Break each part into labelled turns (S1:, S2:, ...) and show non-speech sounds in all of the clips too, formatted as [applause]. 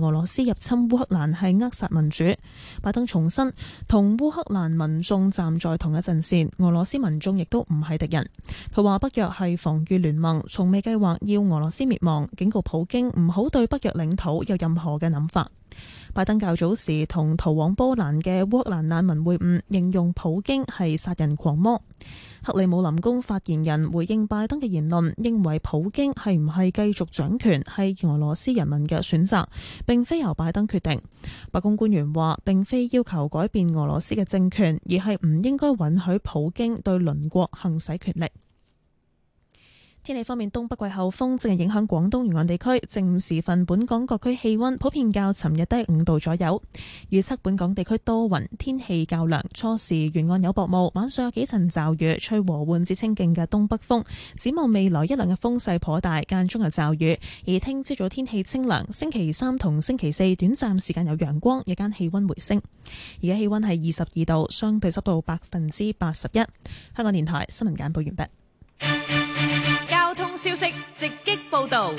S1: 俄羅斯入侵烏克蘭係扼殺民主，拜登重申同烏克蘭民眾站在同一陣線，俄羅斯民眾亦都唔係敵人。佢話北約係防禦聯盟，從未計劃要俄羅斯滅亡，警告普京唔好對北約領土有任何嘅諗法。拜登較早時同逃往波蘭嘅烏克蘭難民會晤，形容普京係殺人狂魔。克里姆林宮發言人回應拜登嘅言論，認為普京係唔係繼續掌權係俄羅斯人民嘅選擇，並非由拜登決定。白宮官員話：並非要求改變俄羅斯嘅政權，而係唔應該允許普京對鄰國行使權力。天氣方面，東北季候風正係影響廣東沿岸地區。正午時分，本港各區氣溫普遍較尋日低五度左右。預測本港地區多雲，天氣較涼。初時沿岸有薄霧，晚上有幾陣驟雨，吹和緩至清勁嘅東北風。展望未來一輪嘅風勢頗大，間中有驟雨。而聽朝早天氣清涼，星期三同星期四短暫時間有陽光，日間氣溫回升。而家氣溫係二十二度，相對濕度百分之八十一。香港電台新聞簡報完畢。
S2: 消息直擊報道，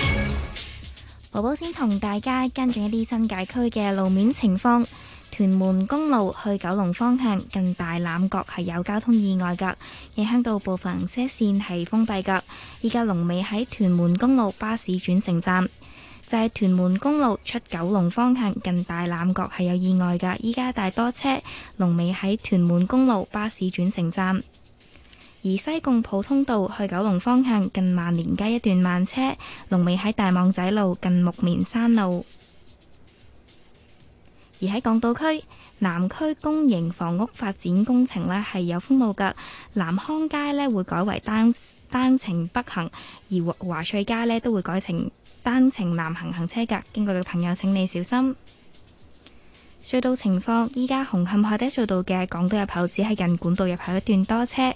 S2: 寶寶先同大家跟進一啲新界區嘅路面情況。屯門公路去九龍方向近大欖角係有交通意外噶，影響到部分車線係封閉噶。依家龍尾喺屯門公路巴士轉乘站，就係、是、屯門公路出九龍方向近大欖角係有意外噶。依家大多車，龍尾喺屯門公路巴士轉乘站。而西貢普通道去九龍方向近萬年街一段慢車，龍尾喺大網仔路近木棉山路。而喺港島區南區公營房屋發展工程呢係有封路噶南康街呢會改為單單程北行，而華翠街呢都會改成單程南行行車噶。經過嘅朋友，請你小心隧道情況。依家紅磡海底隧道嘅港島入口只係近管道入口一段多車。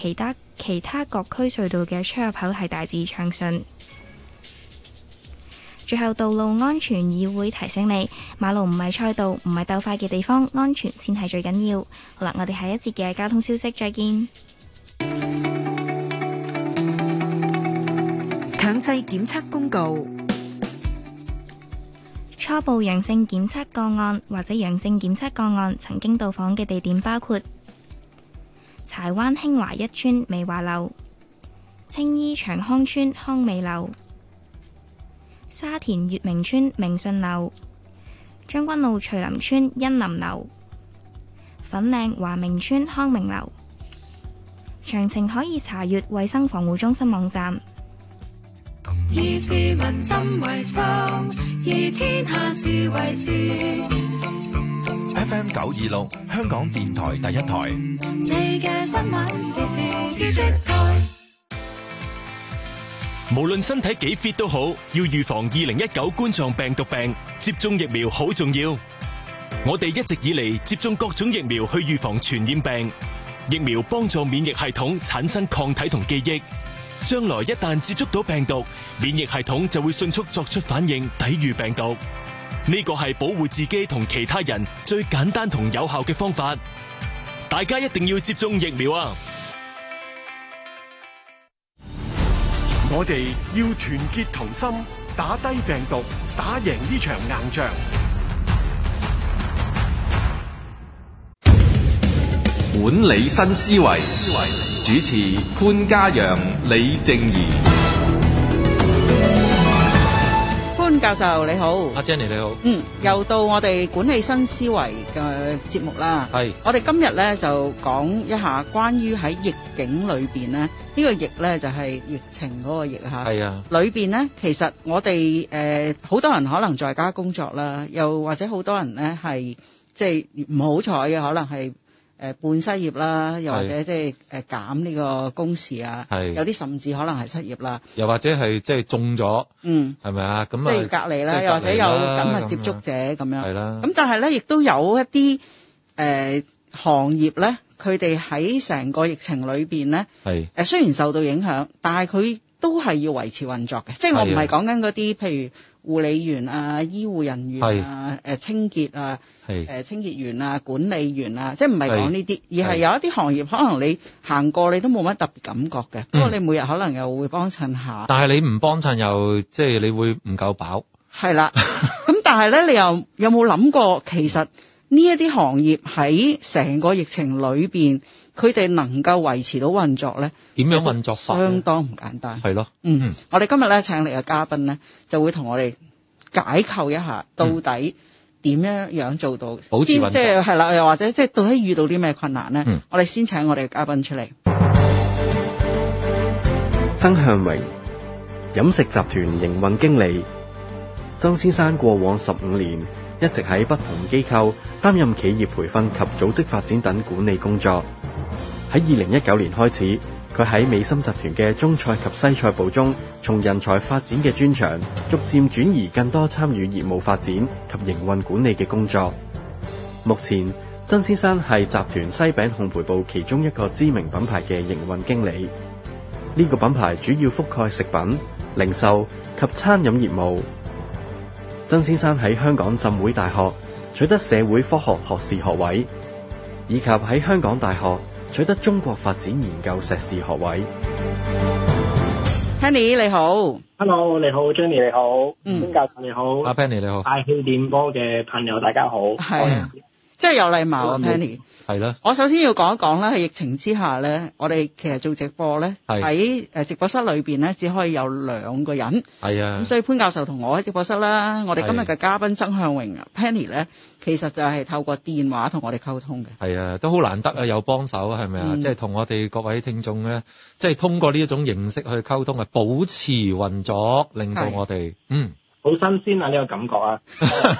S2: 其他其他各區隧道嘅出入口係大致暢順。最後，道路安全議會提醒你：馬路唔係賽道，唔係鬥快嘅地方，安全先係最緊要。好啦，我哋下一節嘅交通消息再見。強制檢測公告：初步陽性檢測個案或者陽性檢測個案曾經到訪嘅地點包括。柴灣興華一村美華樓，青衣長康村康美樓，沙田月明村明信樓，將軍澳翠林村欣林樓，粉嶺華明村康明樓。詳情可以查閱衛生防護中心網站。以市民心為心，以天下事為先。
S3: FM 九二六，香港電台第
S4: 一台。無論身體幾 fit 都好，要預防二零一九冠狀病毒病，接種疫苗好重要。我哋一直以嚟接種各種疫苗去預防傳染病，疫苗幫助免疫系統產生抗體同記憶，將來一旦接觸到病毒，免疫系統就會迅速作出反應，抵御病毒。呢個係保護自己同其他人最簡單同有效嘅方法，大家一定要接種疫苗啊！我哋要團結同心，打低病毒，打贏呢場硬仗。管理新思維，思維主持潘嘉陽、李靜
S3: 宜。
S5: 教授你好，阿
S3: Jenny 你好，
S5: 嗯，又到我哋管理新思維嘅節目啦，係，我哋今日咧就講一下關於喺疫境裏邊咧，呢個疫咧就係疫情嗰個疫吓，係啊，裏邊咧其實我哋誒好多人可能在家工作啦，又或者好多人咧係即係唔好彩嘅，可能係。誒半失業啦，又或者即係誒減呢個工時啊，的有啲甚至可能係失業啦，
S3: 又或者係即係中咗，嗯，係咪啊？咁譬如隔離啦，又或者有緊密接觸
S5: 者咁樣、啊、樣，係啦的。咁但係咧，亦都有一啲誒、呃、行業咧，佢哋喺成個疫情裏面咧，係的雖然受到影響，但係佢都係要維持運作嘅，即、就、係、是、我唔係講緊嗰啲譬如護理員啊、醫護人員啊、的啊清潔啊。誒，是清潔員啊，管理員啊，即係唔係講呢啲，是而係有一啲行業，是可能你行過你都冇乜特別感覺嘅。不過、嗯、你每日可能又會幫襯下。但
S3: 係你唔幫襯又即係、就是、你會唔夠飽？係啦的，
S5: 咁 [laughs] 但係咧，你又有冇諗過，其實呢一啲行業喺成個疫情裏邊，佢哋能夠維持到運作咧？
S3: 點樣運作法？相
S5: 當唔簡單。
S3: 係咯的，嗯，
S5: 嗯我哋今日咧請嚟嘅嘉賓咧，就會同我哋解構一下到底、嗯。點樣樣做到？先即係啦，又、就是、或者即係到底遇到啲咩困難呢？嗯、我哋先請我哋嘅嘉賓出嚟。
S4: 曾向榮，飲食集團營運經理。曾先生過往十五年一直喺不同機構擔任企業培訓及組織發展等管理工作，喺二零一九年開始，佢喺美心集團嘅中菜及西菜部中，從人才發展嘅專長，逐漸轉移更多參與業務發展及營運管理嘅工作。目前，曾先生係集團西餅烘焙部其中一個知名品牌嘅營運經理。呢個品牌主要覆蓋食品、零售及餐飲業務。曾先生喺香港浸會大學取得社會科學學士學位，以及喺香港大學。取得中國發展研究碩士學位。
S6: Penny 你好，Hello 你好，Johnny 你好，嗯，mm. 教授你好，阿 Penny 你好，大氣
S5: 電波嘅朋友大家好，
S6: 係。Yeah.
S5: 即係有禮貌
S3: 啊，Penny。係啦。
S5: 我首先要講一講啦，喺疫情之下咧，我哋其實做直播咧，喺的直播室裏面咧，只可以有兩個人。係啊的。咁所以潘教授同我喺直播室啦，我哋今日嘅嘉賓曾向榮的，Penny 咧，其實就係透過電話同我哋溝通
S3: 嘅。係啊，都好難得啊，有幫手係咪啊？嗯、即係同我哋各位聽眾咧，即係通過呢一種形式去溝通啊，保持運作，令到我哋的嗯。好新鮮啊！呢個感覺啊，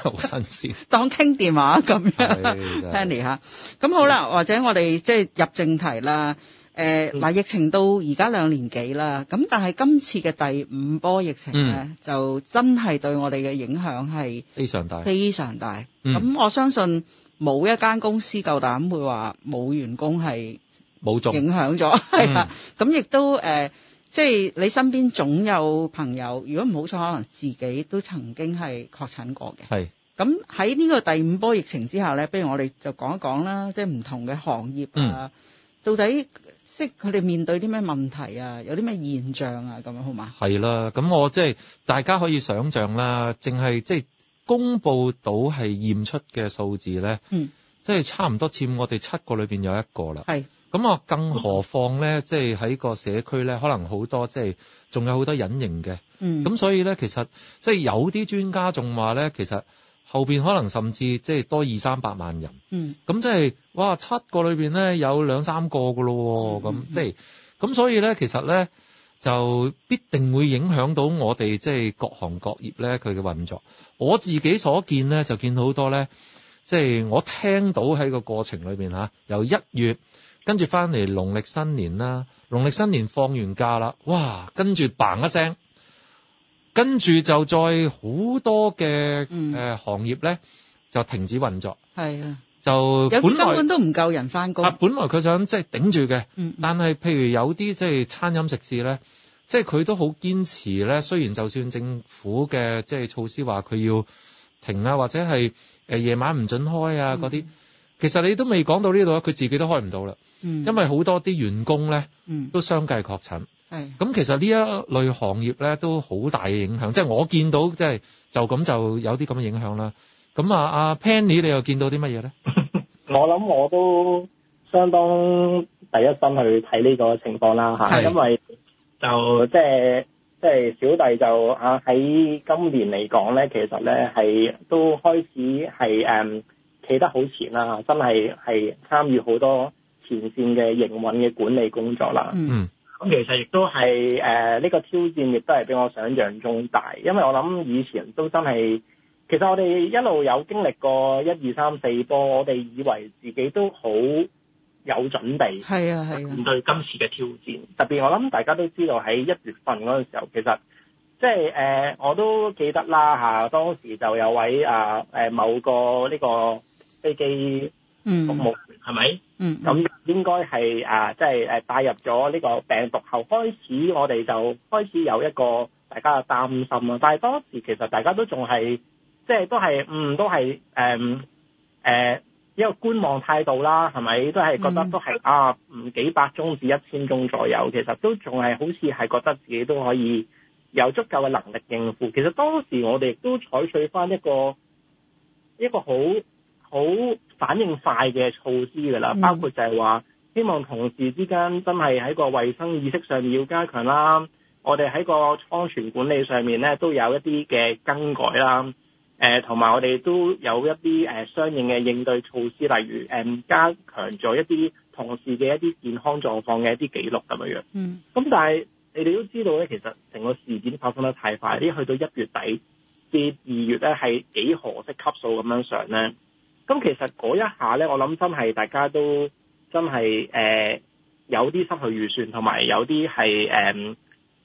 S3: 好新鮮，
S5: 當傾電話咁樣，Henry 吓。咁好啦，或者我哋即係入正題啦。誒，嗱，疫情到而家兩年幾啦，咁但係今次嘅第五波疫情咧，就真係對我哋嘅影響係非常大，非常大。咁我相信冇一間公司夠膽會話冇員工係冇咗，影響咗，係啦。咁亦都誒。即係你身邊總有朋友，如果唔好彩，可能自己都曾經係確診過嘅。係咁喺呢個第五波疫情之下咧，不如我哋就講一講啦，即係唔同嘅行業啊，嗯、到底即係佢哋面對啲咩問題啊，有啲咩現象啊，咁樣好嘛？
S3: 係啦，咁我即係大家可以想象啦，淨係即係公佈到係驗出嘅數字咧，嗯、即係差唔多佔我哋七個裏邊有一個啦。係。咁啊，更何況咧，嗯、即係喺個社區咧，可能好多即係仲有好多隱形嘅。嗯，咁所以咧，其實即係有啲專家仲話咧，其實後面可能甚至即係多二三百萬人。嗯，咁即係哇，七個裏面咧，有兩三個噶咯喎。咁、嗯、即係咁，嗯、所以咧，其實咧就必定會影響到我哋即係各行各業咧，佢嘅運作。我自己所見咧就見到好多咧，即係我聽到喺個過程裏面啊，由一月。跟住翻嚟農曆新年啦，農曆新年放完假啦，哇！跟住砰一聲，跟住就再好多嘅，誒、嗯、呃、行業咧就停止運作。係啊，就有根本
S5: 都唔夠人翻工。啊，
S3: 本來佢想即係頂住嘅，嗯、但係譬如有啲即係餐飲食肆咧，即係佢都好堅持咧。雖然就算政府嘅即係措施話佢要停啊，或者係誒、呃、夜晚唔准開啊嗰啲。嗯其實你都未講到呢度，佢自己都開唔到啦。嗯，因為好多啲員工咧，嗯，都相繼確診。係、嗯，咁其實呢一類行業咧都好大嘅影響。即、就、係、係、我見到，即係就咁、係、就，就有啲咁嘅影響啦。咁啊，阿 Penny 你又見到啲乜嘢咧？
S6: 我諗我都相當第一身去睇呢個情況啦，嚇的。因為就即係即係小弟就啊喺今年嚟講咧，其實咧係都開始係企得好前啦，真係，係參與好多前線嘅營運嘅管理工作啦。嗯，咁其實亦都係誒呢個挑戰亦都係比我想象中大，因為我諗以前都真係，其實我哋一路有經歷過一二三四波，我哋以為自己都好有準備，係
S7: 啊係啊，啊對今次嘅挑
S6: 戰，特別我諗大家都知道喺一月份嗰陣時候，其實即係誒、呃、我都記得啦吓、啊、當時就有位啊誒、呃、某個呢、這個。飛機服務係咪？咁應該係誒，即係誒，帶、就是、入咗呢個病毒後，開始我哋就開始有一個大家嘅擔心咯。但係當時其實大家都仲係，即、就、係、是、都係，嗯，都係誒誒一個觀望態度啦，係咪？都係覺得都係、嗯、啊，唔幾百宗至一千宗左右，其實都仲係好似係覺得自己都可以有足夠嘅能力應付。其實當時我哋亦都採取翻一個一個好，好反應快嘅措施㗎啦，包括就係話希望同事之間真係喺個衛生意識上面要加強啦。我哋喺個安全管理上面咧都有一啲嘅更改啦。呃、同埋我哋都有一啲、呃、相應嘅應對措施，例如、呃、加強咗一啲同事嘅一啲健康狀況嘅一啲記錄咁樣樣。嗯，咁但係你哋都知道咧，其實成個事件發生得太快，啲去到一月底至二月咧係幾何式級數咁樣上咧。咁其實嗰一下咧，我諗真係大家都真係誒、呃、有啲失去預算，同埋有啲係誒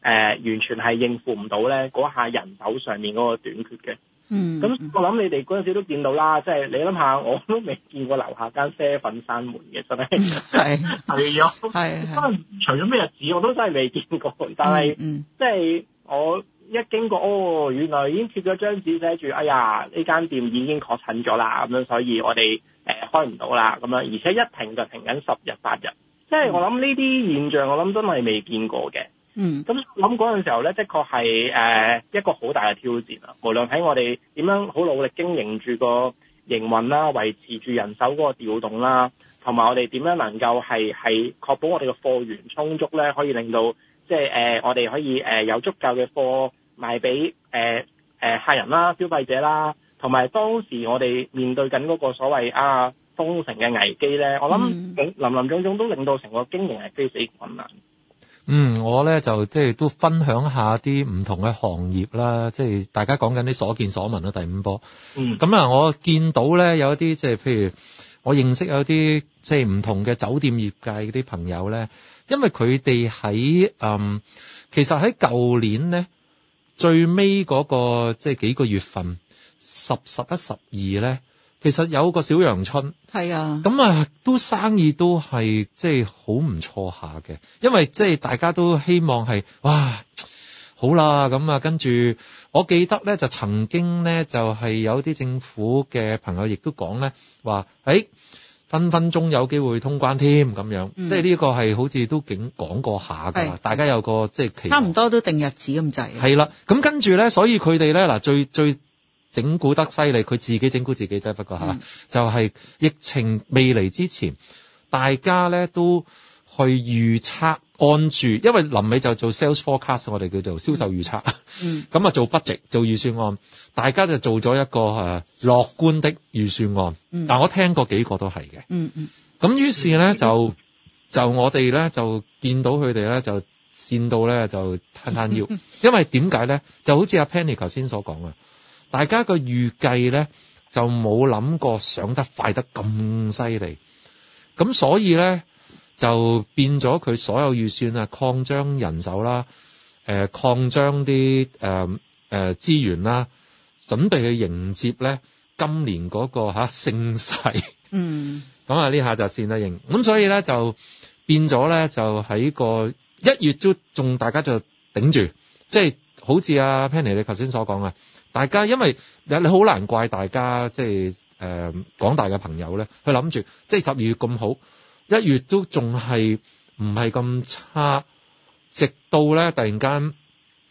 S6: 完全係應付唔到咧嗰下人手上面嗰個短缺嘅。嗯，
S7: 咁、嗯、
S6: 我諗你哋嗰陣時都見到啦，即、就、係、是、你諗下，我都未見過樓下間啡粉閂門嘅，真係係係啊，係係是。 [laughs] 是是可能除咗咩日子我都真係未見過，嗯、但係、嗯、即係我。一經過，哦，原來已經貼咗張紙寫住，哎呀，呢間店已經確診咗啦，咁樣，所以我哋、呃、開唔到啦，咁樣，而且一停就停緊十日八日，即係我諗呢啲現象，我諗真係未見過嘅。嗯，咁諗嗰陣時候呢，的確係、呃、一個好大嘅挑戰啦。無論喺我哋點樣好努力經營住個營運啦，維持住人手嗰個調動啦，同埋我哋點樣能夠係係確保我哋嘅貨源充足呢，可以令到，即係誒、呃，我哋可以誒、呃、有足夠嘅貨賣俾誒誒客人啦、消費者啦，同埋當時我哋面對緊嗰個所謂啊封城嘅危機咧，嗯、我諗林林總總都令到成個經營係非常困難。
S3: 嗯，我咧就即係都分享一下啲唔同嘅行業啦，即係大家講緊啲所見所聞啦，第五波。嗯，咁啊，我見到咧有一啲即係譬如。我認識有啲即係唔同嘅酒店業界嗰啲朋友咧，因為佢哋喺嗯，其實喺舊年咧最尾嗰個即係幾個月份十十一十二咧，其實有個小陽春，係啊，咁啊都生意都係即係好唔錯下嘅，因為即係大家都希望係哇。好啦，咁啊，跟住，我記得咧，就曾經咧，就係、是、有啲政府嘅朋友亦都講咧，話誒、哎、分分鐘有機會通關添，咁樣，嗯、即係呢個係好似都警講過下嘅，是大家有個是即係差唔多都
S5: 定日子咁滯。係
S3: 啦，咁跟住咧，所以佢哋咧嗱，最最整蠱得犀利，佢自己整蠱自己啫，不過吓，嗯、就係疫情未嚟之前，大家咧都去預測。按住，因為臨尾就做 sales forecast，我哋叫做銷售預測，咁啊、嗯、做 budget 做預算案，大家就做咗一個誒、啊、樂觀的預算案。嗯、但我聽過幾個都係嘅、嗯。嗯於是呢嗯。咁於是咧就就我哋咧就見到佢哋咧就見到咧就攤攤腰， [laughs] 因為點解咧就好似阿 Penny 頭先所講啊，大家嘅預計咧就冇諗過上得快得咁犀利，咁所以咧。就變咗佢所有預算啊，擴張人手啦，誒、呃、擴張啲誒誒資源啦，準備去迎接咧今年嗰、那個嚇、啊、盛世。嗯，咁啊呢下就先啦，應咁所以咧就變咗咧，就喺個一月都仲大家就頂住，即、就、係、是、好似阿 Penny 你頭先所講啊，大家因為你好難怪大家即係誒廣大嘅朋友咧，去諗住即係十二月咁好。一月都仲係唔係咁差，直到咧突然間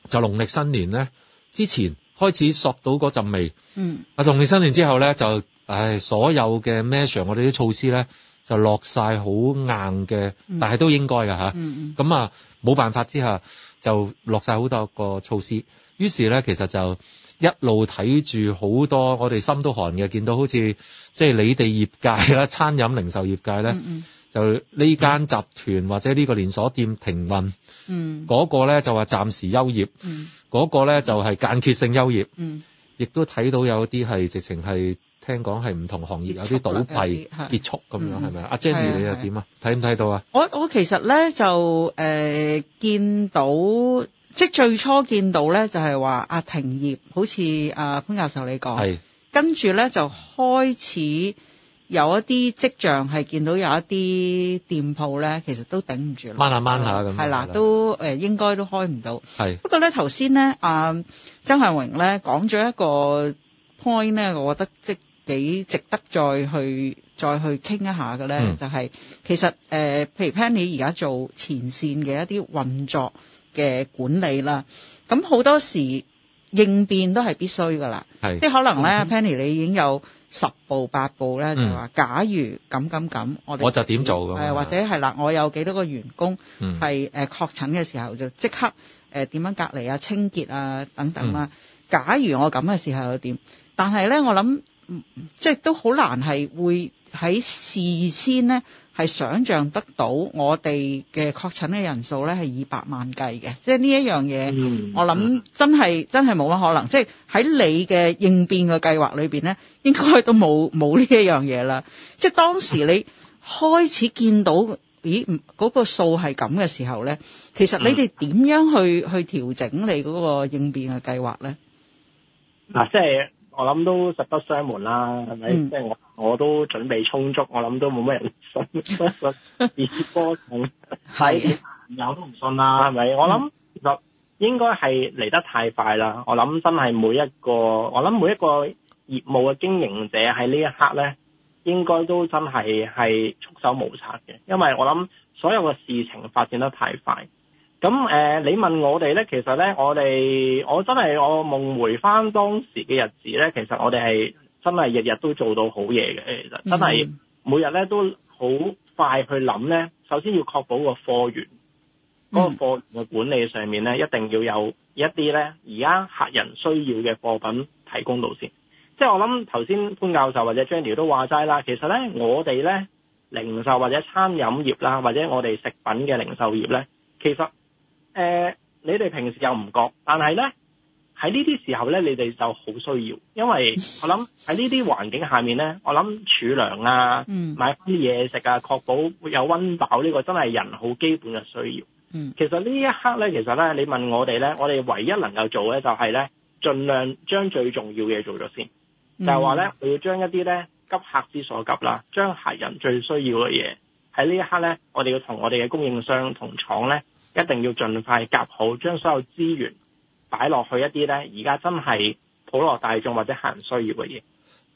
S3: 就農曆新年咧之前開始索到嗰陣味，嗯，啊農曆新年之後咧就唉所有嘅 measure 我哋啲措施咧就落曬好硬嘅，嗯、但係都應該㗎、嗯。嗯嗯，咁啊冇辦法之下就落曬好多個措施，於是咧其實就一路睇住好多我哋心都寒嘅，見到好似即係你哋業界啦， [laughs] 餐飲零售業界咧。嗯嗯。就呢間集團或者呢個連鎖店停運，嗯，嗰個咧就話暫時休業，嗯，嗰個咧就係間歇性休業，嗯，亦都睇到有啲係直情係聽講係唔同行業有啲倒閉結束咁樣，係咪啊？Jenny 你又點啊？睇唔睇到啊？
S5: 我我其實咧就誒見到即最初見到咧就係話阿停業，好似阿潘教授你講，係跟住咧就開始。有一啲跡象係見到有一啲店鋪咧，其實都頂唔住，掹下掹下咁。係啦，著都誒、嗯、應該都開唔到。係是不過咧，頭先咧，阿曾向榮咧講咗一個 point 咧，我覺得即幾值得再去再去傾一下嘅咧，嗯、就係、是、其實誒、呃，譬如 Penny 而家做前線嘅一啲運作嘅管理啦，咁好多時應變都係必須噶啦。係即是可能咧、嗯、哼，Penny 你已經有。十步八步咧，就話假如咁咁咁，嗯、我哋們我就點做㗎？或者係嗱，我有幾多個員工係誒確診嘅時候就即刻誒呃、點樣隔離啊、清潔啊等等啊、嗯、假如我咁嘅時候又點？但係咧，我諗即係都好難係會喺事先咧。係想象得到我哋嘅確診嘅人數咧係以百萬計嘅，即係呢一樣嘢，嗯、我諗真係、嗯、真係冇乜可能。即係喺你嘅應變嘅計劃裏面咧，應該都冇冇呢一樣嘢啦。即係當時你開始見到咦嗰、那個數係咁嘅時候咧，其實你哋點樣去、嗯、去調整你嗰個應變嘅計劃咧？
S6: 啊，即我諗都實不相瞞啦，係咪？即係我我都準備充足，我諗都冇乜人信。二波仲係有都唔信啦，係咪？我諗就應該係嚟得太快啦。我諗真係每一個，我諗每一個業務嘅經營者喺呢一刻咧，應該都真係係束手無策嘅，因為我諗所有嘅事情發展得太快。咁誒、呃，你問我哋咧，其實咧，我哋我真係我夢回翻當時嘅日子咧，其實我哋係真係日日都做到好嘢嘅，其實真係每日咧都好快去諗咧，首先要確保個貨源，嗰、嗯、個貨源嘅管理上面咧，一定要有一啲咧，而家客人需要嘅貨品提供到先。即係我諗頭先潘教授或者 Jenny 都話齋啦，其實咧我哋咧零售或者餐飲業啦，或者我哋食品嘅零售業咧，其實誒、呃，你哋平時又唔覺，但係呢喺呢啲時候呢，你哋就好需要，因為我諗喺呢啲環境下面呢，我諗儲糧啊，嗯、買啲嘢食啊，確保有溫飽呢個真係人好基本嘅需要。嗯、其實呢一刻呢，其實呢，你問我哋呢，我哋唯一能夠做呢就係呢，盡量將最重要嘅嘢做咗先，嗯、就係話呢，我要將一啲呢急客之所急啦，將客人最需要嘅嘢喺呢一刻呢，我哋要同我哋嘅供應商同廠呢。一定要盡快夾好，將所有資源擺落去一啲呢。而家真係普羅大眾或者客人需要嘅嘢。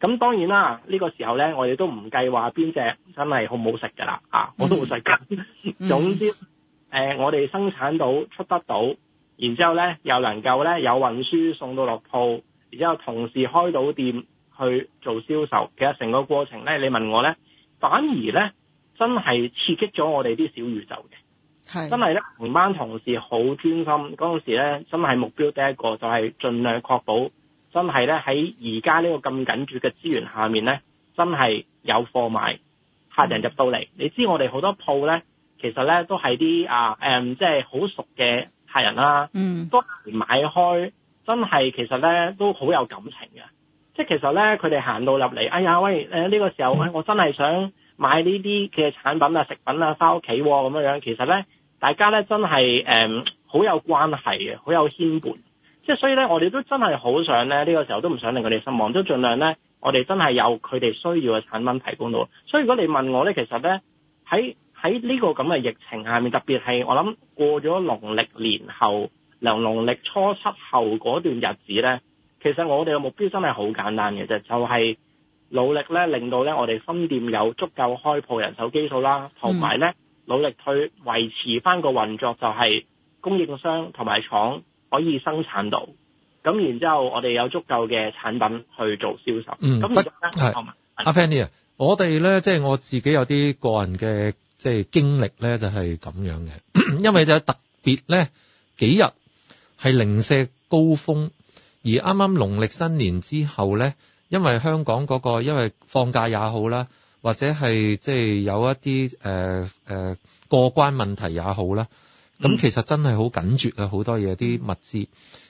S6: 咁當然啦，呢、呢個時候呢，我哋都唔計話邊隻真係好唔好食噶啦，mm hmm. 啊，我都會食。 [laughs] 總之，mm hmm. 呃、我哋生產到出得到，然之後呢，又能夠呢，有運輸送到落鋪，然之後同時開到店去做銷售。其實成個過程呢，你問我呢，反而呢，真係刺激咗我哋啲小宇宙嘅。真係咧，同班同事好專心。嗰陣時咧，真係目標第一個就係盡量確保真係咧，喺而家呢個咁緊絀嘅資源下面咧，真係有貨賣，客人入到嚟。嗯，你知我哋好多鋪咧，其實咧都係啲啊誒，即係好熟嘅客人啦。嗯，都買開真係，其實咧都好有感情嘅，即係其實咧佢哋行到入嚟，哎呀喂，呢個時候我真係想買呢啲嘅產品啊、食品啊翻屋企喎，咁樣樣其實咧。大家咧真係誒好有關係嘅，好有牽絆，即係所以咧，我哋都真係好想咧，呢、這個時候都唔想令佢哋失望，都盡量咧，我哋真係有佢哋需要嘅產品提供到。所以如果你問我咧，其實咧喺喺呢這個咁嘅疫情下面，特別係我諗過咗農曆年後，由農曆初七後嗰段日子咧，其實我哋嘅目標真係好簡單嘅啫，就係、是、努力咧令到咧我哋分店有足夠開鋪人手基數啦，同埋咧。嗯努力去維持翻個運作就係供應商同埋廠可以生產到，咁然之後我哋有足夠嘅產品去做銷售。嗯，不
S3: 係，阿 Fanny 啊，啊啊我哋咧即係我自己有啲個人嘅即係經歷咧就係咁樣嘅咳咳，因為就特別咧幾日係零舍高峰，而啱啱農曆新年之後咧，因為香港嗰個因為放假也好啦。或者係即係有一啲誒誒過關問題也好啦，咁其實真係好緊絕啊！好、嗯、多嘢啲物資，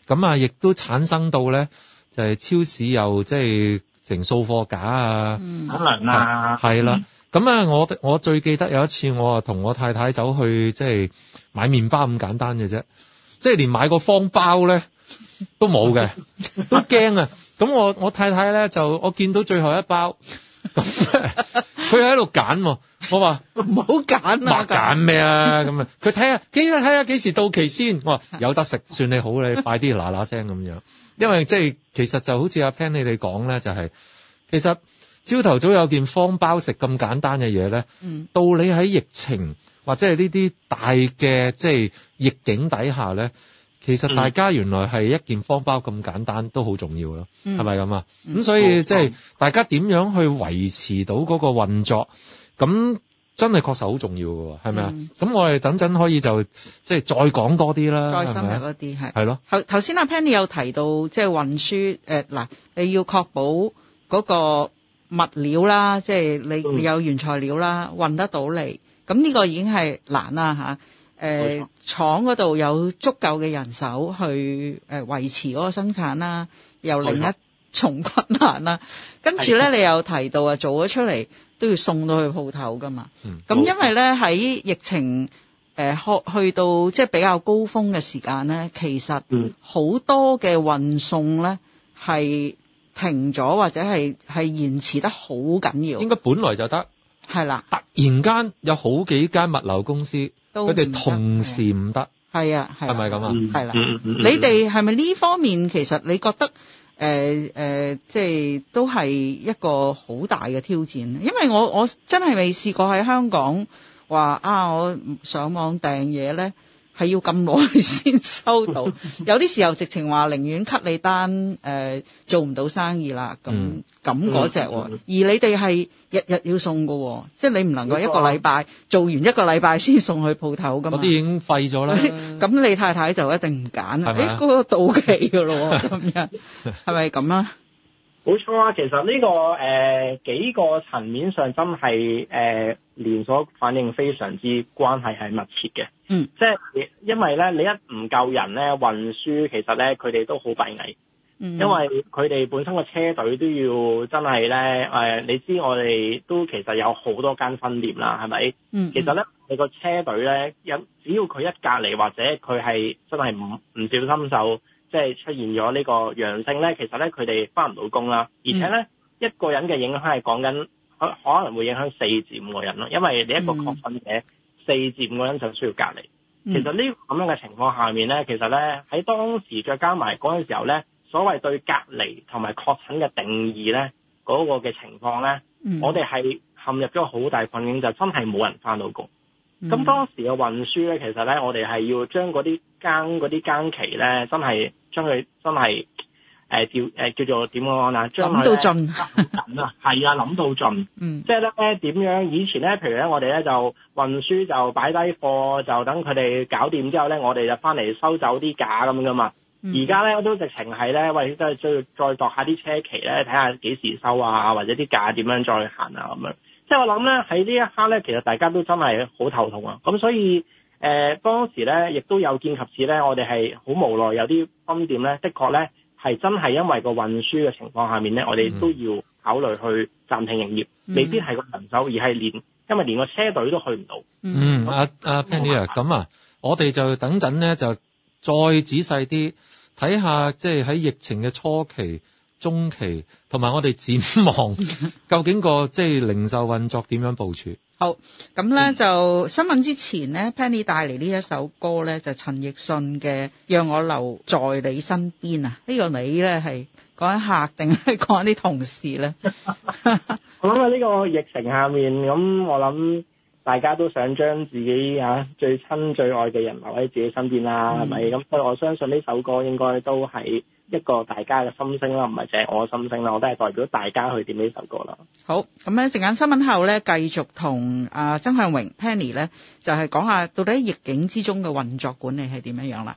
S3: 咁啊亦都產生到咧，就係、是、超市又即係成掃貨架啊，
S6: 可能啊，係
S3: 啦。咁啊，嗯、我我最記得有一次，我啊同我太太走去即係、就是、買麵包咁簡單嘅啫，即、就、係、是、連買個方包咧都冇嘅，都驚 [laughs] 啊！咁我我太太咧就我見到最後一包。咁，佢喺度揀，我話唔好揀啊！揀咩啊？咁啊， [laughs] 佢睇下幾日睇下幾時到期先。我話有得食算你好 [laughs] 你快啲嗱嗱聲咁樣。因為即係其實就好似阿 Pen 你哋講咧，就係、是、其實朝頭早有件方包食咁簡單嘅嘢咧。嗯，到你喺疫情或者係呢啲大嘅即係逆境底下咧。其實大家原來係一件方包咁簡單，都好重要咯，係咪咁啊？咁、嗯、所以即係大家點樣去維持到嗰個運作，咁真係確實好重要嘅喎，係咪啊？咁、嗯、我哋等陣可以就即係、就是、再講多啲啦，再深入一啲係。係咯。
S5: 頭頭先阿 Penny 有提到，即、就、係、是、運輸嗱、呃，你要確保嗰個物料啦，即、就、係、是、你有原材料啦，運得到嚟，咁呢、嗯、個已經係難啦吓誒，廠嗰度有足夠嘅人手去誒維、呃、持嗰個生產啦、啊，又另一重困難啦、啊。錯跟住咧，的你有提到啊，做咗出嚟都要送到去鋪頭噶嘛。咁因為咧喺疫情誒、呃，去到即係比較高峰嘅時間咧，其實好多嘅運送咧係、嗯、停咗或者係係延遲得好緊要。應該本來就得係啦，的突
S3: 然間有好幾間物流公司。佢哋同時唔得，
S5: 係啊，係咪咁啊？係啦、啊啊啊啊，你哋係咪呢方面其實你覺得誒誒，即、呃、係、呃係、都係一個好大嘅挑戰，因為我我真係未試過喺香港話啊，我上網訂嘢咧。係要咁耐先收到， [laughs] 有啲時候直情話寧願 cut 你單，誒、呃、做唔到生意啦。咁咁隻隻，而你哋係日日要送喎。嗯、即係你唔能夠一個禮拜、嗯、做完一個禮拜先送去鋪頭嘅嘛。嗰啲已經廢咗啦。咁 [laughs] 你太太就一定唔揀啦。誒吧，嗰、欸嗰個到期喇咯，咁 [laughs] 樣，係咪咁啊？冇錯啊，其實呢、呢
S6: 個誒、呃、幾個層面上真係誒、呃、連鎖反應非常之關係係密切嘅，嗯，即係因為咧你一唔夠人咧運輸，運輸其實咧佢哋都好閉翳，
S7: 嗯，因為
S6: 佢哋本身個車隊都要真係咧誒，你知我哋都其實有好多間分店啦，係咪？嗯，其實咧你個車隊咧有只要佢一隔離或者佢係真係唔唔小心就。即係出現咗呢個陽性咧，其實咧佢哋翻唔到工啦，而且咧、嗯、一個人嘅影響係講緊可可能會影響四至五個人咯，因為你一個確診者、嗯、四至五個人就需要隔離。其實呢個咁樣嘅情況下面咧，其實咧喺當時再加埋嗰陣時候咧，所謂對隔離同埋確診嘅定義咧嗰、嗰個嘅情況咧，嗯、我哋係陷入咗好大困境，就真係冇人翻到工。咁、嗯、當時嘅運輸咧，其實咧，我哋係要將嗰啲更嗰啲更期咧，真係將佢真係、呃、叫做點講啊？諗、 [laughs] 啊、到盡緊啊，係啊，諗到盡。嗯，即係咧點樣？以前咧，譬如咧，我哋咧就運輸就擺低貨，就等佢哋搞掂之後咧，我哋就翻嚟收走啲價咁噶嘛。而家咧，我都直情係咧，喂，真係需要再度下啲車期咧，睇下幾時收啊，或者啲價點樣再行啊咁樣。即係我諗咧，喺呢一刻咧，其實大家都真係好頭痛啊！咁所以誒、呃，當時咧亦都有見及此咧，我哋係好無奈，有啲分店咧，的確咧係真係因為個運輸嘅情況下面咧，我哋都要考慮去暫停營業，嗯、未必係個人手，而係連因為連個車隊都去唔到。
S3: 嗯，阿阿 Penny 啊，咁啊，我哋就等陣咧，就再仔細啲睇下，即係喺疫情嘅初期。中期同埋我哋展望，究竟個即係、就是、零售運作點樣部署？
S5: 好，咁咧，就新聞之前咧、嗯、，Penny 帶嚟呢一首歌咧，就陳、是、奕迅嘅《讓我留在你身邊》啊！呢、這個你咧係講客定係講啲同事咧？
S6: [laughs] 我諗喺呢個疫情下面，咁我諗大家都想將自己啊最親最愛嘅人留喺自己身邊啦，係咪、嗯？咁所以我相信呢首歌應該都係。一個大家嘅心聲啦，唔係淨係我嘅心聲啦，我都係代表大家去點呢首歌啦。
S5: 好，咁咧陣間新聞後咧，繼續同、呃、曾向榮 Penny 咧，就係、是、講下到底疫境之中嘅運作管理係點樣
S8: 樣啦。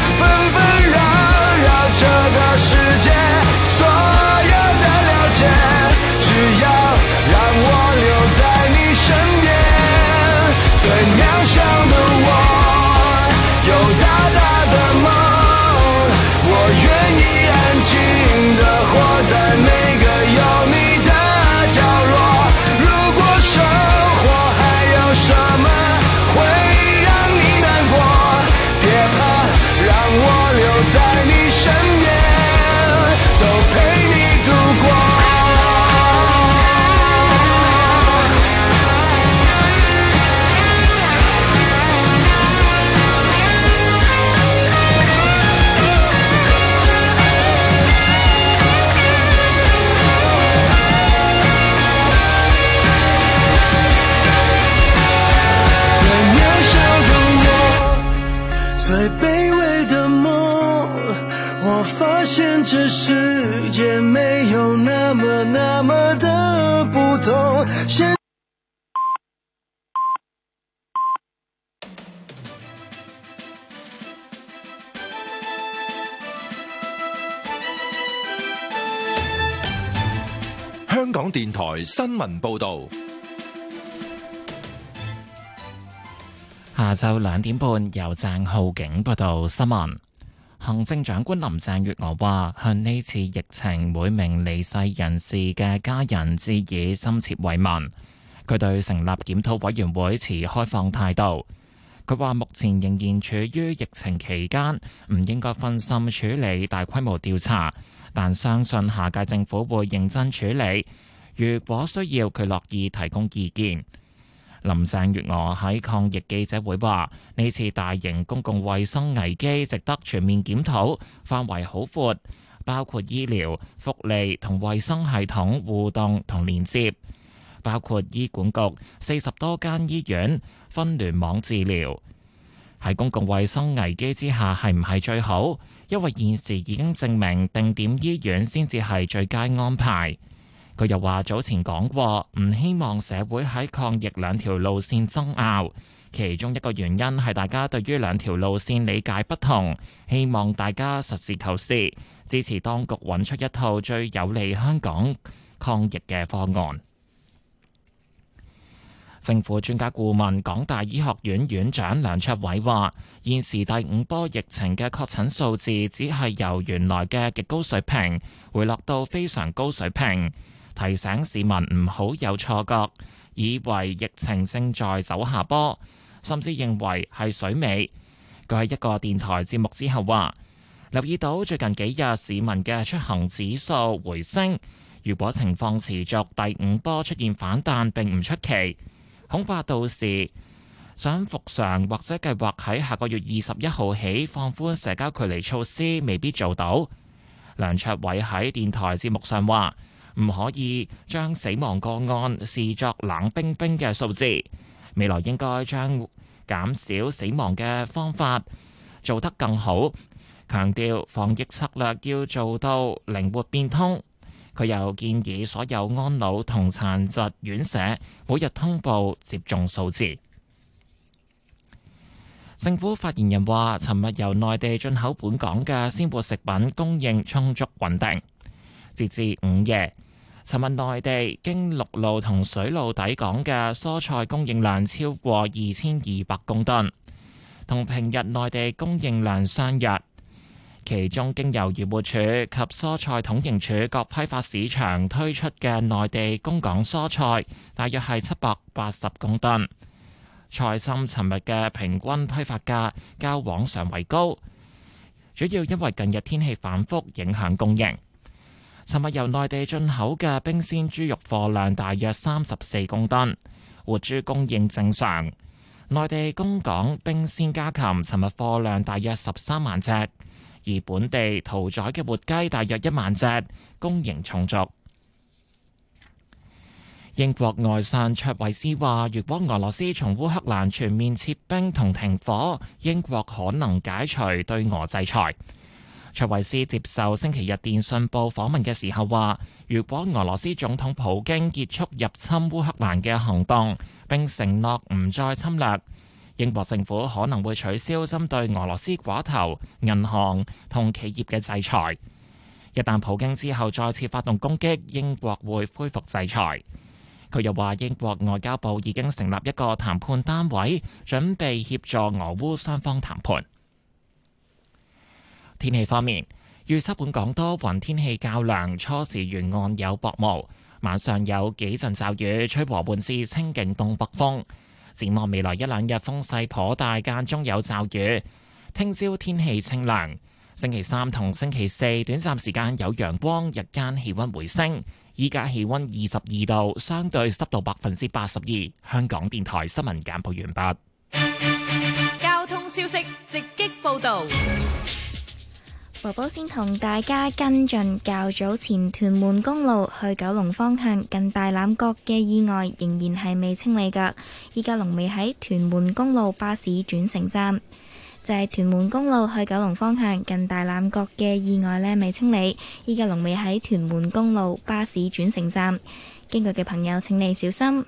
S8: [music]
S3: [music] 香港電台新聞報道。
S9: 下晝兩點半，由鄭浩景報道新聞。行政長官林鄭月娥話：向呢次疫情每名離世人士嘅家人致以深切慰問。佢對成立檢討委員會持開放態度。佢話目前仍然處於疫情期間，唔應該分心處理大規模調查，但相信下屆政府會認真處理。如果需要，佢樂意提供意見。林鄭月娥喺抗疫記者會話：呢次大型公共衛生危機值得全面檢討，範圍好闊，包括醫療、福利同衛生系統互動同連接，包括醫管局四十多間醫院分聯網治療。喺公共衛生危機之下，係唔係最好？因為現時已經證明定點醫院先至係最佳安排。佢又話：早前講過，唔希望社會喺抗疫兩條路線爭拗。其中一個原因係大家對於兩條路線理解不同，希望大家實事求是，支持當局揾出一套最有利香港抗疫嘅方案。政府專家顧問、港大醫學院院長梁卓偉話：現時第五波疫情嘅確診數字只係由原來嘅極高水平回落到非常高水平。提醒市民唔好有錯覺，以為疫情正在走下坡，甚至認為係水尾。佢喺一個電台節目之後話：留意到最近幾日市民嘅出行指數回升，如果情況持續，第五波出現反彈並唔出奇，恐怕到時想復常或者計劃喺下個月二十一號起放寬社交距離措施，未必做到。梁卓偉喺電台節目上話：唔可以將死亡個案視作冷冰冰嘅數字，未來應該將減少死亡嘅方法做得更好。強調防疫策略要做到靈活變通。佢又建議所有安老同殘疾院舍每日通報接種數字。政府發言人話，尋日由內地進口本港嘅鮮活食品供應充足穩定。截至午夜，尋日內地經陸路同水路抵港嘅蔬菜供應量超過二千二百公噸，同平日內地供應量相若。其中經由漁護署及蔬菜統營處各批發市場推出嘅內地供港蔬菜，大約係七百八十公噸。菜心尋日嘅平均批發價較往常為高，主要因為近日天氣反覆影響供應。尋日由內地進口嘅冰鮮豬肉貨量大約三十四公噸，活豬供應正常。內地供港冰鮮家禽尋日貨量大約十三萬隻，而本地屠宰嘅活雞大約一萬隻，供應充足。英國外相卓慧思話，如果俄羅斯從烏克蘭全面撤兵同停火，英國可能解除對俄制裁。卓維斯接受星期日電訊報訪問嘅時候話：如果俄羅斯總統普京結束入侵烏克蘭嘅行動，並承諾唔再侵略，英國政府可能會取消針對俄羅斯寡頭、銀行同企業嘅制裁。一旦普京之後再次發動攻擊，英國會恢復制裁。佢又話：英國外交部已經成立一個談判單位，準備協助俄烏雙方談判。天氣方面，預測本港多雲天氣較涼，初時沿岸有薄霧，晚上有幾陣驟雨，吹和緩至清勁東北風。展望未來一兩日風勢頗大，間中有驟雨。聽朝天，天氣清涼，星期三同星期四短暫時間有陽光，日間氣温回升。依家氣温二十二度，相對濕度百分之八十二。香港電台新聞簡報完畢。
S2: 交通消息直擊報道。婆婆先同大家跟進，較早前屯門公路去九龍方向近大欖角嘅意外，仍然係未清理噶。依家龍尾喺屯門公路巴士轉乘站，就係、是、屯門公路去九龍方向近大欖角嘅意外呢，未清理。依家龍尾喺屯門公路巴士轉乘站，經過嘅朋友，請你小心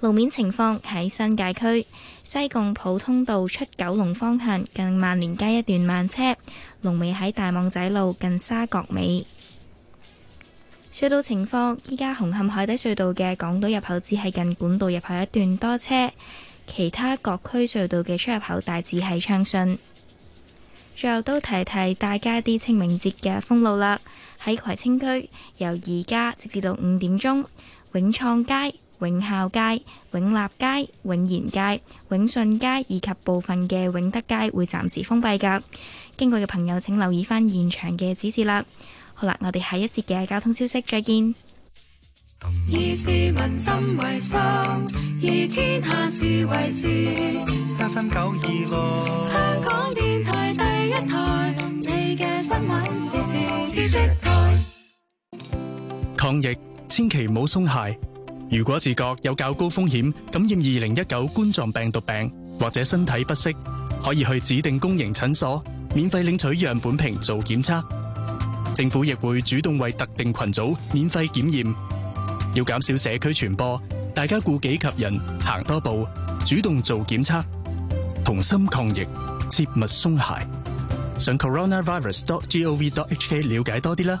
S2: 路面情況。喺新界區西貢普通道出九龍方向近萬年街一段慢車。龍尾喺大網仔路近沙角尾。隧道情況，依家紅磡海底隧道嘅港島入口只係近管道入口一段多車，其他各區隧道嘅出入口大致係暢順。最後都提提大家啲清明節嘅封路喇。喺葵青區由而家直至到五點鐘，永創街。永孝街、永立街、永賢街、永順街以及部分嘅永德街會暫時封閉噶，經過嘅朋友請留意返現場嘅指示啦。好啦，我哋下一節嘅交通消息再見。
S10: 以市民心為心，以天下事為事，三分九二六，香港電台第一台，你嘅新聞時事知識
S4: 台，抗疫千祈唔好鬆懈。如果自覺有較高風險感染二零一九冠狀病毒病，或者身體不適，可以去指定公營診所免費領取樣本瓶做檢測。政府亦會主動為特定群組免費檢驗。要減少社區傳播，大家顧己及人，行多步，主動做檢測，同心抗疫，切勿鬆懈。上 coronavirus.gov.hk 了解多啲啦。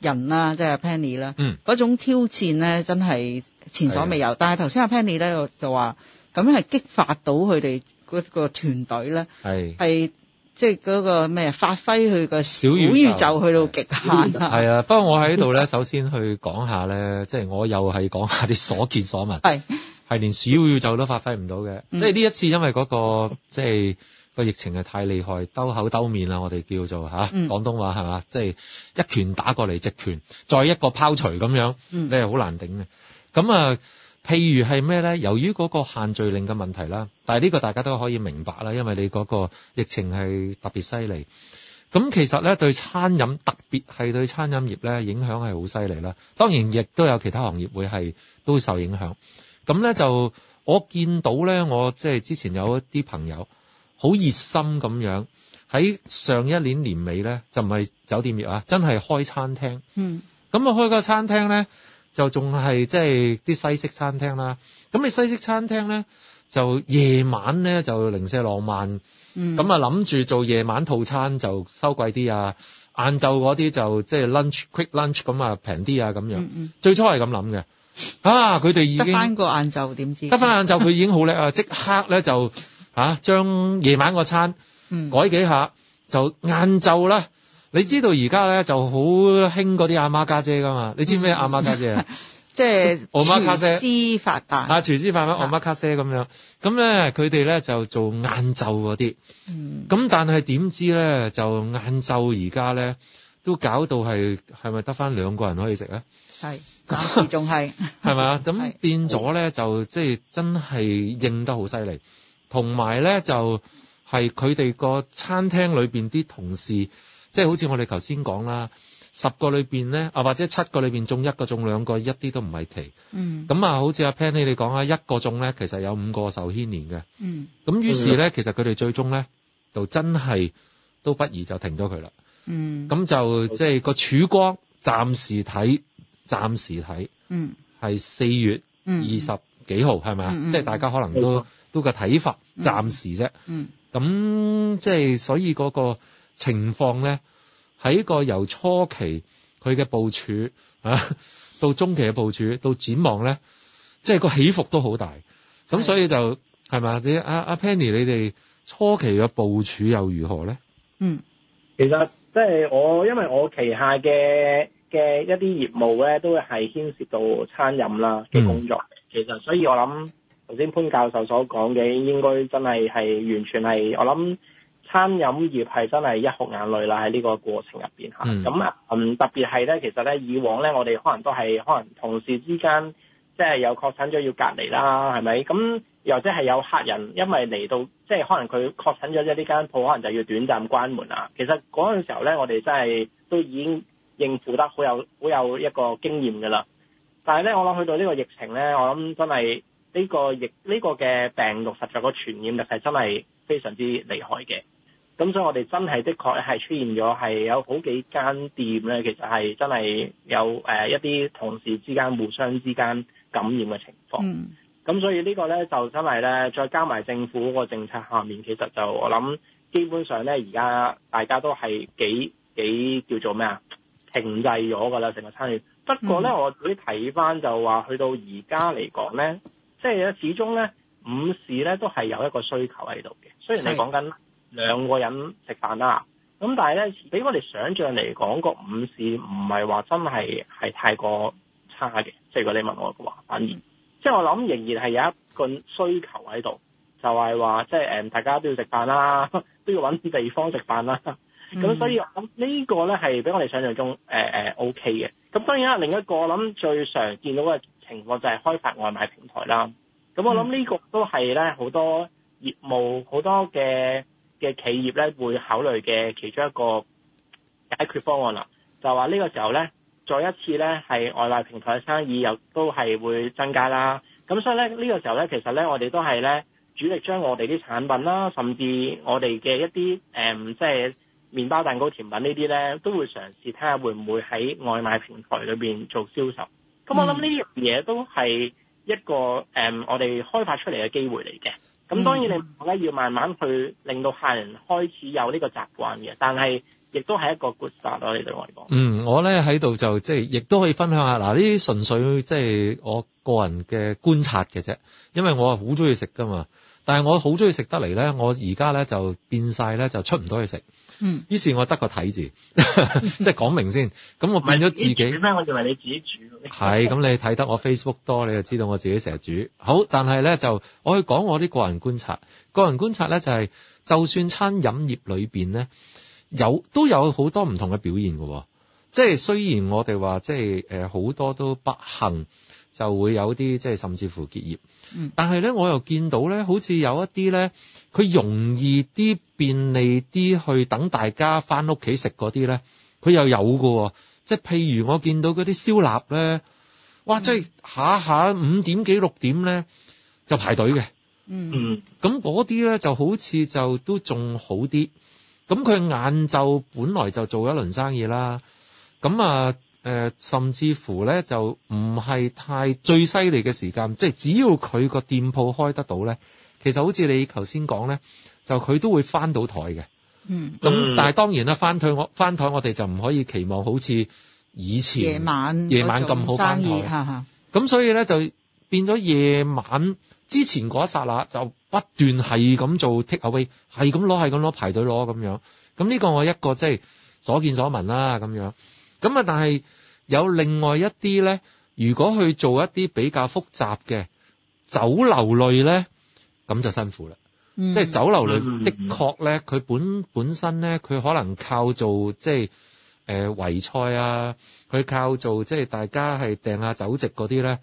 S5: 人啦，即係阿 Penny 啦，嗰種挑戰咧真係前所未有。的但係頭先阿 Penny 咧，就話咁係激發到佢哋嗰個團隊咧，係即係嗰個咩發揮佢個小宇宙去到極限。係
S3: 啊，不過我喺度咧，首先去講下咧，即係 [laughs] 我又係講下啲所見所聞，係係的連小宇宙都發揮唔到嘅。即係呢一次，因為嗰個即係。就是個疫情係太厲害，兜口兜面啦。我哋叫做嚇、啊、廣東話係嘛，是吧，嗯、即係一拳打過嚟，直拳再一個拋錘咁樣，你係好難頂嘅。咁啊，譬如係咩咧？由於嗰個限聚令嘅問題啦，但係呢個大家都可以明白啦，因為你嗰個疫情係特別犀利。咁其實咧，對餐飲特別係對餐飲業咧，影響係好犀利啦。當然，亦都有其他行業會係都會受影響。咁咧就我見到咧，我即係之前有一啲朋友。好熱心咁樣喺上一年年尾咧，就唔係酒店業啊，真係開餐廳。嗯，咁啊開個餐廳咧，就仲係即係啲西式餐廳啦。咁你西式餐廳咧，就夜晚咧就零舍浪漫。咁啊諗住做夜晚套餐就收貴啲啊，晏晝嗰啲就即係 lunch quick lunch 咁啊平啲啊咁樣。嗯嗯，最初係咁諗嘅。啊，佢哋已經得翻個
S5: 晏晝，點知？得翻晏晝
S3: 佢已經好叻啊！即 [laughs] 刻咧就。啊！將夜晚個餐改幾下，就晏晝啦。你知道而家咧就好興嗰啲阿媽家姐噶嘛？你知唔知咩阿媽家姐啊？
S5: 即係阿媽家姐。廚師發辦。
S3: 廚師發辦，阿媽家姐咁樣。咁咧，佢哋咧就做晏晝嗰啲。咁但係點知咧，就晏晝而家咧都搞到係係咪得翻兩個人可以食啊？
S5: 係，暫時仲係。
S3: 係嘛？咁變咗咧，就即係真係認得好犀利。同埋咧，就係佢哋個餐廳裏邊啲同事，即係好似我哋頭先講啦，十個裏邊咧，啊或者七個裏邊中一個、中兩個，一啲都唔係奇。嗯，咁啊，好似阿 Penny 你講啊，一個中咧，其實有五個受牽連嘅。嗯，咁於是咧，是的其實佢哋最終咧，就真係都不宜就停咗佢啦。嗯，咁就即係個曙光，暫時睇，暫時睇。
S7: 嗯，
S3: 係四月二十幾號，係咪啊？即係大家可能都。嗯都個睇法暫時啫，咁即係所以嗰個情況咧，喺個由初期佢嘅部署啊，到中期嘅部署，到展望咧，即係個起伏都好大。咁所以就係咪啊？阿阿 Penny，你哋初期嘅部署又如何咧？
S6: 嗯，其實即係我因為我旗下嘅嘅一啲業務咧，都係牽涉到餐飲啦嘅工作。嗯，其實所以我諗。頭先潘教授所講嘅，應該真係係完全係，我諗餐飲業係真係一紅眼淚啦喺呢個過程入面，咁啊、嗯，嗯，特別係咧，其實咧，以往咧，我哋可能都係可能同事之間，即係有確診咗要隔離啦，係咪？咁又即係有客人，因為嚟到即係可能佢確診咗，即呢間鋪可能就要短暫關門啦。其實嗰陣時候咧，我哋真係都已經應付得好有好有一個經驗㗎啦。但係咧，我諗去到呢個疫情咧，我諗真係。呢、這個疫呢、這個嘅病毒，實在個傳染力係真係非常之厲害嘅。咁所以，我哋真係的確係出現咗，係有好幾間店咧，其實係真係有誒一啲同事之間互相之間感染嘅情況。咁、嗯、所以這個呢個咧就真係咧，再加埋政府嗰個政策下面，其實就我諗基本上咧，而家大家都係幾幾叫做咩啊？停滯咗㗎啦，成個餐飲業。不過咧，嗯、我自己睇返就話，去到而家嚟講咧。即係始終呢，午市呢都係有一個需求喺度嘅。雖然你講緊兩個人食飯啦，咁但係呢，俾我哋想象嚟講，個午市唔係話真係係太過差嘅。即係如果你問我嘅話，反而、嗯、即係我諗，仍然係有一個需求喺度，就係、是、話即係、呃、大家都要食飯啦，都要揾啲地方食飯啦。
S7: 咁、嗯、所以我
S6: 諗呢個呢係俾我哋想象中誒、呃呃、OK 嘅。咁當然啦，另一個我諗最常見到嘅。情況就係開發外賣平台啦，咁我諗呢個都係呢好多業務好多嘅嘅企業呢會考慮嘅其中一個解決方案啦。就話呢個時候呢，再一次呢係外賣平台嘅生意又都係會增加啦。咁所以呢，呢個時候呢，其實呢，我哋都係呢主力將我哋啲產品啦，甚至我哋嘅一啲、嗯、即係麵包蛋糕甜品呢啲呢，都會嘗試睇下會唔會喺外賣平台裏面做銷售。
S5: 咁我諗
S6: 呢樣嘢都係一個誒、嗯嗯，我哋開發出嚟嘅機會嚟嘅。咁當然你講咧，要慢慢去令到客人開始有呢個習慣嘅，但係亦都係一個 good start 咯。你對我嚟講，
S3: 嗯，我咧喺度就即係亦都可以分享下嗱，呢啲純粹即係我個人嘅觀察嘅啫，因為我係好鍾意食㗎嘛。但係我好鍾意食得嚟咧，我而家咧就變晒咧，就出唔到去食。嗯，於是，我得個睇字，即係講明先。咁我變咗自己咩？
S6: 我認為你自己煮。係， [laughs] 咁你
S3: 睇得我 Facebook 多，你就知道我自己成日煮。好，但係咧就，我去講我啲個人觀察。個人觀察咧就係、是，就算餐飲業裏面咧，有都有好多唔同嘅表現嘅喎、哦。即係雖然我哋話，即係呃，好多都不幸。就會有啲即係甚至乎結業，嗯、但係咧我又見到咧，好似有一啲咧，佢容易啲、便利啲去等大家返屋企食嗰啲咧，佢又有喎、哦，即係譬如我見到嗰啲燒臘咧，哇！嗯、即係下下五點幾六點咧就排隊嘅。嗯，咁嗰啲咧就好似就都仲好啲。咁佢晏晝本來就做一輪生意啦。咁啊～誒、呃，甚至乎咧，就唔係太最犀利嘅時間，即係只要佢個店鋪開得到咧，其實好似你頭先講咧，就佢都會翻到台嘅。
S7: 嗯，咁但係
S3: 當然啦，翻台我翻台，我哋就唔可以期望好似以前夜晚夜晚咁好返台。咁所以咧，就變咗夜晚之前嗰一剎那就不斷係咁做 takeaway，係咁攞係咁攞，排隊攞咁樣。咁呢個我一個即係所見所聞啦咁樣。咁啊，但係。有另外一啲咧，如果去做一啲比較複雜嘅酒樓類咧，咁就辛苦啦。嗯、即係酒樓類的確咧，佢本本身咧，佢可能靠做即係誒圍菜啊，佢靠做即係大家係訂下酒席嗰啲咧，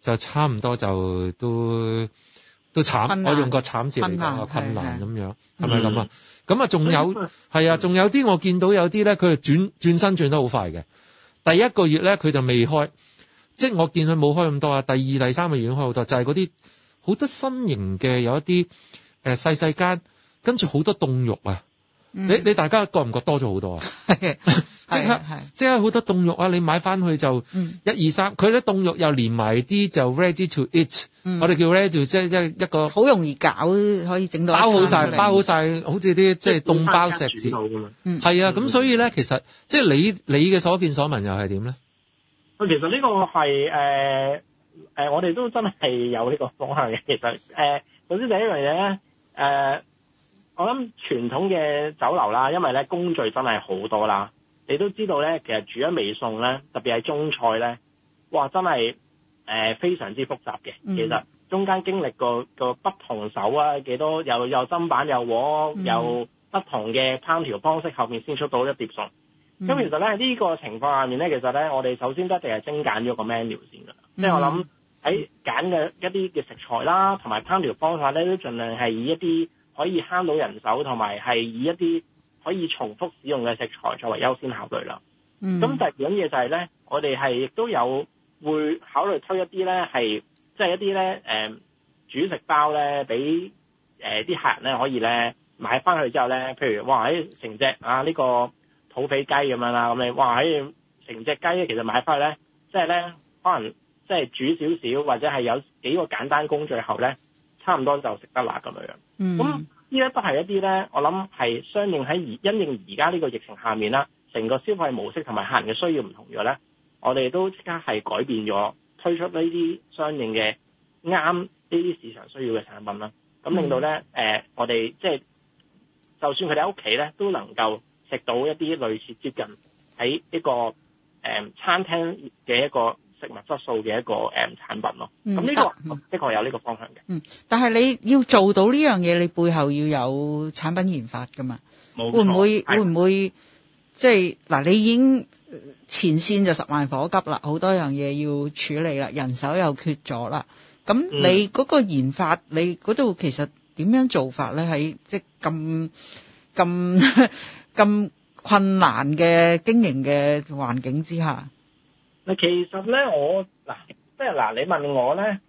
S3: 就差唔多就都都慘。難我用個慘字嚟講個困難咁難是樣係咪咁啊？咁啊，仲有係啊，仲有啲我見到有啲咧，佢轉轉轉身轉得好快嘅。第一個月咧，佢就未開，即我見佢冇開咁多啊。第二、第三個月已經開好多，就係嗰啲好多新型嘅，有一啲誒、呃、細細間，跟住好多凍肉啊。你你大家覺唔覺多咗好多啊？即 [laughs] 刻即刻好多凍肉啊！你買翻去就一、嗯、二三，佢啲凍肉又連埋啲就 ready to eat，、嗯、我哋叫 ready，即係一一個好容易搞，可以整到包好晒，包好晒，好似啲即係凍包石子。係、嗯、啊！係啊，咁所以咧，其實即係你你嘅所見所聞又係點咧？
S6: 其實呢個係誒誒，我哋都真係有呢個方向嘅。其實誒，首先第一樣嘢咧誒。呃我諗傳統嘅酒樓啦，因為咧工序真係好多啦。你都知道咧，其實煮一味餸咧，特別係中菜咧，哇真係、呃、非常之複雜嘅。嗯、其實中間經歷過個不同手啊，幾多又又砧板又鑊，又、嗯、不同嘅烹調方式，後面先出到一碟餸。
S7: 咁、嗯嗯、其實
S6: 咧呢、這個情況下面咧，其實咧我哋首先一定係精簡咗個 menu 先啦，即係我諗喺揀嘅一啲嘅食材啦，同埋烹調方法咧，都盡量係以一啲。可以慳到人手，同埋係以一啲可以重複使用嘅食材作為優先考慮啦。嗯。
S7: 咁第二
S6: 樣嘢就係、是、咧，我哋係亦都有會考慮抽一啲咧，係即係一啲咧、呃、煮食包咧，俾啲、呃、客人咧可以咧買翻去之後咧，譬如哇喺成隻啊呢、這個土匪雞咁樣啦，咁你哇喺成隻雞咧其實買翻去咧，即係咧可能即係、就是、煮少少，或者係有幾個簡單工序後咧。差唔多就食得啦，咁樣樣，嗯，咁呢一都係一啲咧，我諗係相應喺而因應而家呢個疫情下面啦，成個消費模式同埋客人嘅需要唔同咗咧，我哋都即刻係改變咗，推出呢啲相應嘅啱呢啲市場需要嘅產品啦。咁令到咧，誒，我哋即係就算佢哋喺屋企咧，都能夠食到一啲類似接近喺一個餐廳嘅一個。呃食物質素嘅一個誒、嗯、產品咯，咁呢、嗯，這個、嗯、的確
S5: 有呢個方向嘅。嗯，但係你要做到呢樣嘢，你背後要有產品研發噶嘛？冇錯會唔會是的會唔會即係嗱？你已經前線就十萬火急啦，好多樣嘢要處理啦，人手又缺咗啦。咁你嗰個研發，嗯、你嗰度其實點樣做法咧？喺即係咁咁咁困難嘅經營嘅環境之下。
S6: 嗱，其實咧，我嗱，即係嗱，你問我咧，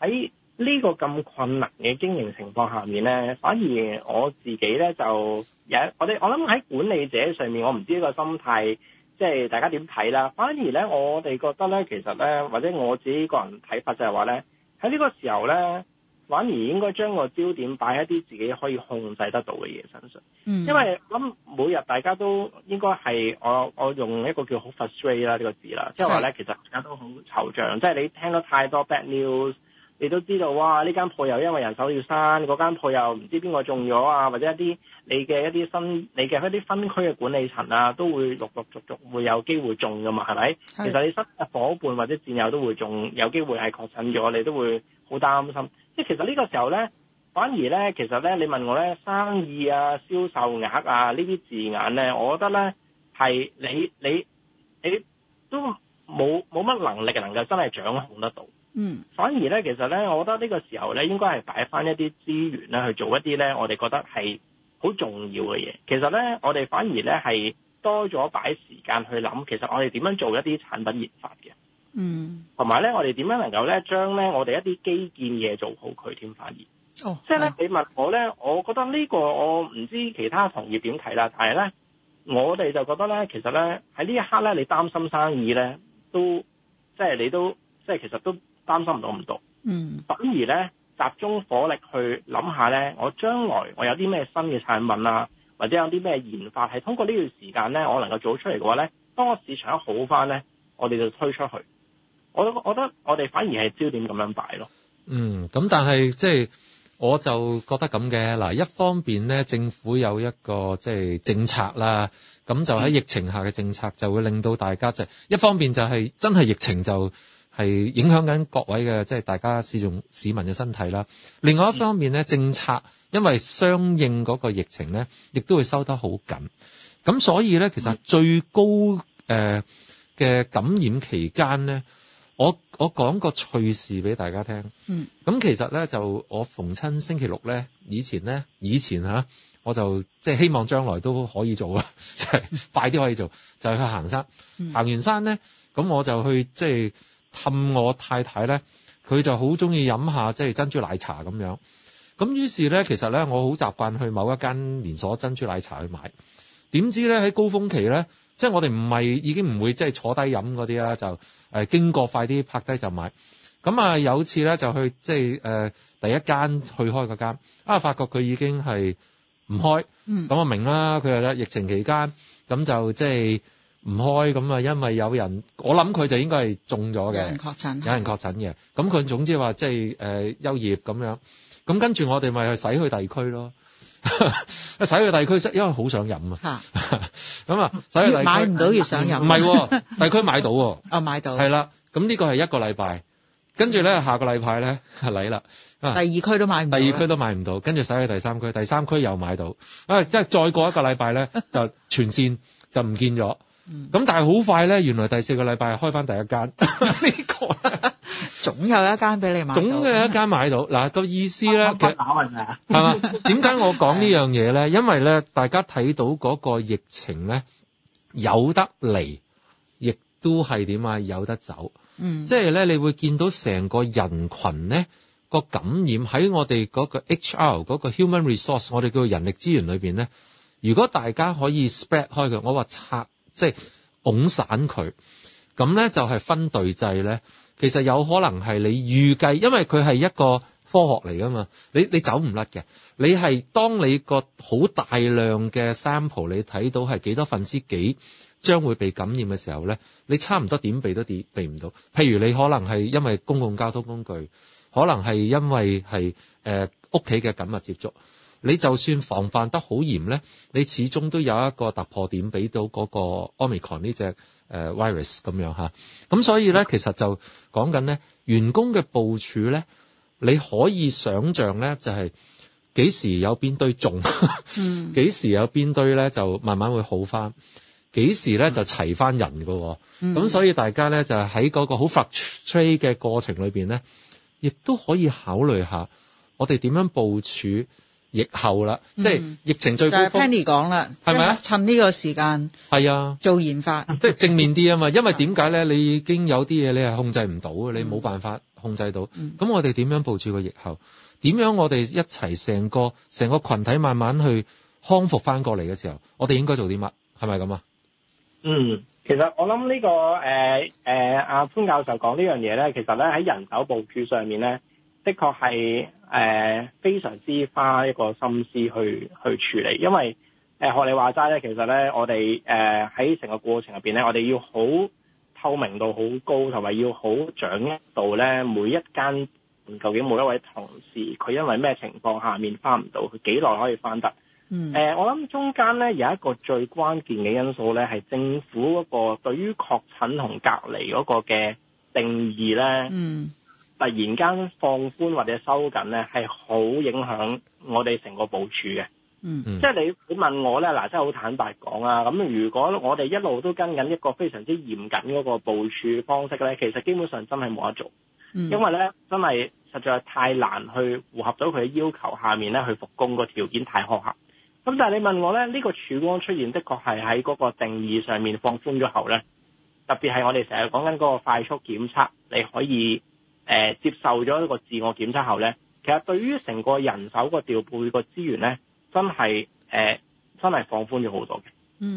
S6: 喺呢個咁困難嘅經營情況下面咧，反而我自己咧就有，我哋我諗喺管理者上面，我唔知呢個心態，即係大家點睇啦。反而咧，我哋覺得咧，其實咧，或者我自己個人睇法就係話咧，喺呢個時候咧。反而應該將個焦點擺喺啲自己可以控制得到嘅嘢身上，因為諗每日大家都應該係我我用一個叫好 frustrate 啦呢個字啦，即係話咧，其實大家都好惆悵，即係你聽咗太多 bad news，你都知道哇，呢間鋪又因為人手要刪，嗰間鋪又唔知邊個中咗啊，或者一啲你嘅一啲分你嘅一啲分區嘅管理層啊，都會陸陸續續會有機會中㗎嘛，係咪？其實你失伙伴或者戰友都會中，有機會係確診咗，你都會。好擔心，即係其實呢個時候呢，反而呢，其實呢，你問我呢，生意啊、銷售額啊呢啲字眼呢，我覺得呢，係你你你都冇冇乜能力能夠真係掌控得到。嗯，反而呢，其實呢，我覺得呢個時候呢，應該係擺返一啲資源呢去做一啲呢，我哋覺得係好重要嘅嘢。其實呢，我哋反而呢，係多咗擺時間去諗，其實我哋點樣做一啲產品研發嘅。嗯，同埋咧，我哋點樣能夠咧將咧我哋一啲基建嘢做好佢添？反而，哦，即係咧你問我咧，我覺得呢個我唔知其他同業點睇啦，但係咧我哋就覺得咧，其實咧喺呢一刻咧，你擔心生意咧，都即係、就是、你都即係、就是、其實都擔心唔到唔到，嗯，反而咧集中火力去諗下咧，我將來我有啲咩新嘅產品啊，或者有啲咩研發係通過呢段時間咧，我能夠做出嚟嘅話咧，當個市場好返咧，我哋就推出去。我覺得我
S3: 哋反而係焦點咁樣擺咯。嗯，咁但係即係我就覺得咁嘅嗱，一方面咧政府有一個即係、就是、政策啦，咁就喺疫情下嘅政策就會令到大家即係、就是、一方面就係、是、真係疫情就係影響緊各位嘅即係大家使用市民嘅身體啦。另外一方面咧，嗯、政策因為相應嗰個疫情咧，亦都會收得好緊，咁所以咧其實、嗯、最高誒嘅、呃、感染期間咧。我我講個趣事俾大家聽，咁、嗯、其實咧就我逢親星期六咧，以前咧以前吓、啊，我就即係、就是、希望將來都可以做啦，即係、嗯、 [laughs] 快啲可以做，就係去行山。嗯、行完山咧，咁我就去即係氹我太太咧，佢就好中意飲下即係、就是、珍珠奶茶咁樣。咁於是咧，其實咧我好習慣去某一間連鎖珍珠奶茶去買，點知咧喺高峰期咧。即係我哋唔係已經唔會即係坐低飲嗰啲啦，就誒、呃、經過快啲拍低就買。咁啊有次咧就去即係誒、呃、第一間去開嗰間，啊發覺佢已經係唔開，咁啊，明啦，佢喺疫情期間咁就即係唔開咁啊，因為有人我諗佢就應該係中咗嘅，有人
S5: 確診，有人
S3: 確診嘅。咁佢是的 總之話即係誒、呃、休業咁樣。咁跟住我哋咪去洗去地區咯。使 [laughs] 去第二區，因因為好想飲啊。咁啊，使去第二區買唔到，越想飲。唔係，第二區買到，啊。 [laughs]
S5: 哦，買到。係啦，
S3: 咁呢個係一個禮拜，跟住咧下個禮拜咧，嚟啦。啊、第二區都買唔到。第二區都買唔到，跟住使去第三區，第三區又買到。啊，即係再過一個禮拜咧，就全綫就唔見咗。 [laughs] 咁、嗯、但係好快咧，原來第四個禮拜係開翻第一間呢、呢個總有一間俾你買到，總有一間買到嗱、嗯那個意思咧打係咪啊？係嘛？點解實我講呢樣嘢咧？嗯、因為咧，大家睇到嗰個疫情咧有得嚟，亦都係點啊有得走，嗯，即係咧你會見到成個人群咧、嗰個感染喺我哋嗰個 HR 嗰個 Human Resource，我哋叫做人力資源裏邊咧，如果大家可以 spread 開嘅，我話拆。即係拱散佢，咁咧就係、是、分對制咧。其實有可能係你預計，因為佢係一個科學嚟噶嘛，你你走唔甩嘅。你係當你個好大量嘅 sample，你睇到係幾多分之幾將會被感染嘅時候咧，你差唔多點避都點避唔到。譬如你可能係因為公共交通工具，可能係因為係誒屋企嘅緊密接觸。你就算防範得好嚴咧，你始終都有一個突破點俾到嗰個 Omicron 呢隻、呃、virus 咁樣吓。咁所以咧，其實就講緊咧員工嘅部署咧，你可以想象咧就係、是、幾時有邊堆重，幾、嗯、時有邊堆咧就慢慢會好翻，幾時咧就齊翻人㗎喎、哦。咁、嗯、所以大家咧就喺嗰個好 fluctuate 嘅過程裏面咧，亦都可以考慮下我哋點樣部署。疫後啦，即係疫情最高峰。嗯、就係、是、Penny 講啦，係咪啊？
S5: 趁呢個時間，
S3: 係啊，做研發，即係正面啲啊嘛。嗯、因為點解咧？你已經有啲嘢你係控制唔到、嗯、你冇辦法控制到。咁、嗯、我哋點樣部署個疫後？點樣我哋一齊成個成個群體慢慢去康復翻過嚟嘅時候，我哋應該做啲乜？係咪咁啊？嗯，
S6: 其實我諗呢、呢個誒誒阿潘教授講呢樣嘢咧，其實咧喺人手部署上面咧，的確係。誒、呃、非常之花一個心思去去處理，因為誒學、呃、你話齋咧，其實咧我哋誒喺成個過程入面咧，我哋要好透明度好高，同埋要好掌握到咧每一間究竟每一位同事佢因為咩情況下面翻唔到，佢幾耐可以翻得？嗯、呃、我諗中間咧有一個最關鍵嘅因素咧，係政府嗰個對於確診同隔離嗰個嘅定義咧。嗯。突然間放寬或者收緊呢，係好影響我哋成個部署嘅。嗯、mm hmm. 即係你你問我呢，嗱，真係好坦白講啊。咁如果我哋一路都跟緊一個非常之嚴謹嗰個部署方式呢，其實基本上真係冇得做，mm
S7: hmm. 因為呢，
S6: 真係實在太難去符合到佢嘅要求下面呢，去復工，個條件太苛刻。咁但係你問我呢，呢個曙光出現，的確係喺嗰個定義上面放寬咗後呢，特別係我哋成日講緊嗰個快速檢測，你可以。誒、呃、接受咗一個自我檢測後咧，其實對於成個人手個調配個資源咧，真係誒、呃、真係放寬咗好多嘅。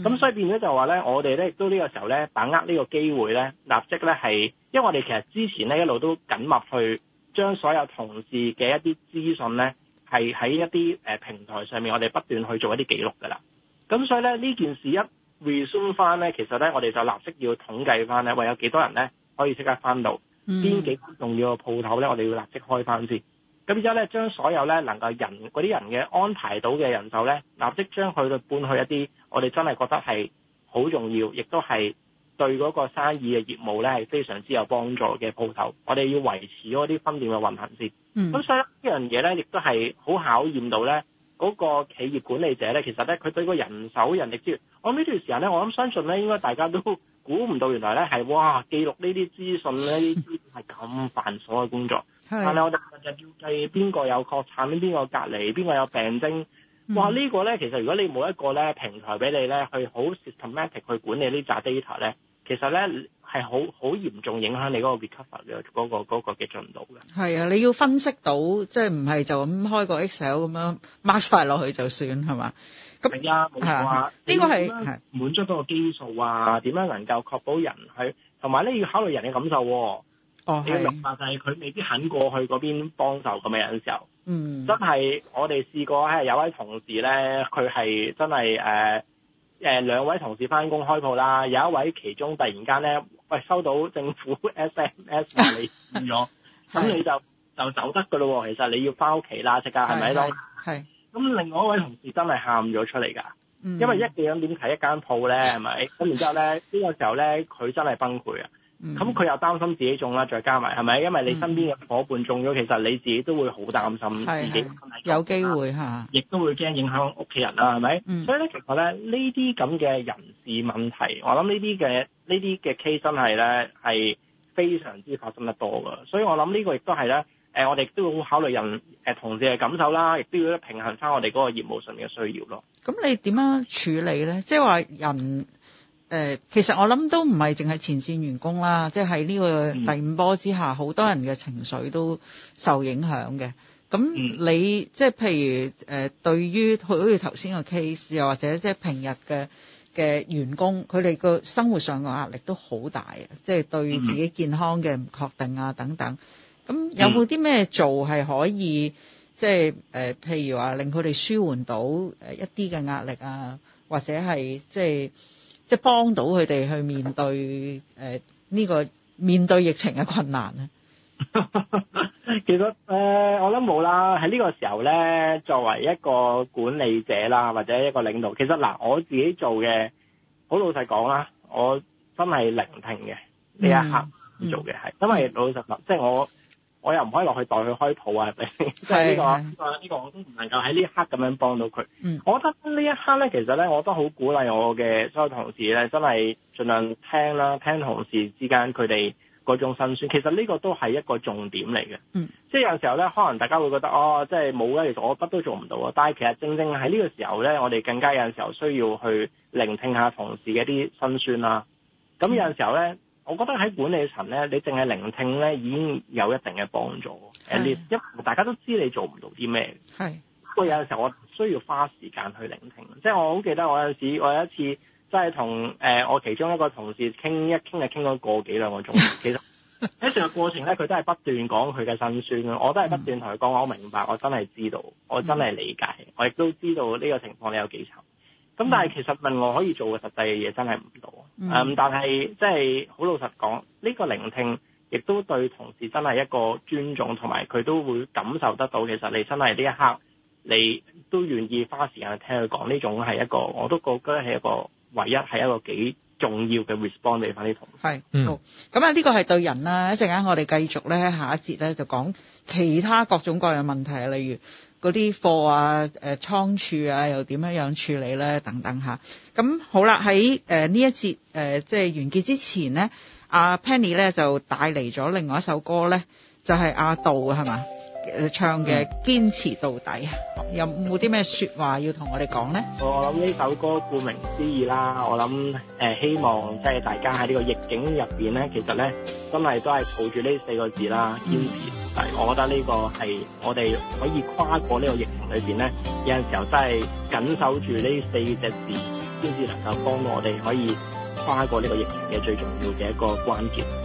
S6: 咁、嗯、所以變咗就話咧，我哋咧都呢個時候咧，把握呢個機會咧，立即咧係，因為我哋其實之前咧一路都緊密去將所有同事嘅一啲資訊咧，係喺一啲誒平台上面，我哋不斷去做一啲記錄噶啦。咁所以咧呢件事一 resume 返翻咧，其實咧我哋就立即要統計翻咧，喂有幾多人咧可以即刻翻到。邊、嗯、幾個重要嘅鋪頭呢？我哋要立即開翻先，咁之後呢，將所有呢，能夠人嗰啲人嘅安排到嘅人手呢，立即將佢去搬去一啲我哋真係覺得係好重要，亦都係對嗰個生意嘅業務呢係非常之有幫助嘅鋪頭，我哋要維持嗰啲分店嘅運行先。咁、嗯、所以呢樣嘢呢，亦都係好考驗到呢。嗰個企業管理者咧，其實咧，佢對個人手人力資源，我諗呢段時間咧，我諗相信咧，應該大家都估唔到原來咧係哇，記錄呢啲資訊咧，啲 [laughs] 資料係咁繁瑣嘅工作。 [laughs] 但係我哋日要計邊個有確診，邊個隔離，邊個有病徵。 [laughs] 哇！呢個、呢個咧，其實如果你冇一個咧平台俾你咧，去好 systematic 去管理呢扎 data 咧，其實咧。係好好嚴重影響你嗰個 recover 嘅，嗰、嗰個嗰、嗰個嘅進度
S5: 嘅。係啊，你要分析到，即係唔係就咁開個 Excel 咁樣抹曬落去就算係嘛？
S6: 咁係啊，冇錯啊。呢個係點樣滿
S5: 足到個基數
S6: 啊？點樣、啊、能夠確保人去？同埋咧要考慮人嘅感受、啊。哦，係明白，但係佢未必肯過去嗰邊幫手咁嘅時候。嗯、啊。真係我哋試過，係、啊、有位同事咧，佢係真係誒誒兩位同事翻工開鋪啦，有一位其中突然間咧。喂，收到政府 SMS S M [laughs] S 話你咗，咁你就 [laughs] 是就走得噶咯喎。其實你要返屋企啦，即係係咪咯？係。咁另外一位同事真係喊咗出嚟噶，嗯、因為一個人點睇一間鋪咧，係咪？咁然之後咧，呢、這個時候咧，佢真係崩潰啊！ [laughs] 咁佢、嗯、又擔心自己中啦，再加埋係咪？因為你身邊嘅伙伴中咗，嗯、其實你自己都會好擔心自己，
S5: 係係，有機會，
S6: 亦都會驚影響屋企人啦，係咪？嗯、所以咧，其實咧呢啲咁嘅人事問題，我諗呢啲嘅呢啲嘅 case 真係咧係非常之發生得多噶。所以我諗呢個亦都係咧，誒我哋都要考慮人誒同事嘅感受啦，亦都要平衡翻我哋嗰個業務上面嘅需要咯。
S5: 咁你點樣處理咧？即係話人。誒，其實我諗都唔係淨係前線員工啦，即係喺呢個第五波之下，好、嗯、多人嘅情緒都受影響嘅。咁你即係、嗯、譬如誒、呃，對於好似頭先個 case，又或者即係平日嘅嘅員工，佢哋個生活上嘅壓力都好大啊。即係對自己健康嘅唔確定啊，等等。咁有冇啲咩做係可以，即係誒，譬如話令佢哋舒緩到誒一啲嘅壓力啊，或者係即係。即係幫到佢哋去面對誒呢個面對疫情嘅困難咧。
S6: 其實誒，我諗冇啦。喺呢個時候咧，作為一個管理者啦，或者一個領導，其實嗱，我自己做嘅好老實講啦，我真係聆聽嘅呢一刻做嘅係，因為老實講，即係我。我又唔可以落去代佢開鋪啊，係咪是是、 [laughs] 這個？即呢個呢個我都唔能夠喺呢一刻咁樣幫到佢。我覺得呢一刻咧，其實咧，我都好鼓勵我嘅所有同事咧，真係盡量聽啦，聽同事之間佢哋嗰種辛酸。其實呢個都係一個重點嚟嘅。嗯，即係有時候咧，可能大家會覺得哦，即係冇咧，其實我乜都做唔到啊。但係其實正正喺呢個時候咧，我哋更加有時候需要去聆聽下同事嘅一啲辛酸啦、啊。咁有時候咧。嗯我覺得喺管理層咧，你淨係聆聽咧已經有一定嘅幫助，的因為大家都知道你做唔到啲咩。不過的有時候我需要花時間去聆聽。即、就、係、是、我好記得我有時我有一次即係同誒我其中一個同事傾一傾，就傾咗個幾兩個鐘。 [laughs] 其實喺成個過程咧，佢都係不斷講佢嘅辛酸。我都係不斷同佢講，嗯、我明白，我真係知道，我真係理解，嗯、我亦都知道呢個情況，你有幾慘。咁、嗯、但係其實另外可以做嘅實際嘅嘢真係唔到啊！嗯，但係即係好老實講，呢、呢個聆聽亦都對同事真係一個尊重，同埋佢都會感受得到，其實你真係呢一刻你都願意花時間去聽佢講，呢種係一個我都覺得係一個唯一係一個幾重要嘅 respond 你翻啲同事。係，好。
S5: 咁啊，呢個係對人啦。一陣間我哋繼續咧喺下一節咧就講其他各種各樣問題啊，例如。嗰啲貨啊，誒、啊、倉儲啊，又點樣樣處理咧？等等嚇，咁好啦，喺誒呢一節誒、呃、即係完結之前咧，阿、啊、Penny 咧就帶嚟咗另外一首歌咧，就係阿杜嘅，係嘛。唱嘅堅持到底啊，有冇啲咩說話要同我哋講咧？我諗我諗呢首歌顧名思義啦，我諗、呃、希
S6: 望即係大家喺呢個逆境入邊咧，其實咧真係都係抱住呢四個字啦，堅持但係、嗯、我覺得呢個係我哋可以跨過呢個疫情裏邊咧，有陣時候真係緊守住呢四隻字，先至能夠幫我哋可以
S5: 跨過呢個疫情嘅最重要嘅一個關鍵。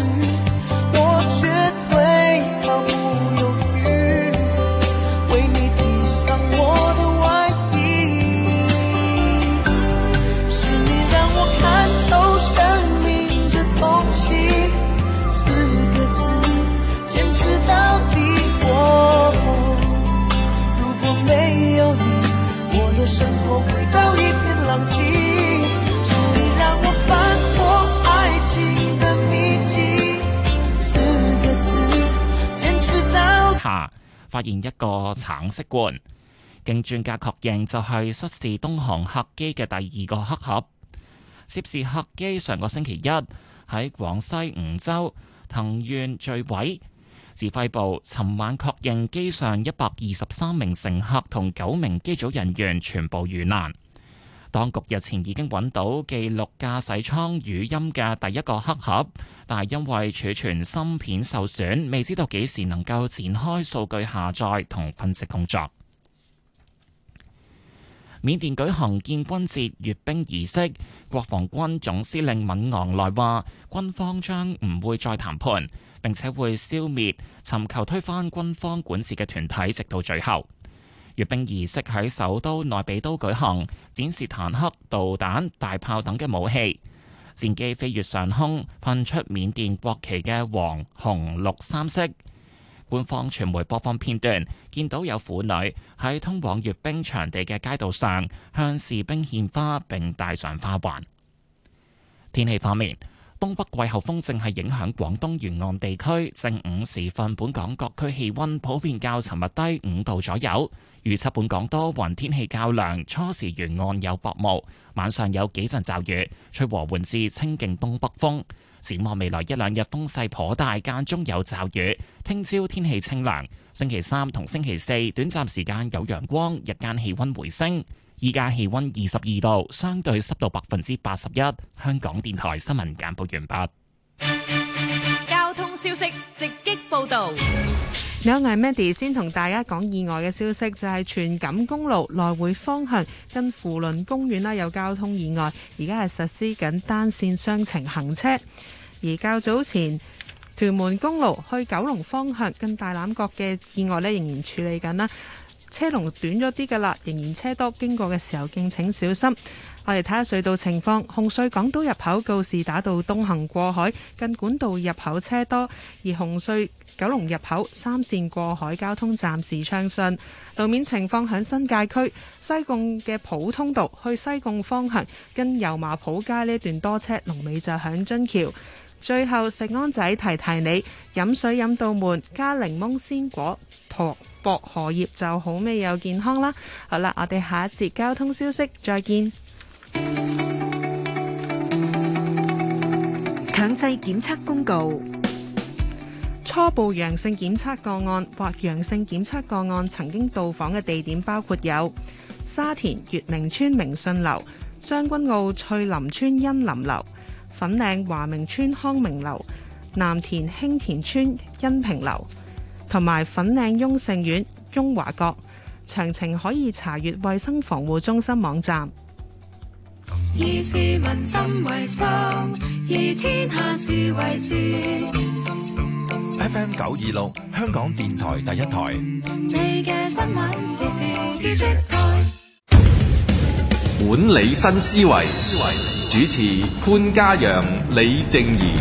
S10: 你讓我翻愛情秘密，四個字，堅持到
S9: 下發現一個橙色罐，經專家確認就係失事東航客機嘅第二個黑盒。涉事客機上個星期一喺廣西梧州藤縣墜毀，指揮部尋晚確認機上一百二十三名乘客同九名機組人員全部遇難。當局日前已經揾到記錄駕駛艙語音嘅第一個黑盒，但係因為儲存芯片受損，未知道幾時能夠展開數據下載同分析工作。緬甸舉行建軍節閱兵儀式，國防軍總司令敏昂萊話，軍方將唔會再談判，並且會消滅尋求推翻軍方管治嘅團體，直到最後。閱兵儀式喺首都內比都舉行，展示坦克、導彈、大炮等嘅武器，戰機飛越上空，噴出緬甸國旗嘅黃、紅、綠三色。官方傳媒播放片段，見到有婦女喺通往閱兵場地嘅街道上向士兵獻花，並戴上花環。天氣方面。東北季候風正係影響廣東沿岸地區，正午時分，本港各區氣溫普遍較尋日低五度左右。預測本港多雲，天氣較涼，初時沿岸有薄霧，晚上有幾陣驟雨，吹和緩至清勁東北風。展望未來一兩日風勢頗大，間中有驟雨。聽朝天氣清涼，星期三同星期四短暫時間有陽光，日間氣溫回升。依家氣溫二十二度，相對濕度百分之八十一。香港電台新聞簡報完畢。
S2: 交通消息直擊報道，
S11: 有阿 Mandy 先同大家講意外嘅消息，就係、是、荃錦公路來回方向跟扶輪公園啦，有交通意外，而家係實施緊單線雙程行車。而較早前屯門公路去九龍方向跟大欖角嘅意外咧，仍然處理緊啦。車龍短咗啲㗎啦，仍然車多，經過嘅時候敬請小心。我哋睇下隧道情況，紅隧港島入口告士打道東行過海，近管道入口車多，而紅隧九龍入口三線過海交通暫時暢順。路面情況喺新界區西貢嘅普通道去西貢方向，跟油麻埔街呢段多車，龍尾就喺津橋。最後，食安仔提提你，飲水飲到悶，加檸檬鮮果、婆薄荷葉就好味又健康啦。好啦，我哋下一節交通消息再見。強制檢測公告，初步陽性檢測個案或陽性檢測個案曾經到訪嘅地點包括有沙田月明村明信樓、將軍澳翠林村欣林樓。粉嶺華明村康明樓、南田興田村恩平樓、同埋粉嶺雍盛苑雍華閣，詳情可以查閱衛生防護中心網站。
S10: 以市民心為心，以天下
S3: 事為事。FM 九二六，26，香港電台
S4: 第一台。
S10: 你嘅新聞，時事知識台。
S4: 管理新思維，主持潘嘉陽、李靜宜。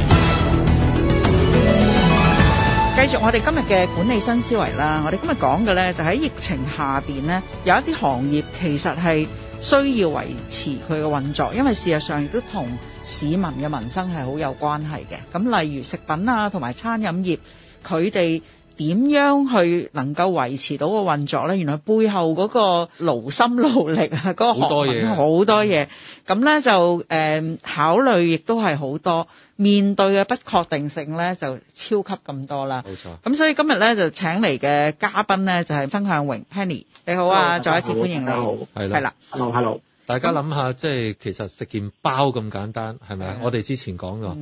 S5: 繼續我哋今日嘅管理新思維啦，我哋今日講嘅呢，就喺疫情下邊呢，有一啲行業其實係需要維持佢嘅運作，因為事實上亦都同市民嘅民生係好有關係嘅。咁例如食品啊，同埋餐飲業，佢哋，點樣去能夠維持到個運作咧？原來背後嗰個勞心勞力啊，嗰個學問好多嘢。咁咧就誒考慮，亦都係好多面對嘅不確定性咧，就超級咁多啦。冇錯。咁所以今日咧就請嚟嘅嘉賓咧就係曾向榮 Penny，你好啊，再一次歡迎你。好，係啦，係啦。
S3: Hello，hello。大家諗下，即係其實食件包咁簡單，係咪啊？我哋之前講過。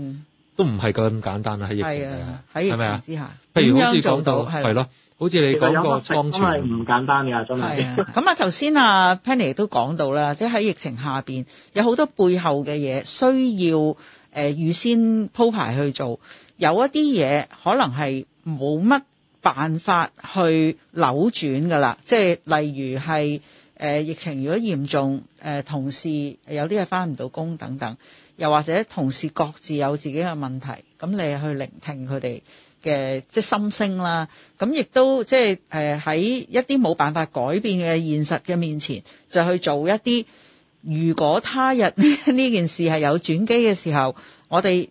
S3: 都唔係咁簡單啦，喺疫情之下，啊、之下譬如好似講到咯、啊，好似你講個光纖唔簡
S5: 單嘅，真係。咁啊，頭先啊 Penny 都講到啦，即係喺疫情下面，有好多背後嘅嘢需要誒、呃、預先鋪排去做，有一啲嘢可能係冇乜辦法去扭轉噶啦，即、就、係、是、例如係誒、呃、疫情如果嚴重，呃、同事有啲係翻唔到工等等。又或者同事各自有自己嘅問題，咁你去聆聽佢哋嘅即係心聲啦。咁亦都即係誒喺一啲冇辦法改變嘅現實嘅面前，就去做一啲。如果他日呢件事係有轉機嘅時候，我哋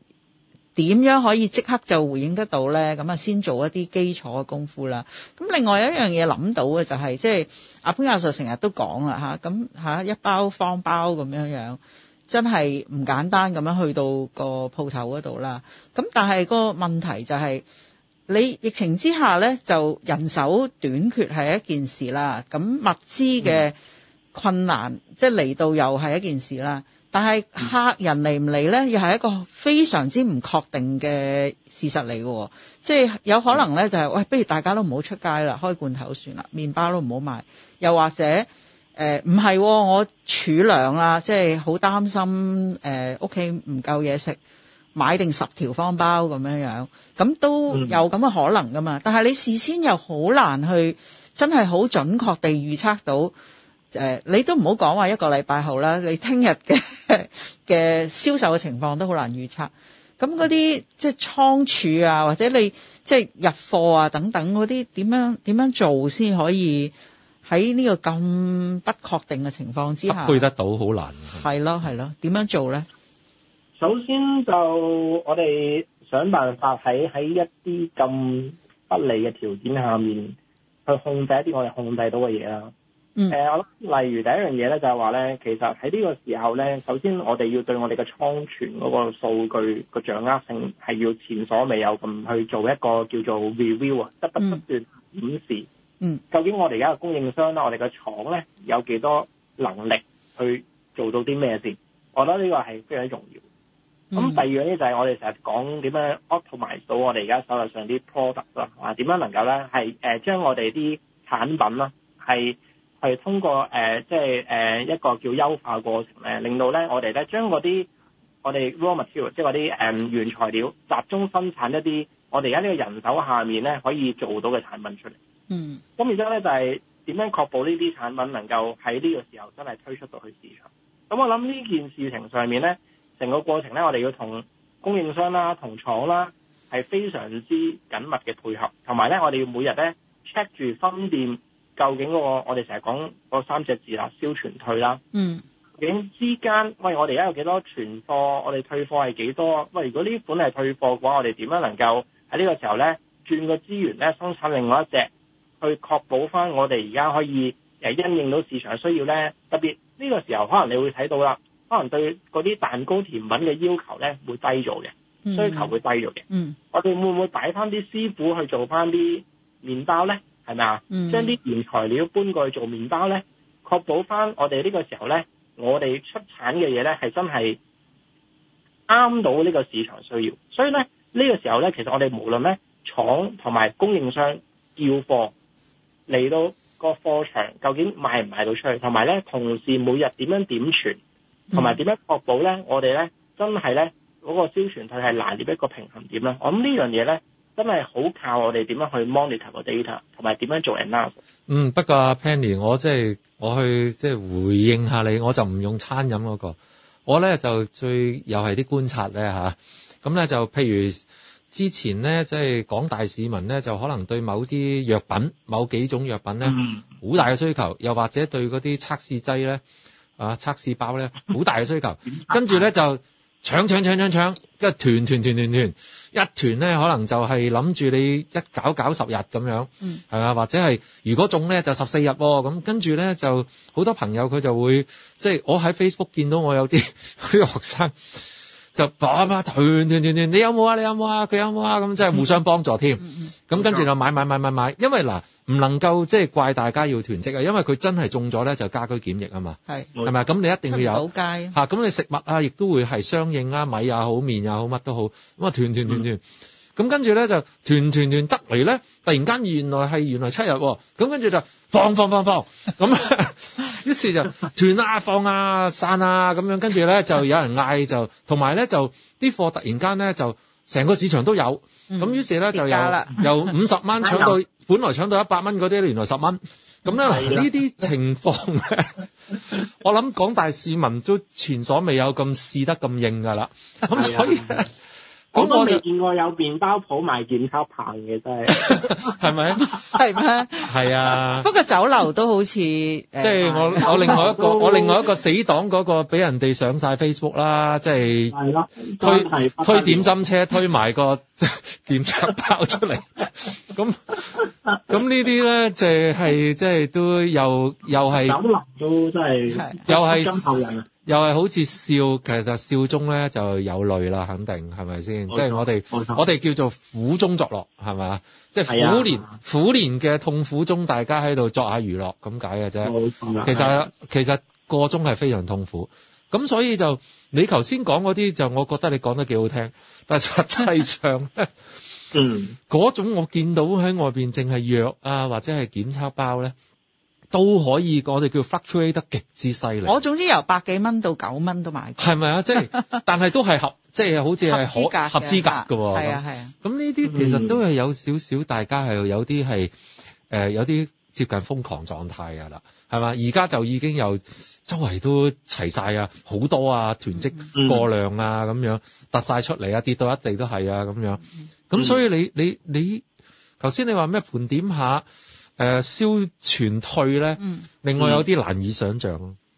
S5: 點樣可以即刻就回應得到咧？咁啊，先做一啲基礎嘅功夫啦。咁另外一樣嘢諗到嘅就係即係阿潘教授成日都講啦嚇，咁嚇一包方包咁樣樣。真係唔簡單咁樣去到個鋪頭嗰度啦。咁但係個問題就係、是，你疫情之下咧，就人手短缺係一件事啦。咁物資嘅困難，嗯、即係嚟到又係一件事啦。但係客人嚟唔嚟咧，又係一個非常之唔確定嘅事實嚟嘅。即、就、係、是、有可能咧，就係、是、喂，不如大家都唔好出街啦，開罐頭算啦，麵包都唔好賣。又或者。誒唔係，我儲糧啦，即係好擔心誒屋企唔夠嘢食，買定十條方包咁樣樣，咁都有咁嘅可能噶嘛？但係你事先又好難去真係好準確地預測到，誒、呃、你都唔好講話一個禮拜後啦，你聽日嘅嘅銷售嘅情況都好難預測。咁嗰啲即係倉儲啊，或者你即係入貨啊等等嗰啲點樣點樣做先可以？喺呢個咁不確定嘅情況之下，配得到好難。係咯，係咯，點樣做咧？
S6: 首先就我哋想辦法喺喺一啲咁不利嘅條件下面，去控制一啲我哋控制到嘅嘢啦。嗯，我諗、呃、例如第一樣嘢咧，就係話咧，其實喺呢個時候咧，首先我哋要對我哋嘅倉存嗰個數據嘅掌握性係要前所未有咁去做一個叫做 review 啊，得不斷檢視。嗯嗯，究竟我哋而家嘅供應商啦，我哋嘅廠咧有幾多能力去做到啲咩先？我覺得呢個係非常之重要。
S7: 咁第
S6: 二樣呢就係我哋成日講點樣 optimize 到我哋而家手頭上啲 product 啦，點樣能夠咧係誒將我哋啲產品啦係係通過誒、呃、即係誒、呃、一個叫優化過程咧，令到咧我哋咧將嗰啲。我哋 raw material，即係嗰啲誒原材料，集中生產一啲我哋而家呢個人手下面咧可以做到嘅產品出嚟。嗯，咁然之後咧就係點樣確保呢啲產品能夠喺呢個時候真係推出到去市場？咁我諗呢件事情上面咧，成個過程咧，我哋要同供應商啦、同廠啦，係非常之緊密嘅配合。同埋咧，我哋要每日咧 check 住分店究竟、嗰個我哋成日講嗰三隻字啦，銷存退啦。嗯。究之間，喂，我哋而家有幾多存貨？我哋退貨係幾多？喂，如果呢款係退貨嘅話，我哋點樣能夠喺呢個時候呢轉個資源呢？生產另外一隻，去確保翻我哋而家可以因應到市場需要呢？特別呢、呢個時候，可能你會睇到啦，可能對嗰啲蛋糕甜品嘅要求呢會低咗嘅需求會低咗嘅。嗯、mm，hmm。我哋會唔會擺翻啲師傅去做翻啲麵包呢？係咪啊？將啲原材料搬過去做麵包呢？確保翻我哋呢個時候呢？我哋出產嘅嘢咧，係真係啱到呢個市場需要，所以咧呢個時候咧，其實我哋無論咧廠同埋供應商要貨嚟到個貨場，究竟賣唔賣到出去，同埋咧同時每日點樣點存，同埋點樣確保咧我哋咧真係咧嗰個銷存率係拿捏一個平衡點啦。我諗呢樣嘢咧。真係好靠我
S3: 哋點樣去 monitor 個 data，同埋點樣做 analysis 嗯，不過、啊、Penny，我即、就、係、是、我去即係、就是、回應下你，我就唔用餐飲嗰、那個。我咧就最又係啲觀察咧吓，咁、啊、咧、啊啊、就譬如之前咧，即、就、係、是、廣大市民咧，就可能對某啲藥品、某幾種藥品咧，好、嗯、大嘅需求；又或者對嗰啲測試劑咧、啊測試包咧，好大嘅需求。 [laughs] 跟住咧就。搶搶搶搶搶！跟住團團團團，團，團一團咧可能就係諗住你一搞搞十日咁樣，係啊、嗯、或者係如果中咧就十四日喎。咁跟住咧就好多朋友佢就會即係、就是、我喺 Facebook 見到我有啲啲 [laughs] 學生。就啊嘛，團團團團，你有冇啊？你有冇啊？佢有冇啊？咁真係互相幫助添。咁、嗯嗯、跟住就買買買買買，因為嗱，唔、啊、能夠即係、就是、怪大家要囤積啊，因為佢真係中咗咧，就家居檢疫啊嘛。係是，咪，咁你一定要有。出唔到街嚇，咁你食物啊，亦都會係相應啊，米也、啊、好麵、啊，麵也好麵、啊，乜都好。咁、嗯、啊，團團團團，咁、嗯、跟住咧就團團團得嚟咧，突然間原來係原來七日喎、哦，咁跟住就放放放放咁。 [laughs] 樣 [laughs] 於是就斷啊、放啊、散啊咁樣，跟住咧就有人嗌，就同埋咧就啲貨突然間咧就成個市場都有，咁、嗯、於是咧就有了由五十蚊搶到， [laughs] 本來搶到一百蚊嗰啲，原來十蚊，咁咧呢啲的情況， [laughs] 我諗廣大市民都前所未有咁試得咁應㗎啦，咁的所以。我都未見過
S6: 有麵
S3: 包鋪賣檢測包嘅，真係
S6: 係
S5: 咪
S3: 啊？係咩？係啊！不過
S5: 酒樓都好似，
S6: 即係我我另外一個我另外
S3: 一個死黨嗰個俾人哋上曬 Facebook 啦，即係推推點心車，推埋個檢測包出嚟。咁咁呢啲咧，就係即係都又又係酒
S6: 樓都真係又係。
S3: 又係好似笑，其實笑中咧就有淚啦，肯定係咪先？即係好我哋痛我哋叫做苦中作樂，係咪啊？即係苦年，係啊，苦年嘅痛苦中，大家喺度作下娛樂咁解嘅啫。這個啊、其實、啊、其實其實個中係非常痛苦。咁所以就你頭先講嗰啲，就我覺得你講得幾好聽，但實際上咧，
S5: 嗯，
S3: 嗰種我見到喺外面淨係藥啊，或者係檢測包咧。都可以，我哋叫 fluctuate 得極之犀利。我
S5: 總之由百幾蚊到九蚊都買過。
S3: 係咪啊？即、就是、 [laughs] 但係都係合，即、就、係、是、好似係可價，合資格嘅。係啊係啊。咁呢啲其實都係有少少，大家係有啲係誒，有啲接近瘋狂狀態嘅啦，係嘛？而家就已經有周圍都齊晒啊，好多啊，囤積過量啊，咁、嗯、樣突晒出嚟啊，跌到一地都係啊，咁樣。咁所以你你、嗯、你，頭先你話咩？盤點下。誒、呃，消全退咧，嗯、另外有啲難以想象。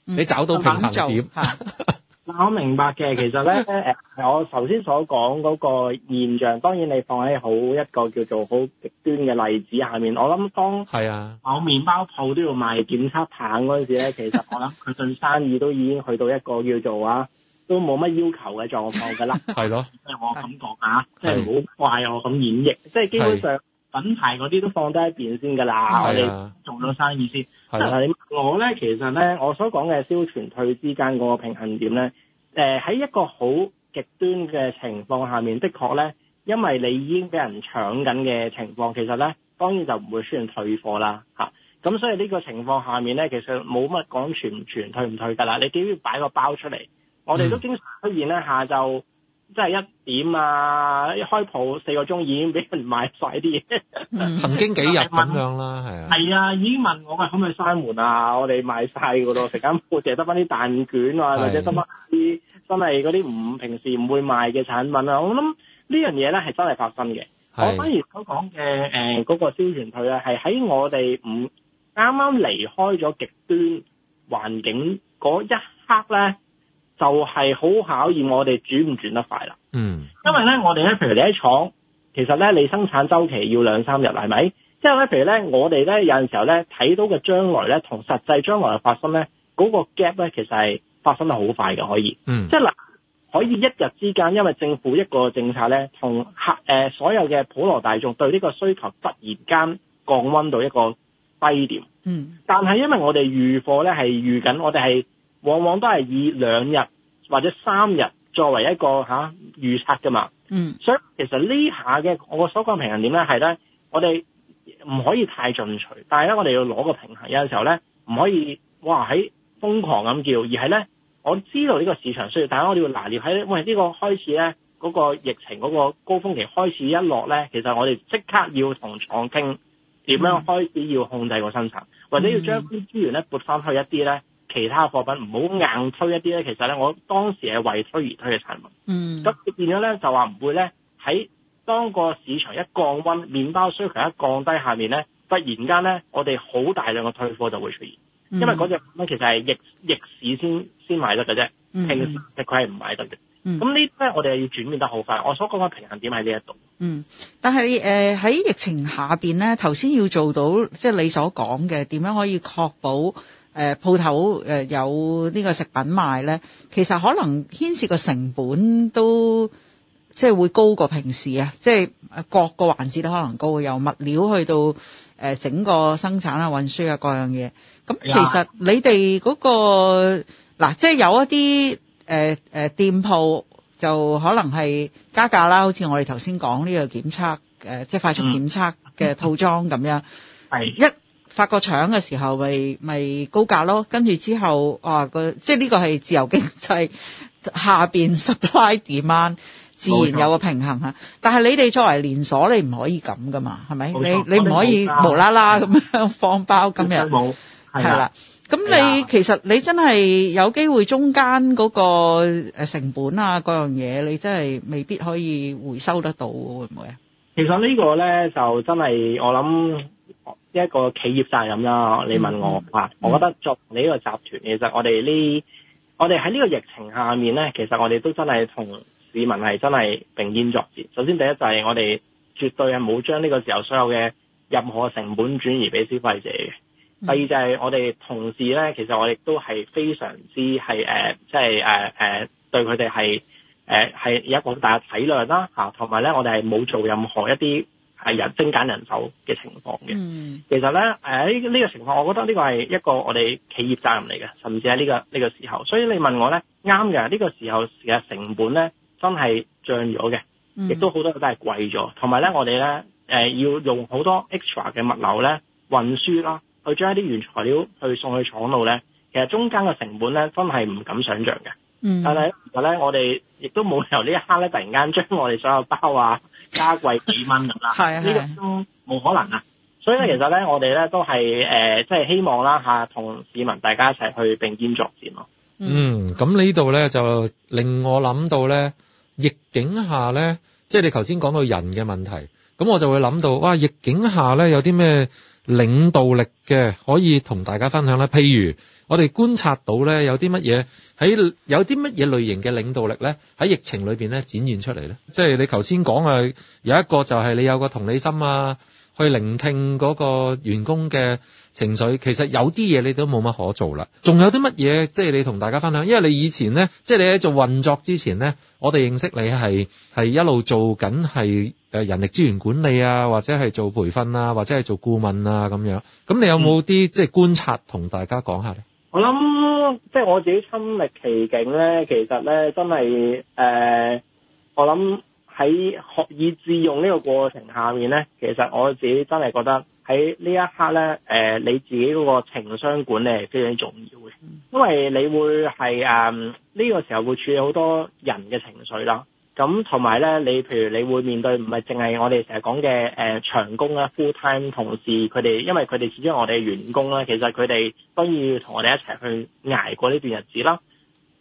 S3: 嗯、你找到平衡點，嗱、
S6: 嗯，嗯、 [laughs] 我明白嘅。其實咧，誒、呃，我頭先所講嗰個現象，當然你放喺好一個叫做好極端嘅例子下面，我諗當係啊，我麵包鋪都要賣檢測棒嗰陣時咧，其實我諗佢進生意都已經去到一個叫做啊，都冇乜要求嘅狀況噶啦。
S3: 係咯，即係我
S6: 咁講吓，即係唔好怪我咁演繹，即係基本上。品牌嗰啲都放低一邊先㗎啦，啊、我哋做咗生意先。啊、但係你問我咧，其實咧，我所講嘅銷存退之間嗰個平衡點咧，誒、呃、喺一個好極端嘅情況下面，的確咧，因為你已經俾人搶緊嘅情況，其實咧當然就唔會出現退貨啦，吓、啊，咁所以呢個情況下面咧，其實冇乜講存唔存、退唔退㗎啦。你幾要擺個包出嚟？我哋都經常出現咧，下晝。.即係一點啊！一開鋪四個鐘已經畀人買曬啲嘢，嗯、
S3: [laughs] 曾經幾日咁樣啦，
S6: 係啊，係啊，啊已經問我㗎，可唔可以閂門啊？ [laughs] 我哋 [laughs] 賣曬個咯，成間鋪淨係得返啲蛋卷啊，或者得翻啲真係嗰啲唔平時唔會賣嘅產品啊！我諗呢樣嘢呢係真係發生嘅。我反而所講嘅嗰個消融退咧，係喺我哋唔啱啱離開咗極端環境嗰一刻呢。就係好考驗我哋轉唔轉得快啦。嗯，因為咧，我哋咧，譬如你喺廠，其實咧，你生產周期要兩三日，係咪？即係咧，譬如咧，我哋咧有陣時候咧，睇到嘅將來咧，同實際將來嘅發生咧，嗰個 gap 咧，其實係發生得好快嘅，可以。嗯。即係嗱，可以一日之間，因為政府一個政策咧，同客、呃、所有嘅普羅大眾對呢個需求突然間降溫到一個低點。嗯。但係因為我哋預貨咧係預緊，我哋係。往往都係以兩日或者三日作為一個吓、啊、預測噶嘛，嗯，所以其實呢下嘅我個所講平衡點咧係咧，我哋唔可以太進取，但係咧我哋要攞個平衡，有陣時候咧唔可以哇喺瘋狂咁叫，而係咧我知道呢個市場需要，但係我哋要拿捏喺喂呢、這個開始咧嗰、那個疫情嗰個高峰期開始一落咧，其實我哋即刻要同廠傾點樣開始要控制個生產，嗯、或者要將啲資源咧撥翻去一啲咧。其他貨品唔好硬推一啲咧，其實咧，我當時係為推而推嘅產品。嗯，咁變咗咧就話唔會咧喺當個市場一降溫，麵包需求一降低下面咧，突然間咧，我哋好大量嘅退貨就會出現。嗯、因為嗰隻品咧其實係逆逆市先先買得嘅啫，嗯、平時佢係唔買得嘅。咁呢呢，咧，我哋係要轉變得好快。我所講嘅平衡點喺呢一度。嗯，
S5: 但係喺、呃、疫情下面咧，頭先要做到即係、就是、你所講嘅點樣可以確保。誒鋪、呃、頭誒、呃、有呢個食品賣咧，其實可能牽涉個成本都即係會高過平時啊，即係各個環節都可能高，由物料去到誒、呃、整個生產啊、運輸啊各樣嘢。咁其實你哋嗰、那個嗱、哎呀，即係有一啲誒、呃呃、店鋪就可能係加價啦。好似我哋頭先講呢個檢測誒、呃，即係快速檢測嘅套裝咁、嗯、 [laughs] 樣，是一。發個腸嘅時候咪咪高價咯，跟住之後啊，個即係呢個係自由經濟下邊 supply demand 自然有個平衡嚇，但係你哋作為連鎖你唔可以咁噶嘛，係咪？你你唔可以無啦啦咁樣放包今日，冇，係啦。咁你其實你真係有機會中間嗰個誒成本啊嗰樣嘢，你真係未必可以回收得到，會唔會啊？
S6: 其實呢個咧就真係我諗。一個企業責任啦，你問我啊，嗯嗯、我覺得作你呢個集團，其實我哋呢，我哋喺呢個疫情下面呢，其實我哋都真係同市民係真係並肩作戰。首先第一就係、是、我哋絕對係冇將呢個時候所有嘅任何成本轉移俾消費者嘅。嗯、第二就係我哋同時呢，其實我哋都係非常之係誒即係誒誒對佢哋係誒係有一個大嘅體諒啦、啊。嚇、啊，同埋呢，我哋係冇做任何一啲。係人精簡人手嘅情況嘅，mm. 其實咧呢呢個情況，我覺得呢個係一個我哋企業責任嚟嘅。甚至喺呢、呢個呢、呢個、時候，所以你問我咧啱嘅，呢、呢個時候其實成本咧真係漲咗嘅，亦、mm. 都好多都係貴咗，同埋咧我哋咧、呃、要用好多 extra 嘅物流咧運輸啦，去將一啲原材料去送去廠度咧，其實中間嘅成本咧真係唔敢想像嘅。
S7: Mm. 但係其
S6: 實咧我哋亦都冇理由呢一刻咧突然間將我哋所有包啊～加貴幾蚊咁啦，呢 [laughs] 係啊個都冇可能啊！所以咧，其實咧，嗯、我哋咧都係誒，即、呃、係希望啦吓，同市民大家一齊去並肩作戰
S3: 咯。嗯，咁呢度咧就令我諗到咧，逆境下咧，即係你頭先講到人嘅問題，咁我就會諗到哇，逆境下咧有啲咩領導力嘅可以同大家分享咧？譬如我哋觀察到咧，有啲乜嘢？喺有啲乜嘢類型嘅領導力咧？喺疫情裏面咧，展現出嚟咧。即係你頭先講啊，有一個就係你有個同理心啊，去聆聽嗰個員工嘅情緒。其實有啲嘢你都冇乜可做啦。仲有啲乜嘢？即係你同大家分享。因為你以前咧，即係你喺做運作之前咧，我哋認識你係係一路做緊係誒人力資源管理啊，或者係做培訓啊，或者係做顧問啊咁樣。咁你有冇啲、嗯、即係觀察同大家講下咧？
S6: 我諗即係我自己親歷其境呢，其實呢真係誒、呃，我諗喺學以致用呢個過程下面呢，其實我自己真係覺得喺呢一刻呢，誒、呃，你自己嗰個情商管理係非常重要嘅，因為你會係誒呢個時候會處理好多人嘅情緒啦。咁同埋咧，你譬如你會面對唔係淨係我哋成日講嘅誒長工啦，full time 同事佢哋，因為佢哋始終係我哋嘅員工啦，其實佢哋都要同我哋一齊去捱過呢段日子啦。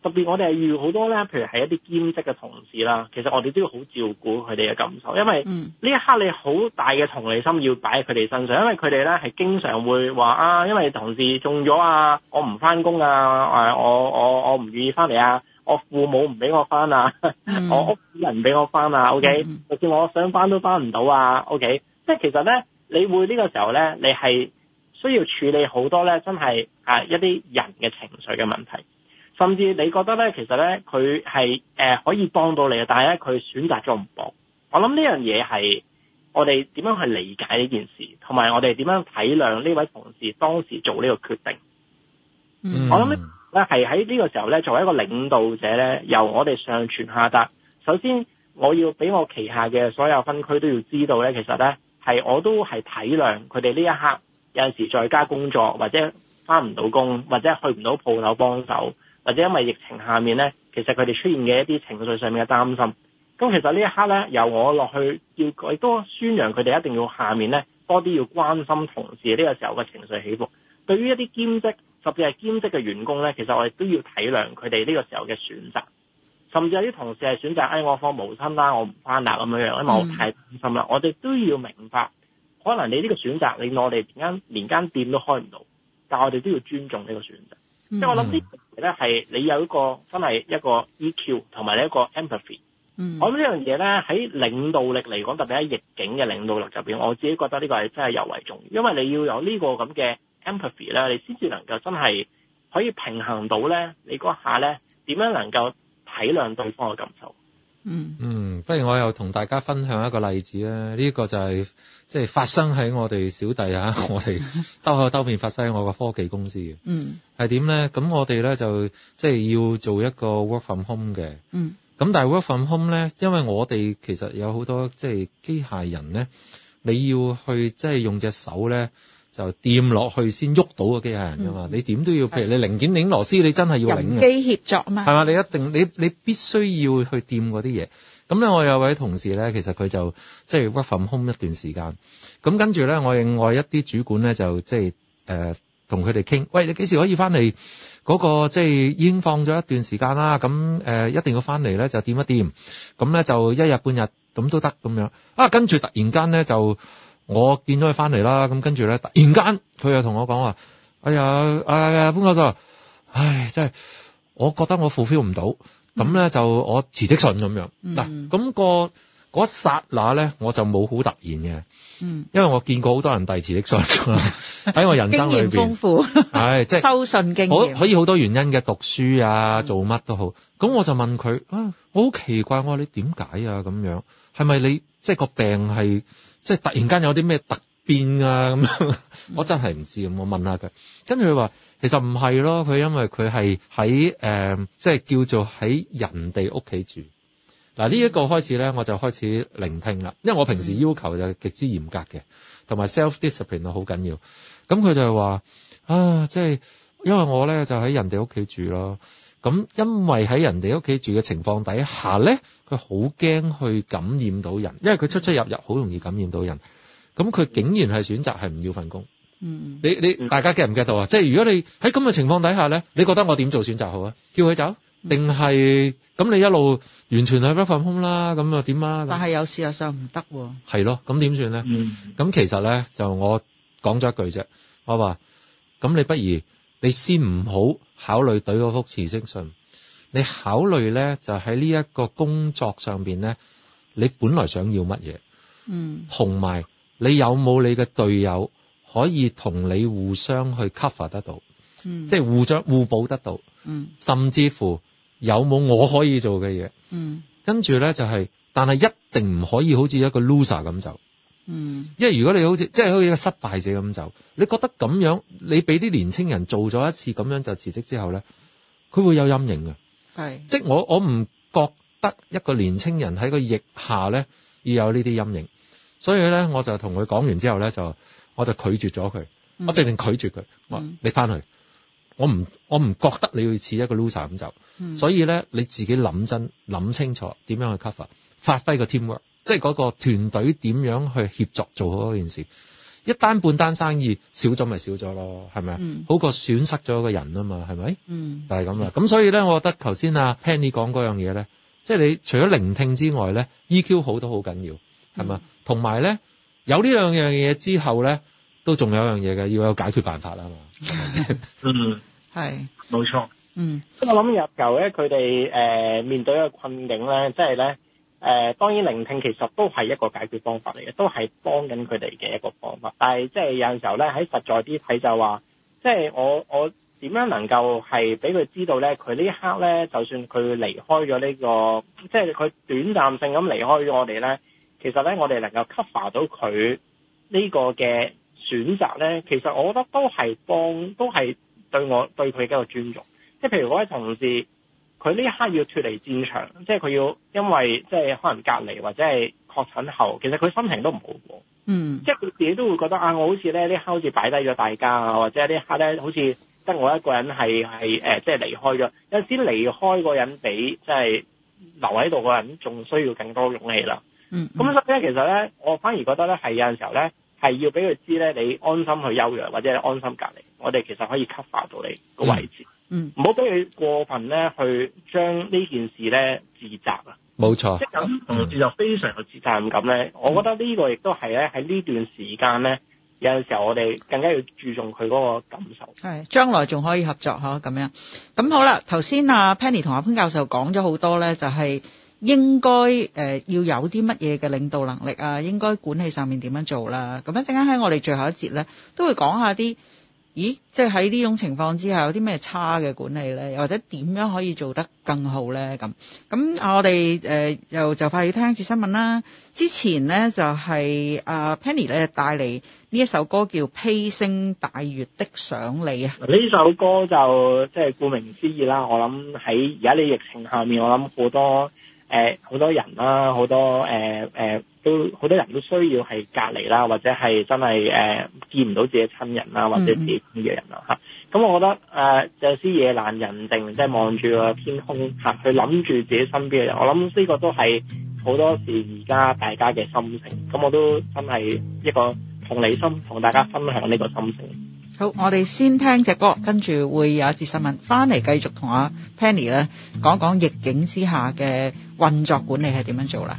S6: 特別我哋係遇好多咧，譬如係一啲兼職嘅同事啦，其實我哋都要好照顧佢哋嘅感受，因為呢一刻你好大嘅同理心要擺喺佢哋身上，因為佢哋咧係經常會話啊，因為同事中咗啊，我唔翻工啊，誒我我我唔願意翻嚟啊。我父母唔俾我返啊，嗯，我屋企人唔俾我返啊，OK，嗯，就算我想返都返唔到啊，OK，即係其實咧，你會呢個時候咧，你係需要處理好多咧，真係啊一啲人嘅情緒嘅問題，甚至你覺得咧，其實咧佢係誒可以幫到你嘅，但係咧佢選擇咗唔幫。我諗呢樣嘢係我哋點樣去理解呢件事，同埋我哋點樣體諒呢位同事當時做呢個決定。
S7: 嗯。我諗咧。
S6: 咧係喺呢個時候咧，作為一個領導者咧，由我哋上傳下達。首先，我要俾我旗下嘅所有分區都要知道咧，其實咧係我都係體諒佢哋呢一刻有陣時在家工作，或者翻唔到工，或者去唔到鋪頭幫手，或者因為疫情下面咧，其實佢哋出現嘅一啲情緒上面嘅擔心。咁其實呢一刻咧，由我落去要亦都宣揚佢哋一定要下面咧多啲要關心同事呢個時候嘅情緒起伏。對於一啲兼職，特別係兼職嘅員工咧，其實我哋都要體諒佢哋呢個時候嘅選擇。甚至有啲同事係選擇哎，我放無薪啦，我唔翻啦咁樣樣，因為我太擔心啦。嗯、我哋都要明白，可能你呢個、個選擇，你令我哋連間連間店都開唔到，但我哋都要尊重呢個選擇。
S7: 因為我諗
S6: 呢啲咧係你有一個真係一個 EQ 同埋你一個 empathy、嗯。我諗呢樣嘢咧喺領導力嚟講，特別喺逆境嘅領導力入面，我自己覺得呢個係真係尤為重要，因為你要有呢個咁嘅。e 你先至能夠真係可以平衡到咧，你嗰下咧點樣能夠體諒對方嘅感受。
S3: 嗯嗯，不如我又同大家分享一個例子啦。呢個就係即係發生喺我哋小弟啊，我哋兜口兜面發生喺我個科技公司嘅。嗯呢，係點咧？咁我哋咧就即係要做一個 work from home 嘅。嗯。咁但係 work from home 咧，因為我哋其實有好多即係機械人咧，你要去即係用隻手咧。就掂落去先喐到個機械人噶嘛，嗯、你點都要譬如你零件擰螺絲，你真係要人機協作啊嘛，係嘛？你一定你你必須要去掂嗰啲嘢。咁咧，我有位同事咧，其實佢就即係 work from home 一段時間。咁跟住咧，我另外一啲主管咧就即係誒同佢哋傾，喂，你幾時可以翻嚟？嗰、那個即係已經放咗一段時間啦。咁誒、呃、一定要翻嚟咧，就掂一掂。咁咧就一日半日咁都得咁樣。啊，跟住突然間咧就。我見到佢翻嚟啦，咁跟住咧，突然間佢又同我講話：，哎呀，誒、哎，潘教授，唉，真係，我覺得我 fulfill 唔到，咁咧、嗯、就我辭職信咁樣。嗱、嗯嗯，咁、那個嗰剎那咧，我就冇好突然嘅，嗯、因為我見過好多人遞辭職信喺、嗯、 [laughs] 我人生裏邊，經驗豐富，
S5: 即係、就是、收信經驗。可
S3: 可以好多原因嘅，讀書啊，做乜都好。咁、嗯、我就問佢：，啊、哎，我好奇怪，我話你點解啊？咁、啊、樣係咪你即係、就是、個病係？即係突然間有啲咩突變啊咁樣， [laughs] 我真係唔知咁，我問下佢。跟住佢話其實唔係咯，佢因為佢係喺誒即係叫做喺人哋屋企住。嗱呢一個開始咧，我就開始聆聽啦，因為我平時要求就極之嚴格嘅，同埋 self discipline，啊好緊要。咁佢就係話啊，即係因為我咧就喺人哋屋企住咯。咁因為喺人哋屋企住嘅情況底下咧，佢好驚去感染到人，因為佢出出入入好容易感染到人。咁佢竟然係選擇係唔要份工。嗯，你你大家 get 唔 get 到啊？嗯、即係如果你喺咁嘅情況底下咧，你覺得我點做選擇好啊？叫佢走，定係咁你一路完全係不份空啦？咁又點啊？但係有
S5: 事實上唔得喎。
S3: 係咯，咁點算咧？咁、嗯、其實咧就我講咗一句啫，我話咁你不如。你先唔好考慮對幅辭職信，你考慮咧就喺呢一個工作上邊咧，你本來想要乜嘢，嗯，同埋你有冇你嘅隊友可以同你互相去 cover 得到，嗯，即係互着互補得到，嗯，甚至乎有冇我可以做嘅嘢，嗯，跟住咧就係，但係一定唔可以好似一個 loser 咁就。嗯，因為如果你好似即係好似一個失敗者咁走，你覺得咁樣你俾啲年青人做咗一次咁樣就辭職之後咧，佢會有陰影嘅，係是的，即係我我唔覺得一個年青人喺個疫下咧要有呢啲陰影，所以咧我就同佢講完之後咧就我就拒絕咗佢，嗯，我直情拒絕佢，嗯、你翻去，我唔我唔覺得你會似一個 loser 咁走，嗯、所以咧你自己諗真諗清楚點樣去 cover，發揮個 teamwork。即係嗰個團隊點樣去協作做好嗰件事？一單半單生意少咗咪少咗咯，係咪啊？嗯、好過損失咗個人啊嘛，係咪？嗯、就係咁啦。咁所以咧，我覺得頭先阿 Penny 講嗰樣嘢咧，即係你除咗聆聽之外咧，EQ 好都好緊要，係嘛？同埋咧，有呢兩樣嘢之後咧，都仲有一樣嘢嘅，要有解決辦法啦嘛。 [laughs] 嗯，係是，冇錯。嗯，
S6: 我諗入球咧，佢哋誒面對一個困境咧，即係咧。誒、呃，當然聆聽其實都係一個解決方法嚟嘅，都係幫緊佢哋嘅一個方法。但係即係有陣時候咧，喺實在啲睇就話，即係我我點樣能夠係俾佢知道咧，佢呢一刻咧就算佢離開咗呢個，即係佢短暫性咁離開咗我哋咧，其實咧我哋能夠 cover 到佢呢個嘅選擇咧，其實我覺得都係幫，都係對我對佢嘅一個尊重。即係譬如嗰位同事。佢呢一刻要脫離戰場，即係佢要因為即係可能隔離或者係確診後，其實佢心情都唔好喎。嗯，即係佢自己都會覺得啊，我好似咧呢刻好似擺低咗大家啊，或者呢一刻咧好似得我一個人係係誒，即係離開咗。有陣時離開嗰個人比即係、就是、留喺度嗰人仲需要更多勇氣啦、嗯。嗯，咁所以其實咧，我反而覺得咧係有陣時候咧係要俾佢知咧，你安心去休養或者你安心隔離，我哋其實可以 cover 到你個位置。嗯。嗯，唔好俾佢過分咧，去將呢件事咧自責啊。
S4: 冇錯，即係有
S6: 同志就、嗯、自責非常有自責任感咧。嗯、我覺得呢個亦都係咧喺呢段時間咧，有陣時候我哋更加要注重佢嗰個感受。
S5: 係，將來仲可以合作嚇咁樣。咁好啦，頭先、啊、阿 Penny 同阿潘教授講咗好多咧，就係、是、應該誒、呃、要有啲乜嘢嘅領導能力啊，應該管理上面點樣做啦。咁一陣間喺我哋最後一節咧，都會講下啲。咦，即係喺呢種情況之下，有啲咩差嘅管理咧，又或者點樣可以做得更好咧？咁咁我哋誒又就快要聽一次新聞啦。之前咧就係、是、啊、呃、Penny 咧帶嚟呢一首歌叫《披星戴月的想你》啊。呢首
S6: 歌就即係、就是、顧名思義啦。我諗喺而家呢疫情下面，我諗好多。誒，好、呃、多人啦、啊，好多誒誒、呃呃，都好多人都需要係隔離啦，或者係真係誒、呃、見唔到自己親人啦，或者自己嘅人啦吓。咁、嗯嗯、我覺得誒，有時夜闌人靜，即係望住個天空吓，去諗住自己身邊嘅人。我諗呢個都係好多時而家大家嘅心情。咁、嗯、我都真係一個同理心，同大家分享呢個心情。
S5: 好，我哋先聽隻歌，跟住會有一節新聞，翻嚟繼續同阿 Penny 咧講講逆境之下嘅運作
S8: 管
S10: 理係點樣做啦。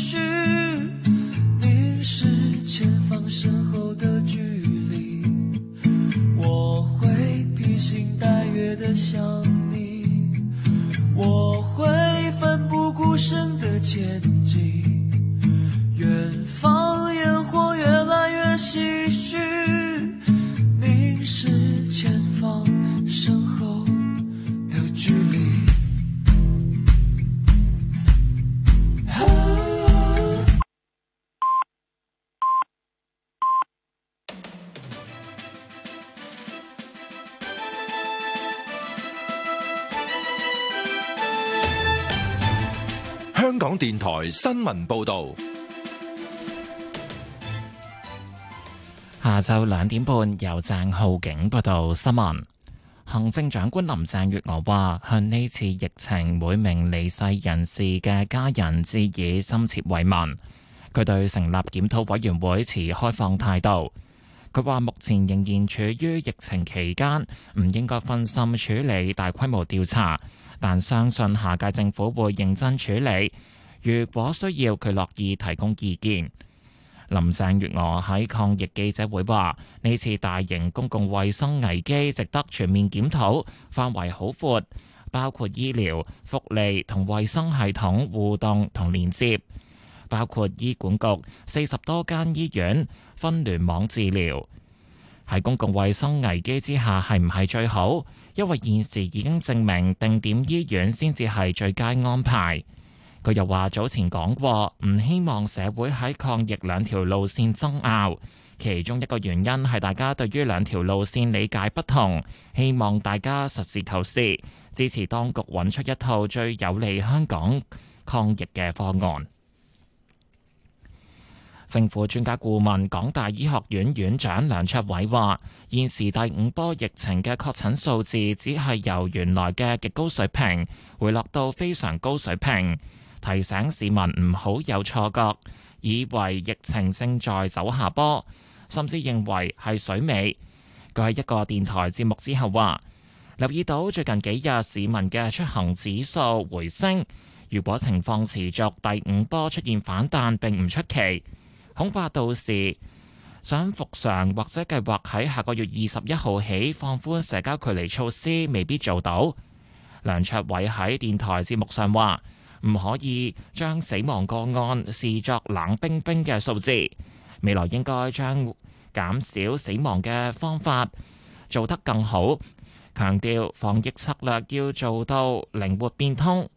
S10: 想你，我會奮不顧身的前進，遠方。
S3: 台新聞報道，
S9: 下晝兩點半由鄭浩景報道新聞。行政長官林鄭月娥話，向呢次疫情每名離世人士嘅家人致以深切慰問。佢對成立檢討委員會持開放態度。佢話：目前仍然處於疫情期間，唔應該分心處理大規模調查，但相信下屆政府會認真處理。如果需要，佢樂意提供意見，林鄭月娥喺抗疫記者會話，呢次大型公共衛生危機值得全面檢討，範圍好闊，包括醫療福利同衛生系統互動同連接，包括醫管局四十多間醫院分聯網治療，喺公共衛生危機之下，係唔係最好？因為現時已經證明定點醫院先至係最佳安排。佢又話：早前講過，唔希望社會喺抗疫兩條路線爭拗。其中一個原因係大家對於兩條路線理解不同，希望大家實事求是，支持當局揾出一套最有利香港抗疫嘅方案。政府專家顧問、港大醫學院院長梁卓偉話：現時第五波疫情嘅確診數字只係由原來嘅極高水平回落到非常高水平。提醒市民唔好有錯覺，以為疫情正在走下坡，甚至認為係水尾。佢喺一個電台節目之後話：留意到最近幾日市民嘅出行指數回升，如果情況持續，第五波出現反彈並唔出奇，恐怕到時想復常或者計劃喺下個月二十一號起放寬社交距離措施，未必做到。梁卓偉喺電台節目上話：唔可以將死亡個案視作冷冰冰嘅數字。未來應該將減少死亡嘅方法做得更好，強調防疫策略要做到靈活變通。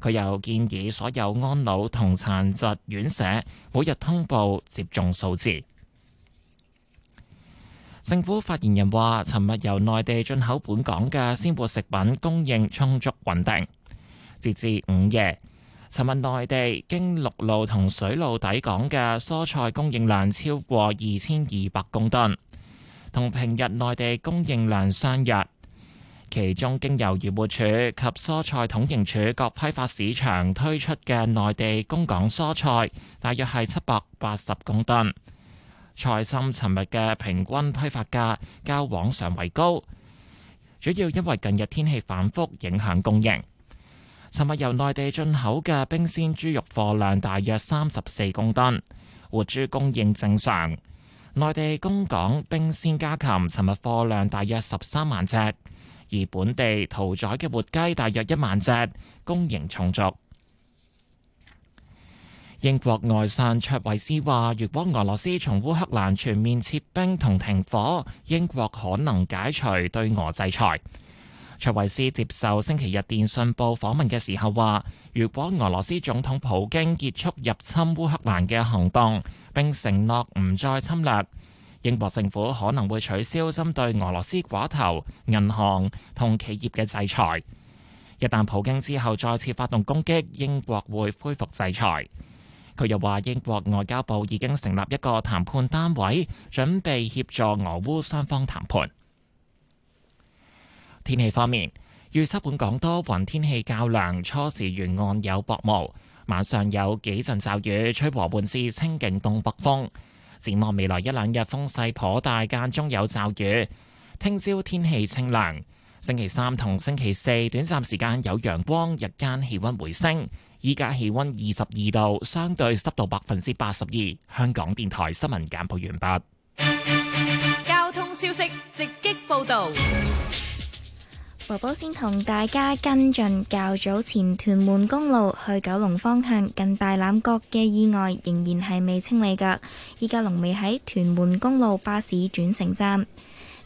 S9: 佢又建議所有安老同殘疾院舍每日通報接種數字。政府發言人話，尋日由內地進口本港嘅鮮活食品供應充足穩定，截至午夜。尋日內地經陸路同水路抵港嘅蔬菜供應量超過二千二百公噸，同平日內地供應量相若。其中經由魚類統營處及蔬菜統營處各批發市場推出嘅內地供港蔬菜，大約係七百八十公噸。菜心尋日嘅平均批發價較往常為高，主要因為近日天氣反覆影響供應。尋日由內地進口嘅冰鮮豬肉貨量大約三十四公噸，活豬供應正常。內地供港冰鮮家禽尋日貨量大約十三萬隻，而本地屠宰嘅活雞大約一萬隻，供應充足。英國外相卓維斯話，如果俄羅斯從烏克蘭全面撤兵同停火，英國可能解除對俄制裁。卓維斯接受星期日電訊報訪問嘅時候話，如果俄羅斯總統普京結束入侵烏克蘭嘅行動，並承諾唔再侵略，英國政府可能會取消針對俄羅斯寡頭、銀行同企業嘅制裁。一旦普京之後再次發動攻擊，英國會恢復制裁。佢又話，英國外交部已經成立一個談判單位，準備協助俄烏雙方談判。天氣方面，預測本港多雲，天氣較涼，初時沿岸有薄霧，晚上有幾陣驟雨，吹和緩至清勁東北風。展望未來一兩日風勢頗大，間中有驟雨。聽朝天氣清涼，星期三同星期四短暫時間有陽光，日間氣溫回升。依家氣溫二十二度，相對濕度百分之八十二。香港電台新聞簡報完畢。
S2: 交通消息直擊報道。寶寶先同大家跟進較早前屯門公路去九龍方向近大欖角嘅意外，仍然係未清理噶。依家龍尾喺屯門公路巴士轉乘站，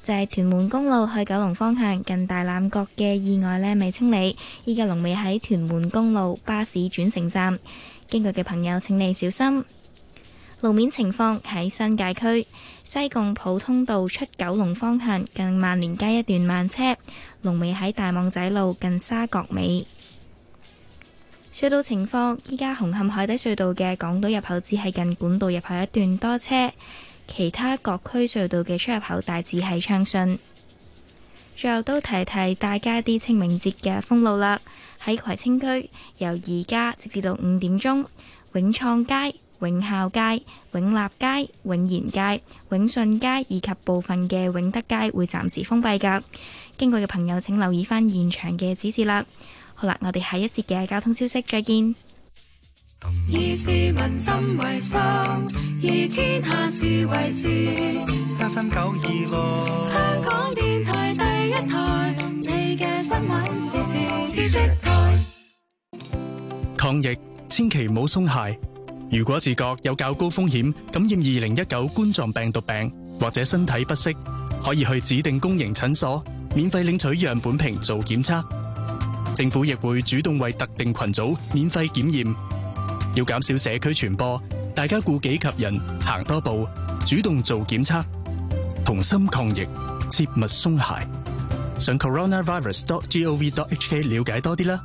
S2: 就係、是、屯門公路去九龍方向近大欖角嘅意外呢未清理。依家龍尾喺屯門公路巴士轉乘站，經過嘅朋友，請你小心路面情況，喺新界區西貢普通道出九龍方向近萬年街一段慢車。龍尾喺大網仔路近沙角尾隧道情況。依家紅磡海底隧道嘅港島入口只係近管道入口一段多車，其他各區隧道嘅出入口大致係暢順。最後都提提大家啲清明節嘅封路啦，喺葵青區由而家直至到五點鐘，永創街。永孝街、永立街、永賢街、永順街以及部分嘅永德街會暫時封閉㗎，經過嘅朋友請留意返現場嘅指示啦。好啦，我哋下一節嘅交通消息再見。
S4: 抗疫，千祈唔好鬆懈。如果自覺有較高風險感染2019冠狀病毒病，或者身體不適，可以去指定公營診所免費領取樣本瓶做檢測。政府亦會主動為特定群組免費檢驗。要減少社區傳播，大家顧己及人，行多步，主動做檢測，同心抗疫，切勿鬆懈。上 coronavirus.gov.hk 了解多啲啦。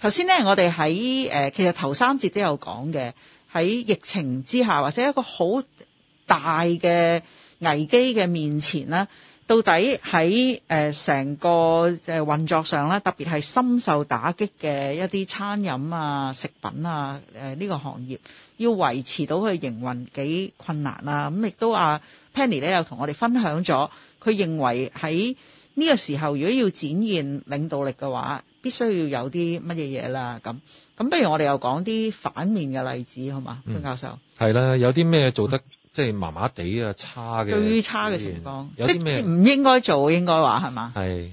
S5: 頭先咧，我哋喺誒其實頭三節都有講嘅，喺疫情之下或者一個好大嘅危機嘅面前啦，到底喺誒成個誒運作上咧，特別係深受打擊嘅一啲餐飲啊、食品啊誒呢個行業，要維持到佢營運幾困難啊！咁亦都阿 Penny 咧又同我哋分享咗，佢認為喺呢個時候如果要展現領導力嘅話，必須要有啲乜嘢嘢啦，咁咁不如我哋又講啲反面嘅例子，好嘛，潘教授？
S3: 係啦，有啲咩做得即係麻麻地啊，差嘅最差嘅情況，有啲咩唔
S5: 應該
S6: 做，應該話係嘛？係，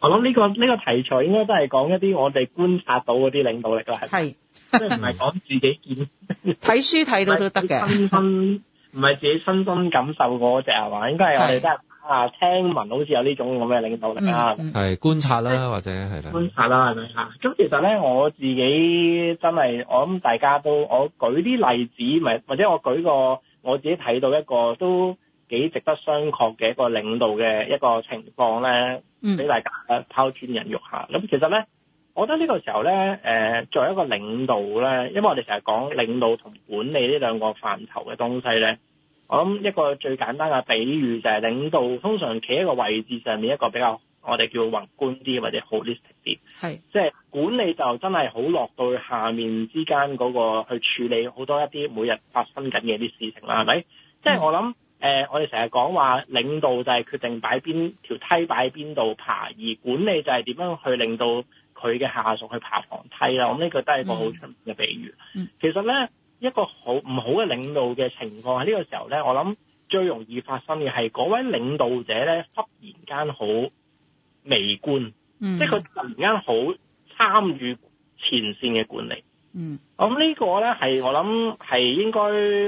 S6: 我諗呢個呢個題材應該都係講一啲我哋觀察到嗰啲領導力㗎，係，
S4: 即係
S6: 唔係講自己見睇書睇到都得嘅，身心，唔係自己身心感受嗰隻係嘛？應該係我哋都。啊，聽聞好似有呢種咁嘅領導力啦，
S3: 係、嗯嗯、觀察啦，或者係觀察啦，
S6: 係咪啊？咁其實咧，我自己真係我諗大家都，我舉啲例子，咪或者我舉個我自己睇到一個都幾值得商榷嘅一個領導嘅一個情況咧，俾、嗯、大家啊拋磚引玉下。咁其實咧，我覺得呢個時候咧，誒、呃、作為一個領導咧，因為我哋成日講領導同管理呢兩個範疇嘅東西咧。我諗一個最簡單嘅比喻，就係領導通常企喺個位置上面，一個比較我哋叫宏觀啲或者 holistic 啲，係即係管理就真係好落到下面之間嗰、那個去處理好多一啲每日發生緊嘅一啲事情啦，係咪？即、就、係、是、我諗誒、嗯呃，我哋成日講話領導就係決定擺邊條梯，擺邊度爬，而管理就係點樣去令到佢嘅下屬去爬房梯啦。嗯、我諗呢個都係一個好出名嘅比喻。嗯嗯、其實咧。一個好唔好嘅領導嘅情況喺呢個時候呢，我諗最容易發生嘅係嗰位領導者呢，忽然間好微觀，嗯、即係佢突然間好參與前線嘅管理。嗯，咁呢個呢，係我諗係應該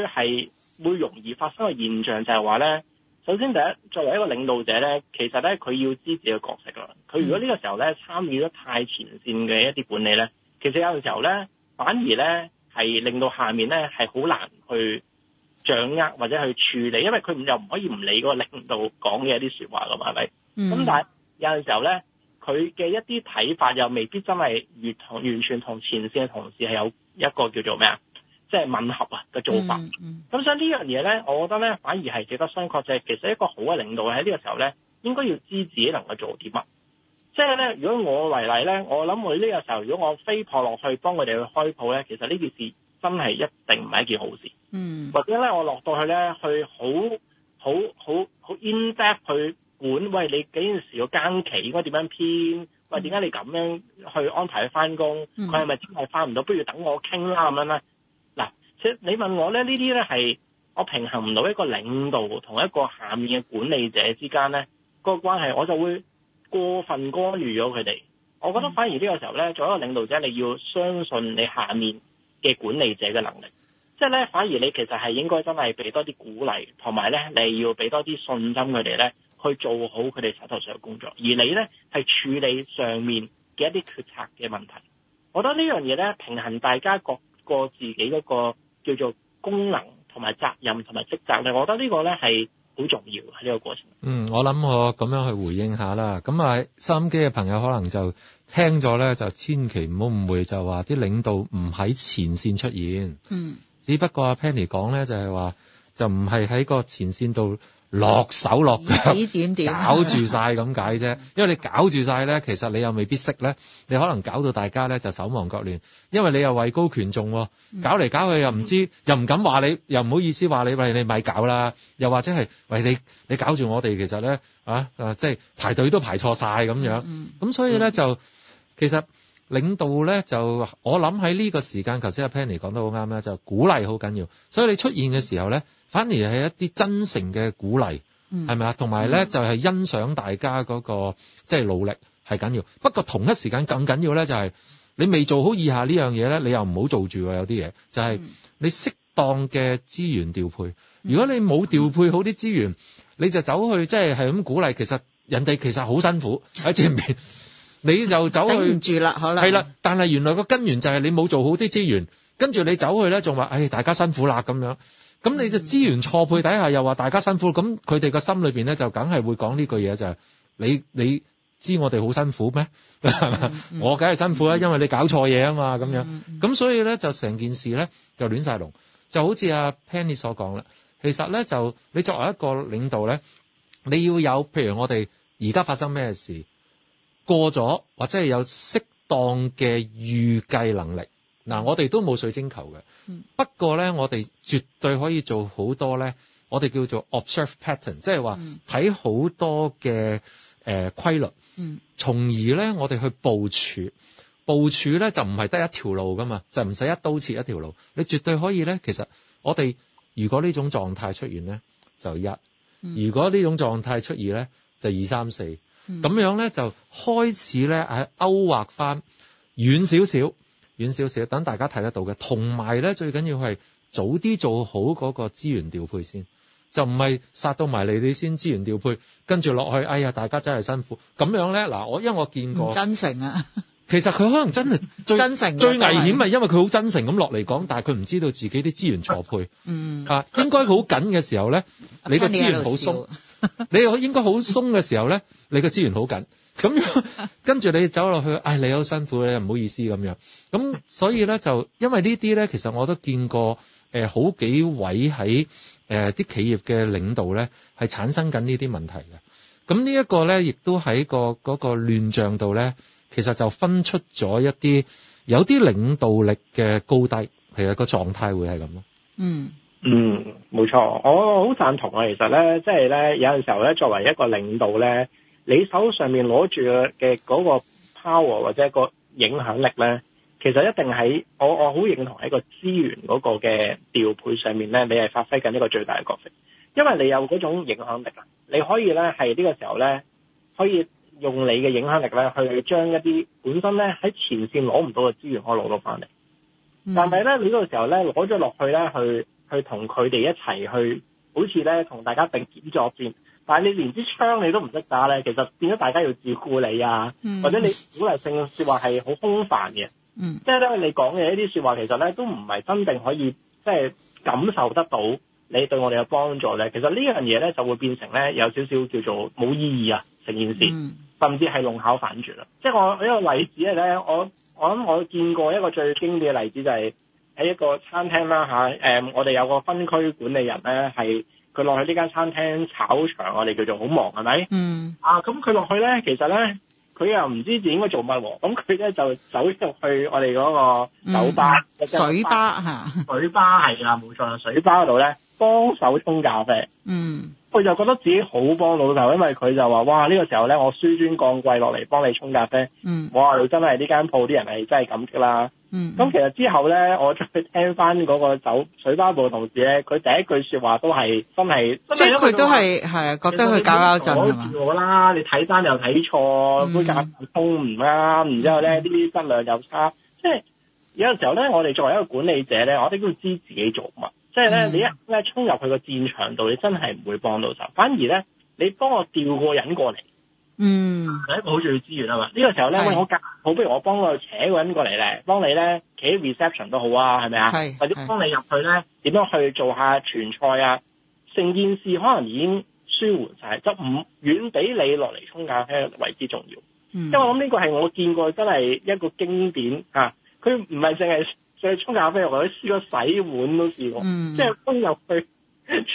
S6: 係會容易發生嘅現象，就係、是、話呢。首先第一，作為一個領導者呢，其實呢，佢要知自己嘅角色啦。佢如果呢個時候呢，參與咗太前線嘅一啲管理呢，其實有時候呢，反而呢。係令到下面咧係好難去掌握或者去處理，因為佢又唔可以唔理嗰個領導講嘅一啲說話噶嘛，係咪？咁、嗯、但係有陣時候咧，佢嘅一啲睇法又未必真係完同完全同前線嘅同事係有一個叫做咩啊，即、就、係、是、吻合啊嘅做法。咁、嗯嗯、所以呢樣嘢咧，我覺得咧反而係值得商榷，即、就、係、是、其實一個好嘅領導喺呢個時候咧，應該要知自己能夠做啲乜。即係咧，如果我為例咧，我諗我呢個時候，如果我飛撲落去幫佢哋去開鋪咧，其實呢件事真係一定唔係一件好事。
S7: 嗯。或
S6: 者咧，我落到去咧，去好好好好 in depth 去管，喂，你幾時要更期？應該點樣編？喂，點解你咁樣去安排佢翻工？佢係咪真係翻唔到？不如等我傾啦咁樣咧。嗱，即係你問我咧，呢啲咧係我平衡唔到一個領導同一個下面嘅管理者之間咧嗰個關係，我就會。過分干預咗佢哋，我覺得反而呢個時候呢，作為一個領導者，你要相信你下面嘅管理者嘅能力，即係呢，反而你其實係應該真係俾多啲鼓勵，同埋呢你要俾多啲信心佢哋呢去做好佢哋手頭上嘅工作，而你呢係處理上面嘅一啲決策嘅問題。我覺得這件事呢樣嘢呢，平衡大家各個自己嗰個叫做功能同埋責任同埋職責，我覺得呢個呢係。好重
S3: 要喺呢個過程。嗯，我諗我咁樣去回應下啦。咁啊，收音機嘅朋友可能就聽咗咧，就千祈唔好誤會，就話啲領導唔喺前線出現。嗯，只不過阿 Penny 講咧，就係話就唔係喺個前線度。落手落腳，點點搞住晒咁 [laughs] 解啫。因為你搞住晒咧，其實你又未必識咧。你可能搞到大家咧，就手忙腳亂，因為你又位高權重，搞嚟搞去又唔知，嗯、又唔敢話你，又唔好意思話你，喂，你咪搞啦。又或者係喂你，你搞住我哋，其實咧啊即係、啊即係、排隊都排錯晒咁樣。咁、嗯嗯、所以咧、嗯、就其實。領導咧就我諗喺呢個時間，頭先阿 Penny 講得好啱啦，就鼓勵好緊要。所以你出現嘅時候咧，反而係一啲真誠嘅鼓勵，係咪啊？同埋咧就係欣賞大家嗰、那個即係、就是、努力係緊要。不過同一時間更緊要咧就係、是、你未做好以下呢樣嘢咧，你又唔好做住喎。有啲嘢就係、是、你適當嘅資源調配。如果你冇調配好啲資源，嗯、你就走去即係係咁鼓勵，其實人哋其實好辛苦喺前面。 [laughs] 你就走去唔住啦好啦，係啦，但係原來個根源就係你冇做好啲資源，跟住你走去咧，仲話，唉，大家辛苦啦咁樣，咁你就資源錯配底下又話大家辛苦，咁佢哋個心裏邊咧就梗係會講呢句嘢就係、是，你你知我哋好辛苦咩？嗯嗯、 [laughs] 我梗係辛苦啊、嗯、因為你搞錯嘢啊嘛，咁樣，咁、嗯嗯、所以咧就成件事咧就亂晒龍，就好似阿 Penny 所講啦，其實咧就你作為一個領導咧，你要有，譬如我哋而家發生咩事。過咗或者係有適當嘅預計能力，嗱，我哋都冇水晶球嘅。嗯、不過咧，我哋絕對可以做好多咧，我哋叫做 observe pattern，即係話睇好多嘅誒、呃、規律，嗯、從而咧，我哋去部署。部署咧就唔係得一條路噶嘛，就唔使一刀切一條路。你絕對可以咧，其實我哋如果呢種狀態出現咧，就一、嗯；如果呢種狀態出現咧，就二三四。咁、嗯、樣咧就開始咧喺勾畫翻遠少少，遠少少，等大家睇得到嘅。同埋咧最緊要係早啲做好嗰個資源調配先，就唔係殺到埋你哋先資源調配，跟住落去，哎呀大家真係辛苦。咁樣咧嗱，我因為我見過。唔真誠啊！ [laughs] 其實佢可能真係最真誠，最危險係因為佢好真誠咁落嚟講，但係佢唔知道自己啲資源錯配。嗯啊，應該好緊嘅時候咧，啊、你個資源好鬆；啊、你應該好鬆嘅時候咧、 [laughs] 哎，你個資源好緊。咁樣跟住你走落去，唉，你好辛苦咧，唔好意思咁樣。咁所以咧，就因為呢啲咧，其實我都見過誒、呃，好幾位喺誒啲企業嘅領導咧，係產生緊呢啲問題嘅。咁呢一個咧，亦都喺、嗰個嗰、嗰個亂象度咧。其實就分出咗一啲有啲領導力嘅高低，其實個狀態會係咁咯。嗯
S6: 嗯，冇錯、嗯，我好贊同啊！其實咧，即係咧，有陣時候咧，作為一個領導咧，你手上面攞住嘅嗰個 power 或者個影響力咧，其實一定喺我我好認同喺個資源嗰個嘅調配上面咧，你係發揮緊一個最大嘅角色，因為你有嗰種影響力啊，你可以咧係呢個時候咧可以。用你嘅影響力咧，去將一啲本身咧喺前線攞唔到嘅資源可以攞到翻嚟。但係咧你個時候咧，攞咗落去咧，去去同佢哋一齊去，好似咧同大家並肩作戰。但係你連支槍你都唔識打咧，其實變咗大家要照顧你啊，嗯、或者你鼓勵性嘅說話係好空泛嘅，嗯、即係咧你講嘅一啲說話其實咧都唔係真正可以即係感受得到你對我哋嘅幫助咧。其實呢樣嘢咧就會變成咧有少少叫做冇意義啊，成件事。嗯甚至係弄巧反拙啦，即係我一個例子呢，咧。我我諗我見過一個最經典嘅例子就係喺一個餐廳啦嚇、啊嗯。我哋有個分區管理人咧，係佢落去呢間餐廳炒場，我哋叫做好忙係咪？嗯。啊，咁佢落去咧，其實咧，佢又唔知自己應該做乜喎。咁佢咧就走出去我哋嗰個酒吧、嗯、酒吧水吧水吧係啊，冇錯水吧嗰度咧幫手沖咖啡。嗯。佢就覺得自己好幫老豆，因為佢就話：哇，呢、這個時候咧，我紆尊降貴落嚟幫你沖咖啡。嗯。哇，真係呢間鋪啲人係真係感激啦。嗯。咁其實之後咧，我再聽翻嗰個酒水吧部嘅同事咧，佢第一句説話都係真係，即係佢都
S5: 係係啊，覺得佢搞搞震你都嘈
S6: 住我啦，嗯、你睇衫又睇錯，嗯、杯咖啡衝唔啱。嗯、然之後咧啲質量又差，嗯、即係有陣時候咧，我哋作為一個管理者咧，我哋都要知道自己做乜。即係咧，嗯、你一咧衝入去個戰場度，你真係唔會幫到手。反而咧，你幫我調個人過嚟，嗯，
S7: 係一個好重
S6: 要資源啊嘛。呢、這個時候咧是，我好不如我幫我扯個人過嚟咧，幫你咧企 reception 都好啊，係咪啊？係或者幫你入去咧，點樣去做下傳菜啊？成件事可能已經舒緩晒，就唔遠比你落嚟衝咖啡為之重要。嗯，因為我諗呢個係我見過真係一個經典啊！佢唔係淨係。所以沖咖啡，我都試過洗碗都試過，嗯、即係衝入去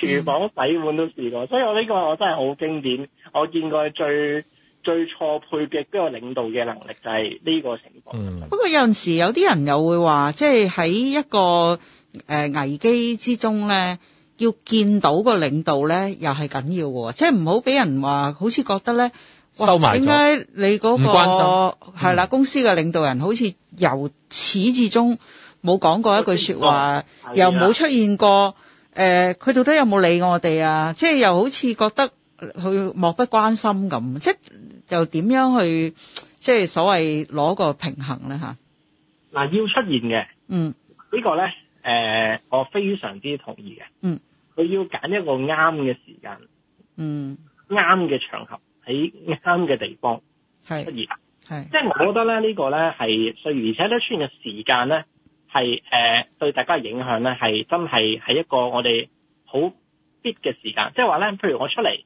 S6: 廚房洗碗都試過。嗯、所以我呢個我真係好經典，我見過最最錯配嘅一個領導嘅能力就係呢個情
S5: 況。嗯、不過有陣時有啲人又會話，即係喺一個誒危機之中呢，要見到個領導呢又係緊要喎，即係唔好俾人話好似覺得呢，收埋。點解你嗰、嗰個係、嗯、啦？公司嘅領導人好似由始至終，冇講過一句說話，又冇出現過。誒、呃，佢到底有冇理我哋啊？即係又好似覺得佢漠不關心咁。即係又點樣去即係所謂攞個平衡咧？吓？嗱，要出現嘅，嗯，
S6: 個呢個咧，誒、呃，我非常之同意嘅。嗯，佢要揀一個啱嘅時間，嗯，啱嘅場合喺啱嘅地方係出現，係係，即係我覺得咧，呢個、呢個咧係，所以而且咧出現嘅時間咧。係誒、呃、對大家嘅影響咧，係真係喺一個我哋好必嘅時間，即係話咧，譬如我出嚟，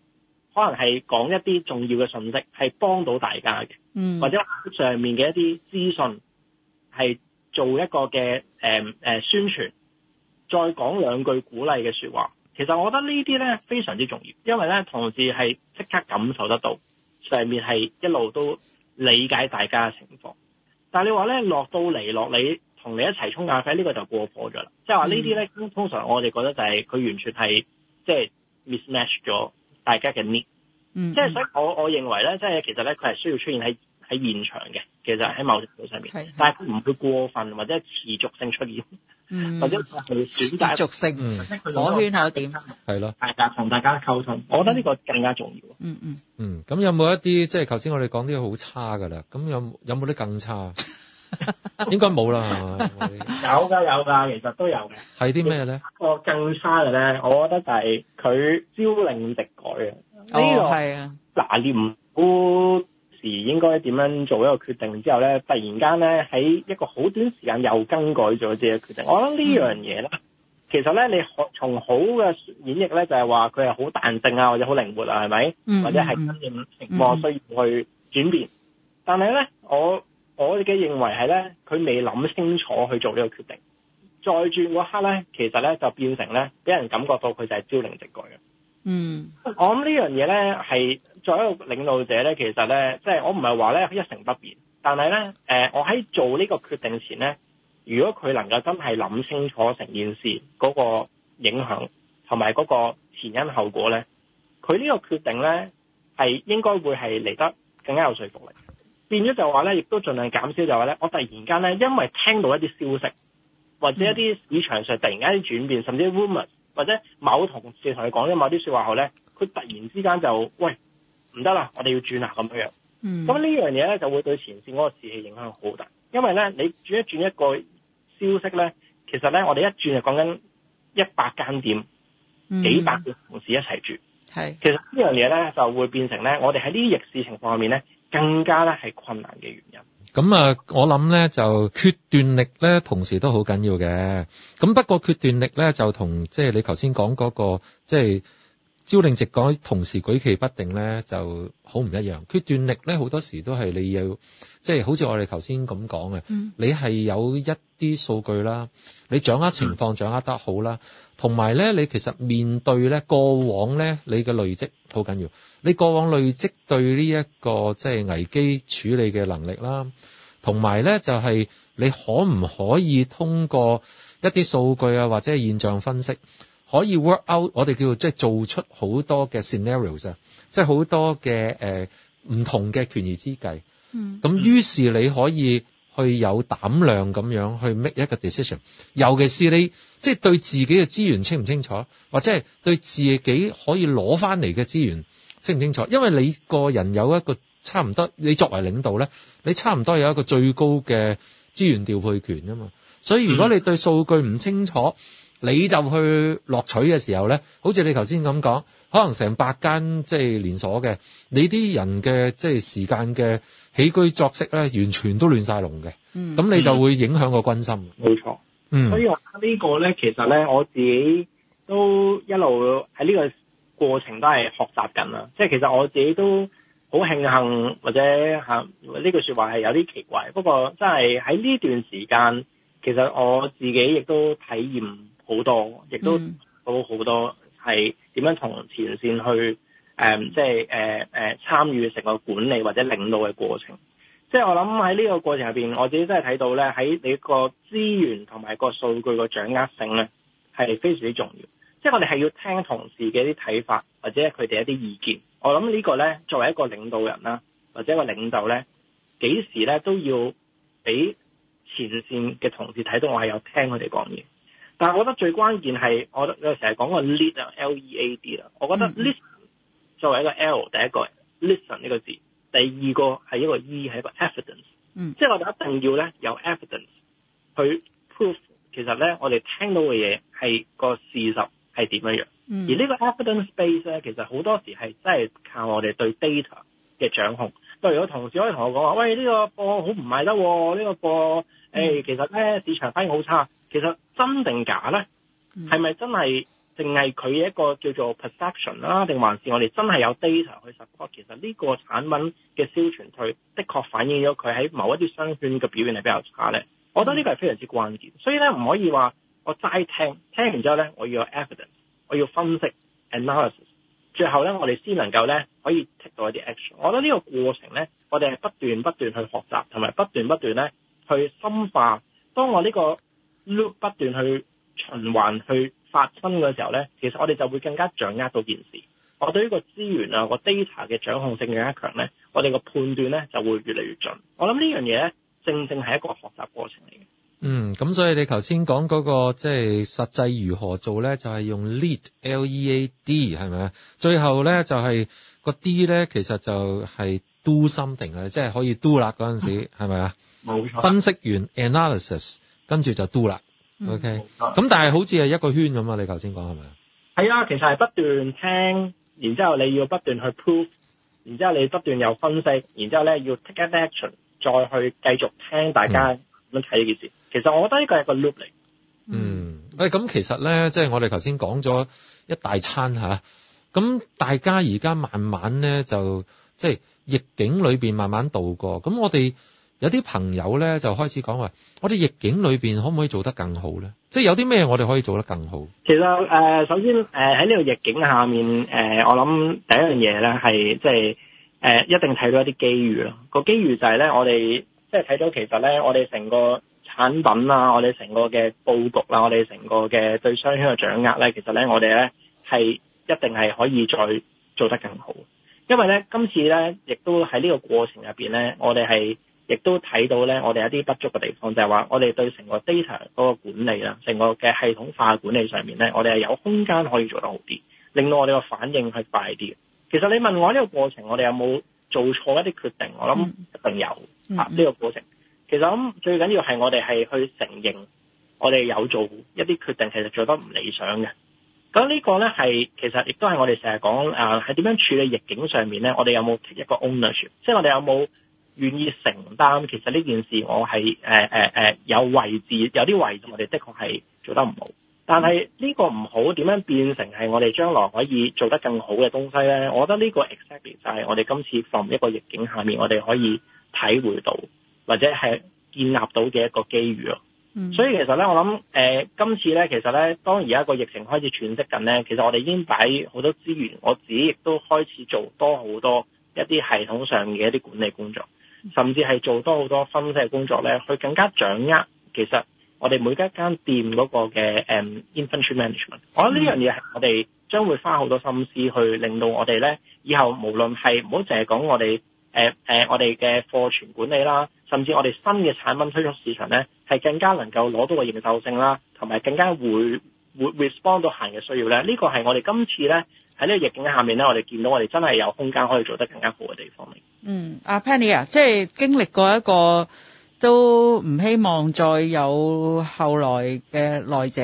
S6: 可能係講一啲重要嘅信息，係幫到大家嘅，嗯，或者上面嘅一啲資訊係做一個嘅、呃呃、宣傳，再講兩句鼓勵嘅說話。其實我覺得這些呢啲咧非常之重要，因為咧同事係即刻感受得到上面係一路都理解大家嘅情況。但你話咧落到嚟落嚟。同你一齊沖咖啡呢個就過火咗啦，即係話呢啲咧，通常我哋覺得就係佢完全係即係 mismatch 咗大家嘅 need，即係所以我我認為咧，即係其實咧佢係需要出現喺喺現場嘅，其實喺某程度上面，但係佢唔會過分或者持續性出現，或者去
S5: 轉解續性，或者攞圈下點，
S3: 係咯，
S6: 大家同大家溝通，我覺得呢個更加重要。嗯
S5: 嗯
S3: 嗯，咁有冇一啲即係頭先我哋講啲好差噶啦，咁有有冇得更差？ [laughs] 應該冇啦，
S6: 有噶有噶，其實都有嘅。
S3: 係啲咩咧？
S6: 哦，更差嘅咧，我覺得就係佢朝令夕改呢哦，係裡啊。嗱、啊，你唔時應該點樣做一個決定之後咧，突然間咧喺一個好短時間又更改咗自己嘅決定。嗯、我諗呢樣嘢咧，其實咧你學從好嘅演繹咧，就係話佢係好彈性啊，或者好靈活啊，係咪？嗯嗯嗯，或者係真正情況需要去轉變，但係咧我。我嘅認為係咧，佢未諗清楚去做呢個決定，再轉嗰刻咧，其實咧就變成咧，俾人感覺到佢就係朝令夕改嘅。嗯，我諗呢樣嘢咧係作為一個領導者咧，其實咧即係我唔係話咧一成不變，但係咧，呃，我喺做呢個決定前咧，如果佢能夠真係諗清楚成件事嗰個影響同埋嗰個前因後果咧，佢呢個決定咧係應該會係嚟得更加有說服力。變咗就話咧，亦都盡量減少就話咧，我突然間咧，因為聽到一啲消息或者一啲市場上突然間一啲轉變，甚至係 rumours 或者某同事同你講咗某啲說話後咧，佢突然之間就喂，唔得啦，我哋要轉啦咁樣樣。
S7: 嗯，咁呢
S6: 樣嘢咧就會對前線嗰個士氣影響好大，因為咧你轉一轉一個消息咧，其實咧我哋一轉就講緊一百間店，
S3: 幾百
S6: 個同事一齊住。係。其實呢樣嘢咧就會變成咧，我哋喺呢啲逆市情況下面咧。更
S3: 加咧係困難嘅原因。咁啊，我諗咧就決斷力咧，同時都好緊要嘅。咁不過決斷力咧，就同即係你頭先講嗰個即係朝令夕改，同時舉棋不定咧，就好唔一樣。決斷力咧，好多時都係你要即係好似我哋頭先咁講嘅，嗯、你係有一啲數據啦，你掌握情況掌握得好啦。嗯同埋咧，你其實面對咧過往咧，你嘅累積好緊要。你過往累積對呢、這、一個即係、就是、危機處理嘅能力啦，同埋咧就係、是、你可唔可以通過一啲數據啊或者係現象分析，可以 work out 我哋叫做即係、就是、做出好多嘅 scenario 啊，即係好多嘅誒唔同嘅權宜之計。嗯，咁於是你可以。去有膽量咁樣去 make 一個 decision，尤其是你即係對自己嘅資源清唔清楚，或者係對自己可以攞翻嚟嘅資源清唔清楚，因為你個人有一個差唔多，你作為領導呢，你差唔多有一個最高嘅資源調配權啊嘛。所以如果你對數據唔清楚，嗯，你就去落取嘅時候呢，好似你頭先咁講。可能成百間即係連鎖嘅，你啲人嘅即係時間嘅起居作息咧，完全都亂晒龍嘅。嗯，咁你就會影響個軍心。冇錯，嗯。所
S6: 以我呢個咧，其實咧，我自己都一路喺呢個過程都係學習緊啦。即係其實我自己都好慶幸，或者嚇呢句說話係有啲奇怪。不過真係喺呢段時間，其實我自己亦都體驗好多，亦都好好多。嗯係點樣同前線去誒、嗯，即係誒誒參與成個管理或者領導嘅過程。即係我諗喺呢個過程入邊，我自己真係睇到咧，喺你個資源同埋個數據個掌握性咧，係非常之重要。即係我哋係要聽同事嘅一啲睇法，或者佢哋一啲意見。我諗呢個咧，作為一個領導人啦，或者個領導咧，幾時咧都要俾前線嘅同事睇到，我係有聽佢哋講嘢。但係我覺得最關鍵係，我有成日講個 lead 啊，L-E-A-D 啦。E A、D，我覺得 listen、嗯、作為一個 L，第一個 listen 呢個字，第二個係一個 E，係一個 evidence、嗯。即係我哋一定要咧有 evidence 去 prove，其實咧我哋聽到嘅嘢係個事實係點樣樣。嗯、而呢個、e、呢個 evidence base 咧，其實好多時係真係靠我哋對 data 嘅掌控。例如我同事可以同我講話，喂呢、呢個貨好唔賣得，呢、呢個貨誒、欸、其實咧市場反應好差。其實真定假呢，係咪真係淨係佢一個叫做 perception 啦、啊，定還是我哋真係有 data 去 support？其實呢個產品嘅銷傳去的確反映咗佢喺某一啲商圈嘅表現係比較差呢。我覺得呢個係非常之關鍵，所以呢，唔可以話我齋聽聽完之後呢，我要有 evidence，我要分析 analysis，最後呢，我哋先能夠呢，可以 take 到一啲 action。我覺得呢個過程呢，我哋係不斷不斷去學習，同埋不斷不斷呢，去深化。當我呢、呢個。loop 不斷去循環去發生嘅時候咧，其實我哋就會更加掌握到件事。我對呢個資源啊、個 data 嘅掌控性更加強咧，我哋個判斷咧就會越嚟越準。我諗呢樣嘢咧，正正係一個學習過程嚟嘅。嗯，
S3: 咁所以你頭先講嗰個即係、就是、實際如何做咧，就係、是、用 lead、L-E-A-D 係咪啊？最後咧就係、是、個 D 咧，其實就係 do something 啊，即、就、係、是、可以 do 啦嗰陣時係咪啊？冇
S7: 錯。分
S3: 析完 analysis。跟住就 do 啦，OK，咁但係好似係一個圈咁啊？你頭先講係咪
S6: 係係啊，其實係不斷聽，然之後你要不斷去 prove，然之後你不斷有分析，然之後咧要 take an action，再去繼續聽大家點睇呢件事。嗯、其實我覺得呢個係一個 loop 嚟、
S3: 嗯哎。嗯，咁、嗯、其實咧，即係我哋頭先講咗一大餐吓，咁、啊、大家而家慢慢咧就即係逆境裏邊慢慢度過。咁我哋。有啲朋友咧就開始講話，我哋逆境裏邊可唔可以做得更好咧？即係有啲咩我哋可以做得更好？
S6: 其實、呃、首先喺呢、呃、個逆境下面、呃、我諗第一樣嘢咧係即係一定睇到一啲機遇咯。個機遇就係咧，我哋即係睇到其實咧，我哋成個產品啊，我哋成個嘅佈局啊，我哋成個嘅對商圈嘅掌握咧，其實咧我哋咧係一定係可以再做得更好，因為咧今次咧亦都喺呢個過程入邊咧，我哋係。亦都睇到咧，我哋一啲不足嘅地方，就係話我哋對成個 data 嗰個管理啦，成個嘅系統化管理上面咧，我哋係有空間可以做得好啲，令到我哋個反應係快啲嘅。其實你問我呢個過程，我哋有冇做錯一啲決定？我諗一定有、mm hmm. 啊！呢、呢個過程其實我諗最緊要係我哋係去承認，我哋有做一啲決定，其實做得唔理想嘅。咁呢個咧係其實亦都係我哋成日講啊，係點樣處理逆境上面咧，我哋有冇一個 ownership，即係我哋有冇？願意承擔，其實呢件事我係誒誒有位置，有啲位置我哋的確係做得唔好。但係呢個唔好點樣變成係我哋將來可以做得更好嘅東西咧？我覺得呢個
S7: exactly 就
S6: 係我哋今次喺一個疫境下面，我哋可以體會到或者係建立到嘅一個機遇咯。嗯、所以其實咧，我諗誒、呃、今次咧，其實咧當而家個疫情開始喘息緊咧，其實我哋已經擺好多資源，我自己亦都開始做多好多一啲系統上嘅一啲管理工作。，甚至係做多好多分析嘅工作呢，去更加掌握其實我哋每一間店嗰個嘅 um, infrastructure management，我覺得呢樣嘢係我哋將會花好多心思去令到我哋呢。以後無論係唔好淨係講我哋誒誒我哋嘅貨存管理啦，甚至我哋新嘅產品推出市場呢，係更加能夠攞到個認受性啦，同埋更加會會 respond 到行嘅需要呢。呢個係我哋今次呢喺呢個逆境下面咧，我哋見到我哋真係有空間可以做得更
S5: 加好嘅地方。嗯，阿 Penny 啊，即係經歷過一個都唔希望再有後來嘅來者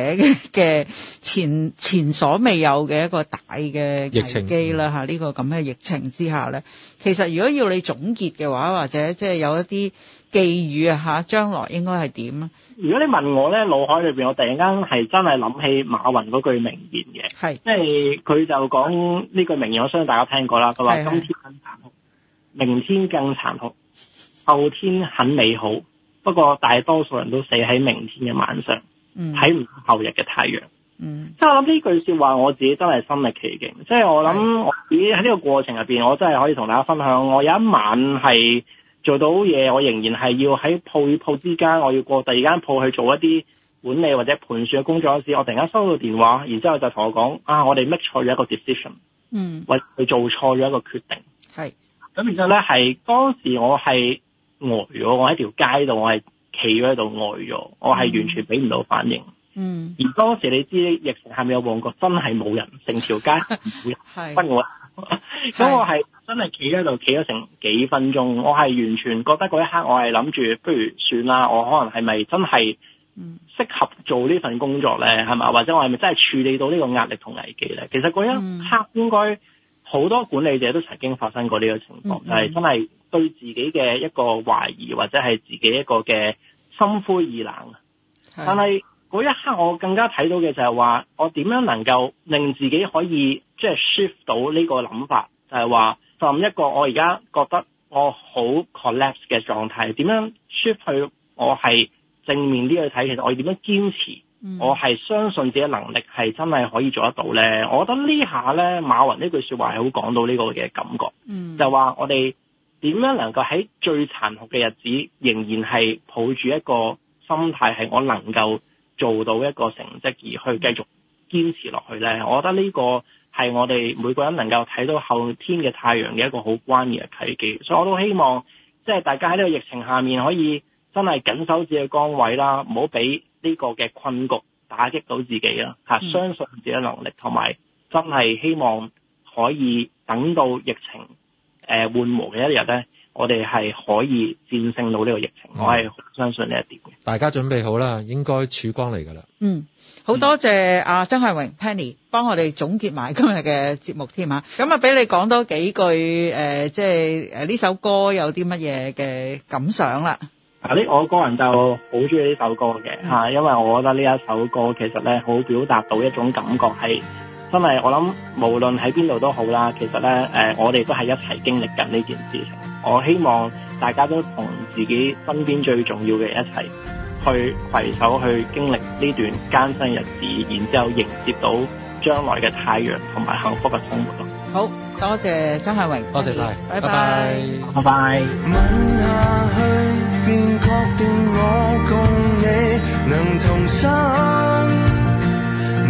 S5: 嘅前前所未有嘅一個大嘅危機啦嚇！呢、嗯、個咁嘅疫情之下咧，其實如果要你總結嘅話，或者即係有一啲寄語啊吓，將來應該係點咧？如果你問我咧，腦海裏邊我突然間係真係諗起馬雲嗰句名言
S6: 嘅，係是，即係佢就講呢句名言，我相信大家聽過啦。佢話：今天很殘酷，是是明天更殘酷，後天很美好。不過大多數人都死喺明天嘅晚上，睇唔到後日嘅太陽。嗯，即係我諗呢句說話，我自己真係心力奇勁。是即係我諗，我自己喺呢個過程入邊，我真係可以同大家分享，我有一晚係。做到嘢，我仍然係要喺鋪與鋪之間，我要過第二間鋪去做一啲管理或者盤算嘅工作嗰時，我突然間收到電話，然之後就同我講：啊，我哋 make 錯咗一個 decision，嗯，或佢做錯咗一個決定。係。咁然之後咧，係當時我係呆咗，我喺條街度，我係企咗喺度呆咗，我係完全俾唔到反應。嗯，而當時你知疫情下面嘅旺角真係冇人，成條街冇人， [laughs] 是咁 [laughs] 我係真係企喺度企咗成幾分鐘，我係完全覺得嗰一刻我係諗住不如算啦，我可能係咪真係適合做呢份工作呢？係咪？或者我係咪真係處理到呢個壓力同危機呢？其實嗰一刻應該好多管理者都曾經發生過呢個情況，係、就係、真係對自己嘅一個懷疑或者係自己一個嘅心灰意冷。但係嗰一刻，我更加睇到嘅就係話，我點樣能夠令自己可以即係 shift 到呢個諗法，就係話，從一個我而家覺得我好 collapse 嘅狀態，點樣 shift 去我係正面呢個睇？其實我點樣堅持，我係相信自己能力係真係可以做得到咧。我覺得呢下咧，馬雲呢句說話係好講到呢個嘅感覺，就係話我哋點樣能夠喺最殘酷嘅日子，仍然係抱住一個心態係我能夠。做到一個成績而去繼續堅持落去呢。我覺得呢個係我哋每個人能夠睇到後天嘅太陽嘅一個好關鍵嘅契機，所以我都希望即係、就是、大家喺呢個疫情下面可以真係緊守自己嘅崗位啦，唔好俾呢個嘅困局打擊到自己啦、嗯、相信自己嘅能力，同埋真係希望可以等到疫情誒、呃、緩和嘅一日呢。我哋係可以戰勝到呢個疫情，我係相信呢一點嘅。
S3: 大家準備好啦，應該曙光嚟噶啦。嗯，好
S5: 多謝阿曾向榮 Penny 幫我哋總結埋今日嘅節目添吓，咁啊俾你講多幾句誒，即係誒呢首歌有啲乜嘢嘅感想啦？
S6: 嗱，呢我個人就好中意呢首歌嘅吓，因為我覺得呢一首歌其實咧好表達到一種感覺係。真係，我諗無論喺邊度都好啦，其實呢，誒，我哋都係一齊經歷緊呢件事情。我希望大家都同自己身邊最重要嘅人一齊去攜手去經歷呢段艱辛日子，然之後迎接到將來嘅太陽同埋幸福嘅生活咯。
S5: 好多謝曾
S8: 向榮，多謝晒，拜拜，拜拜。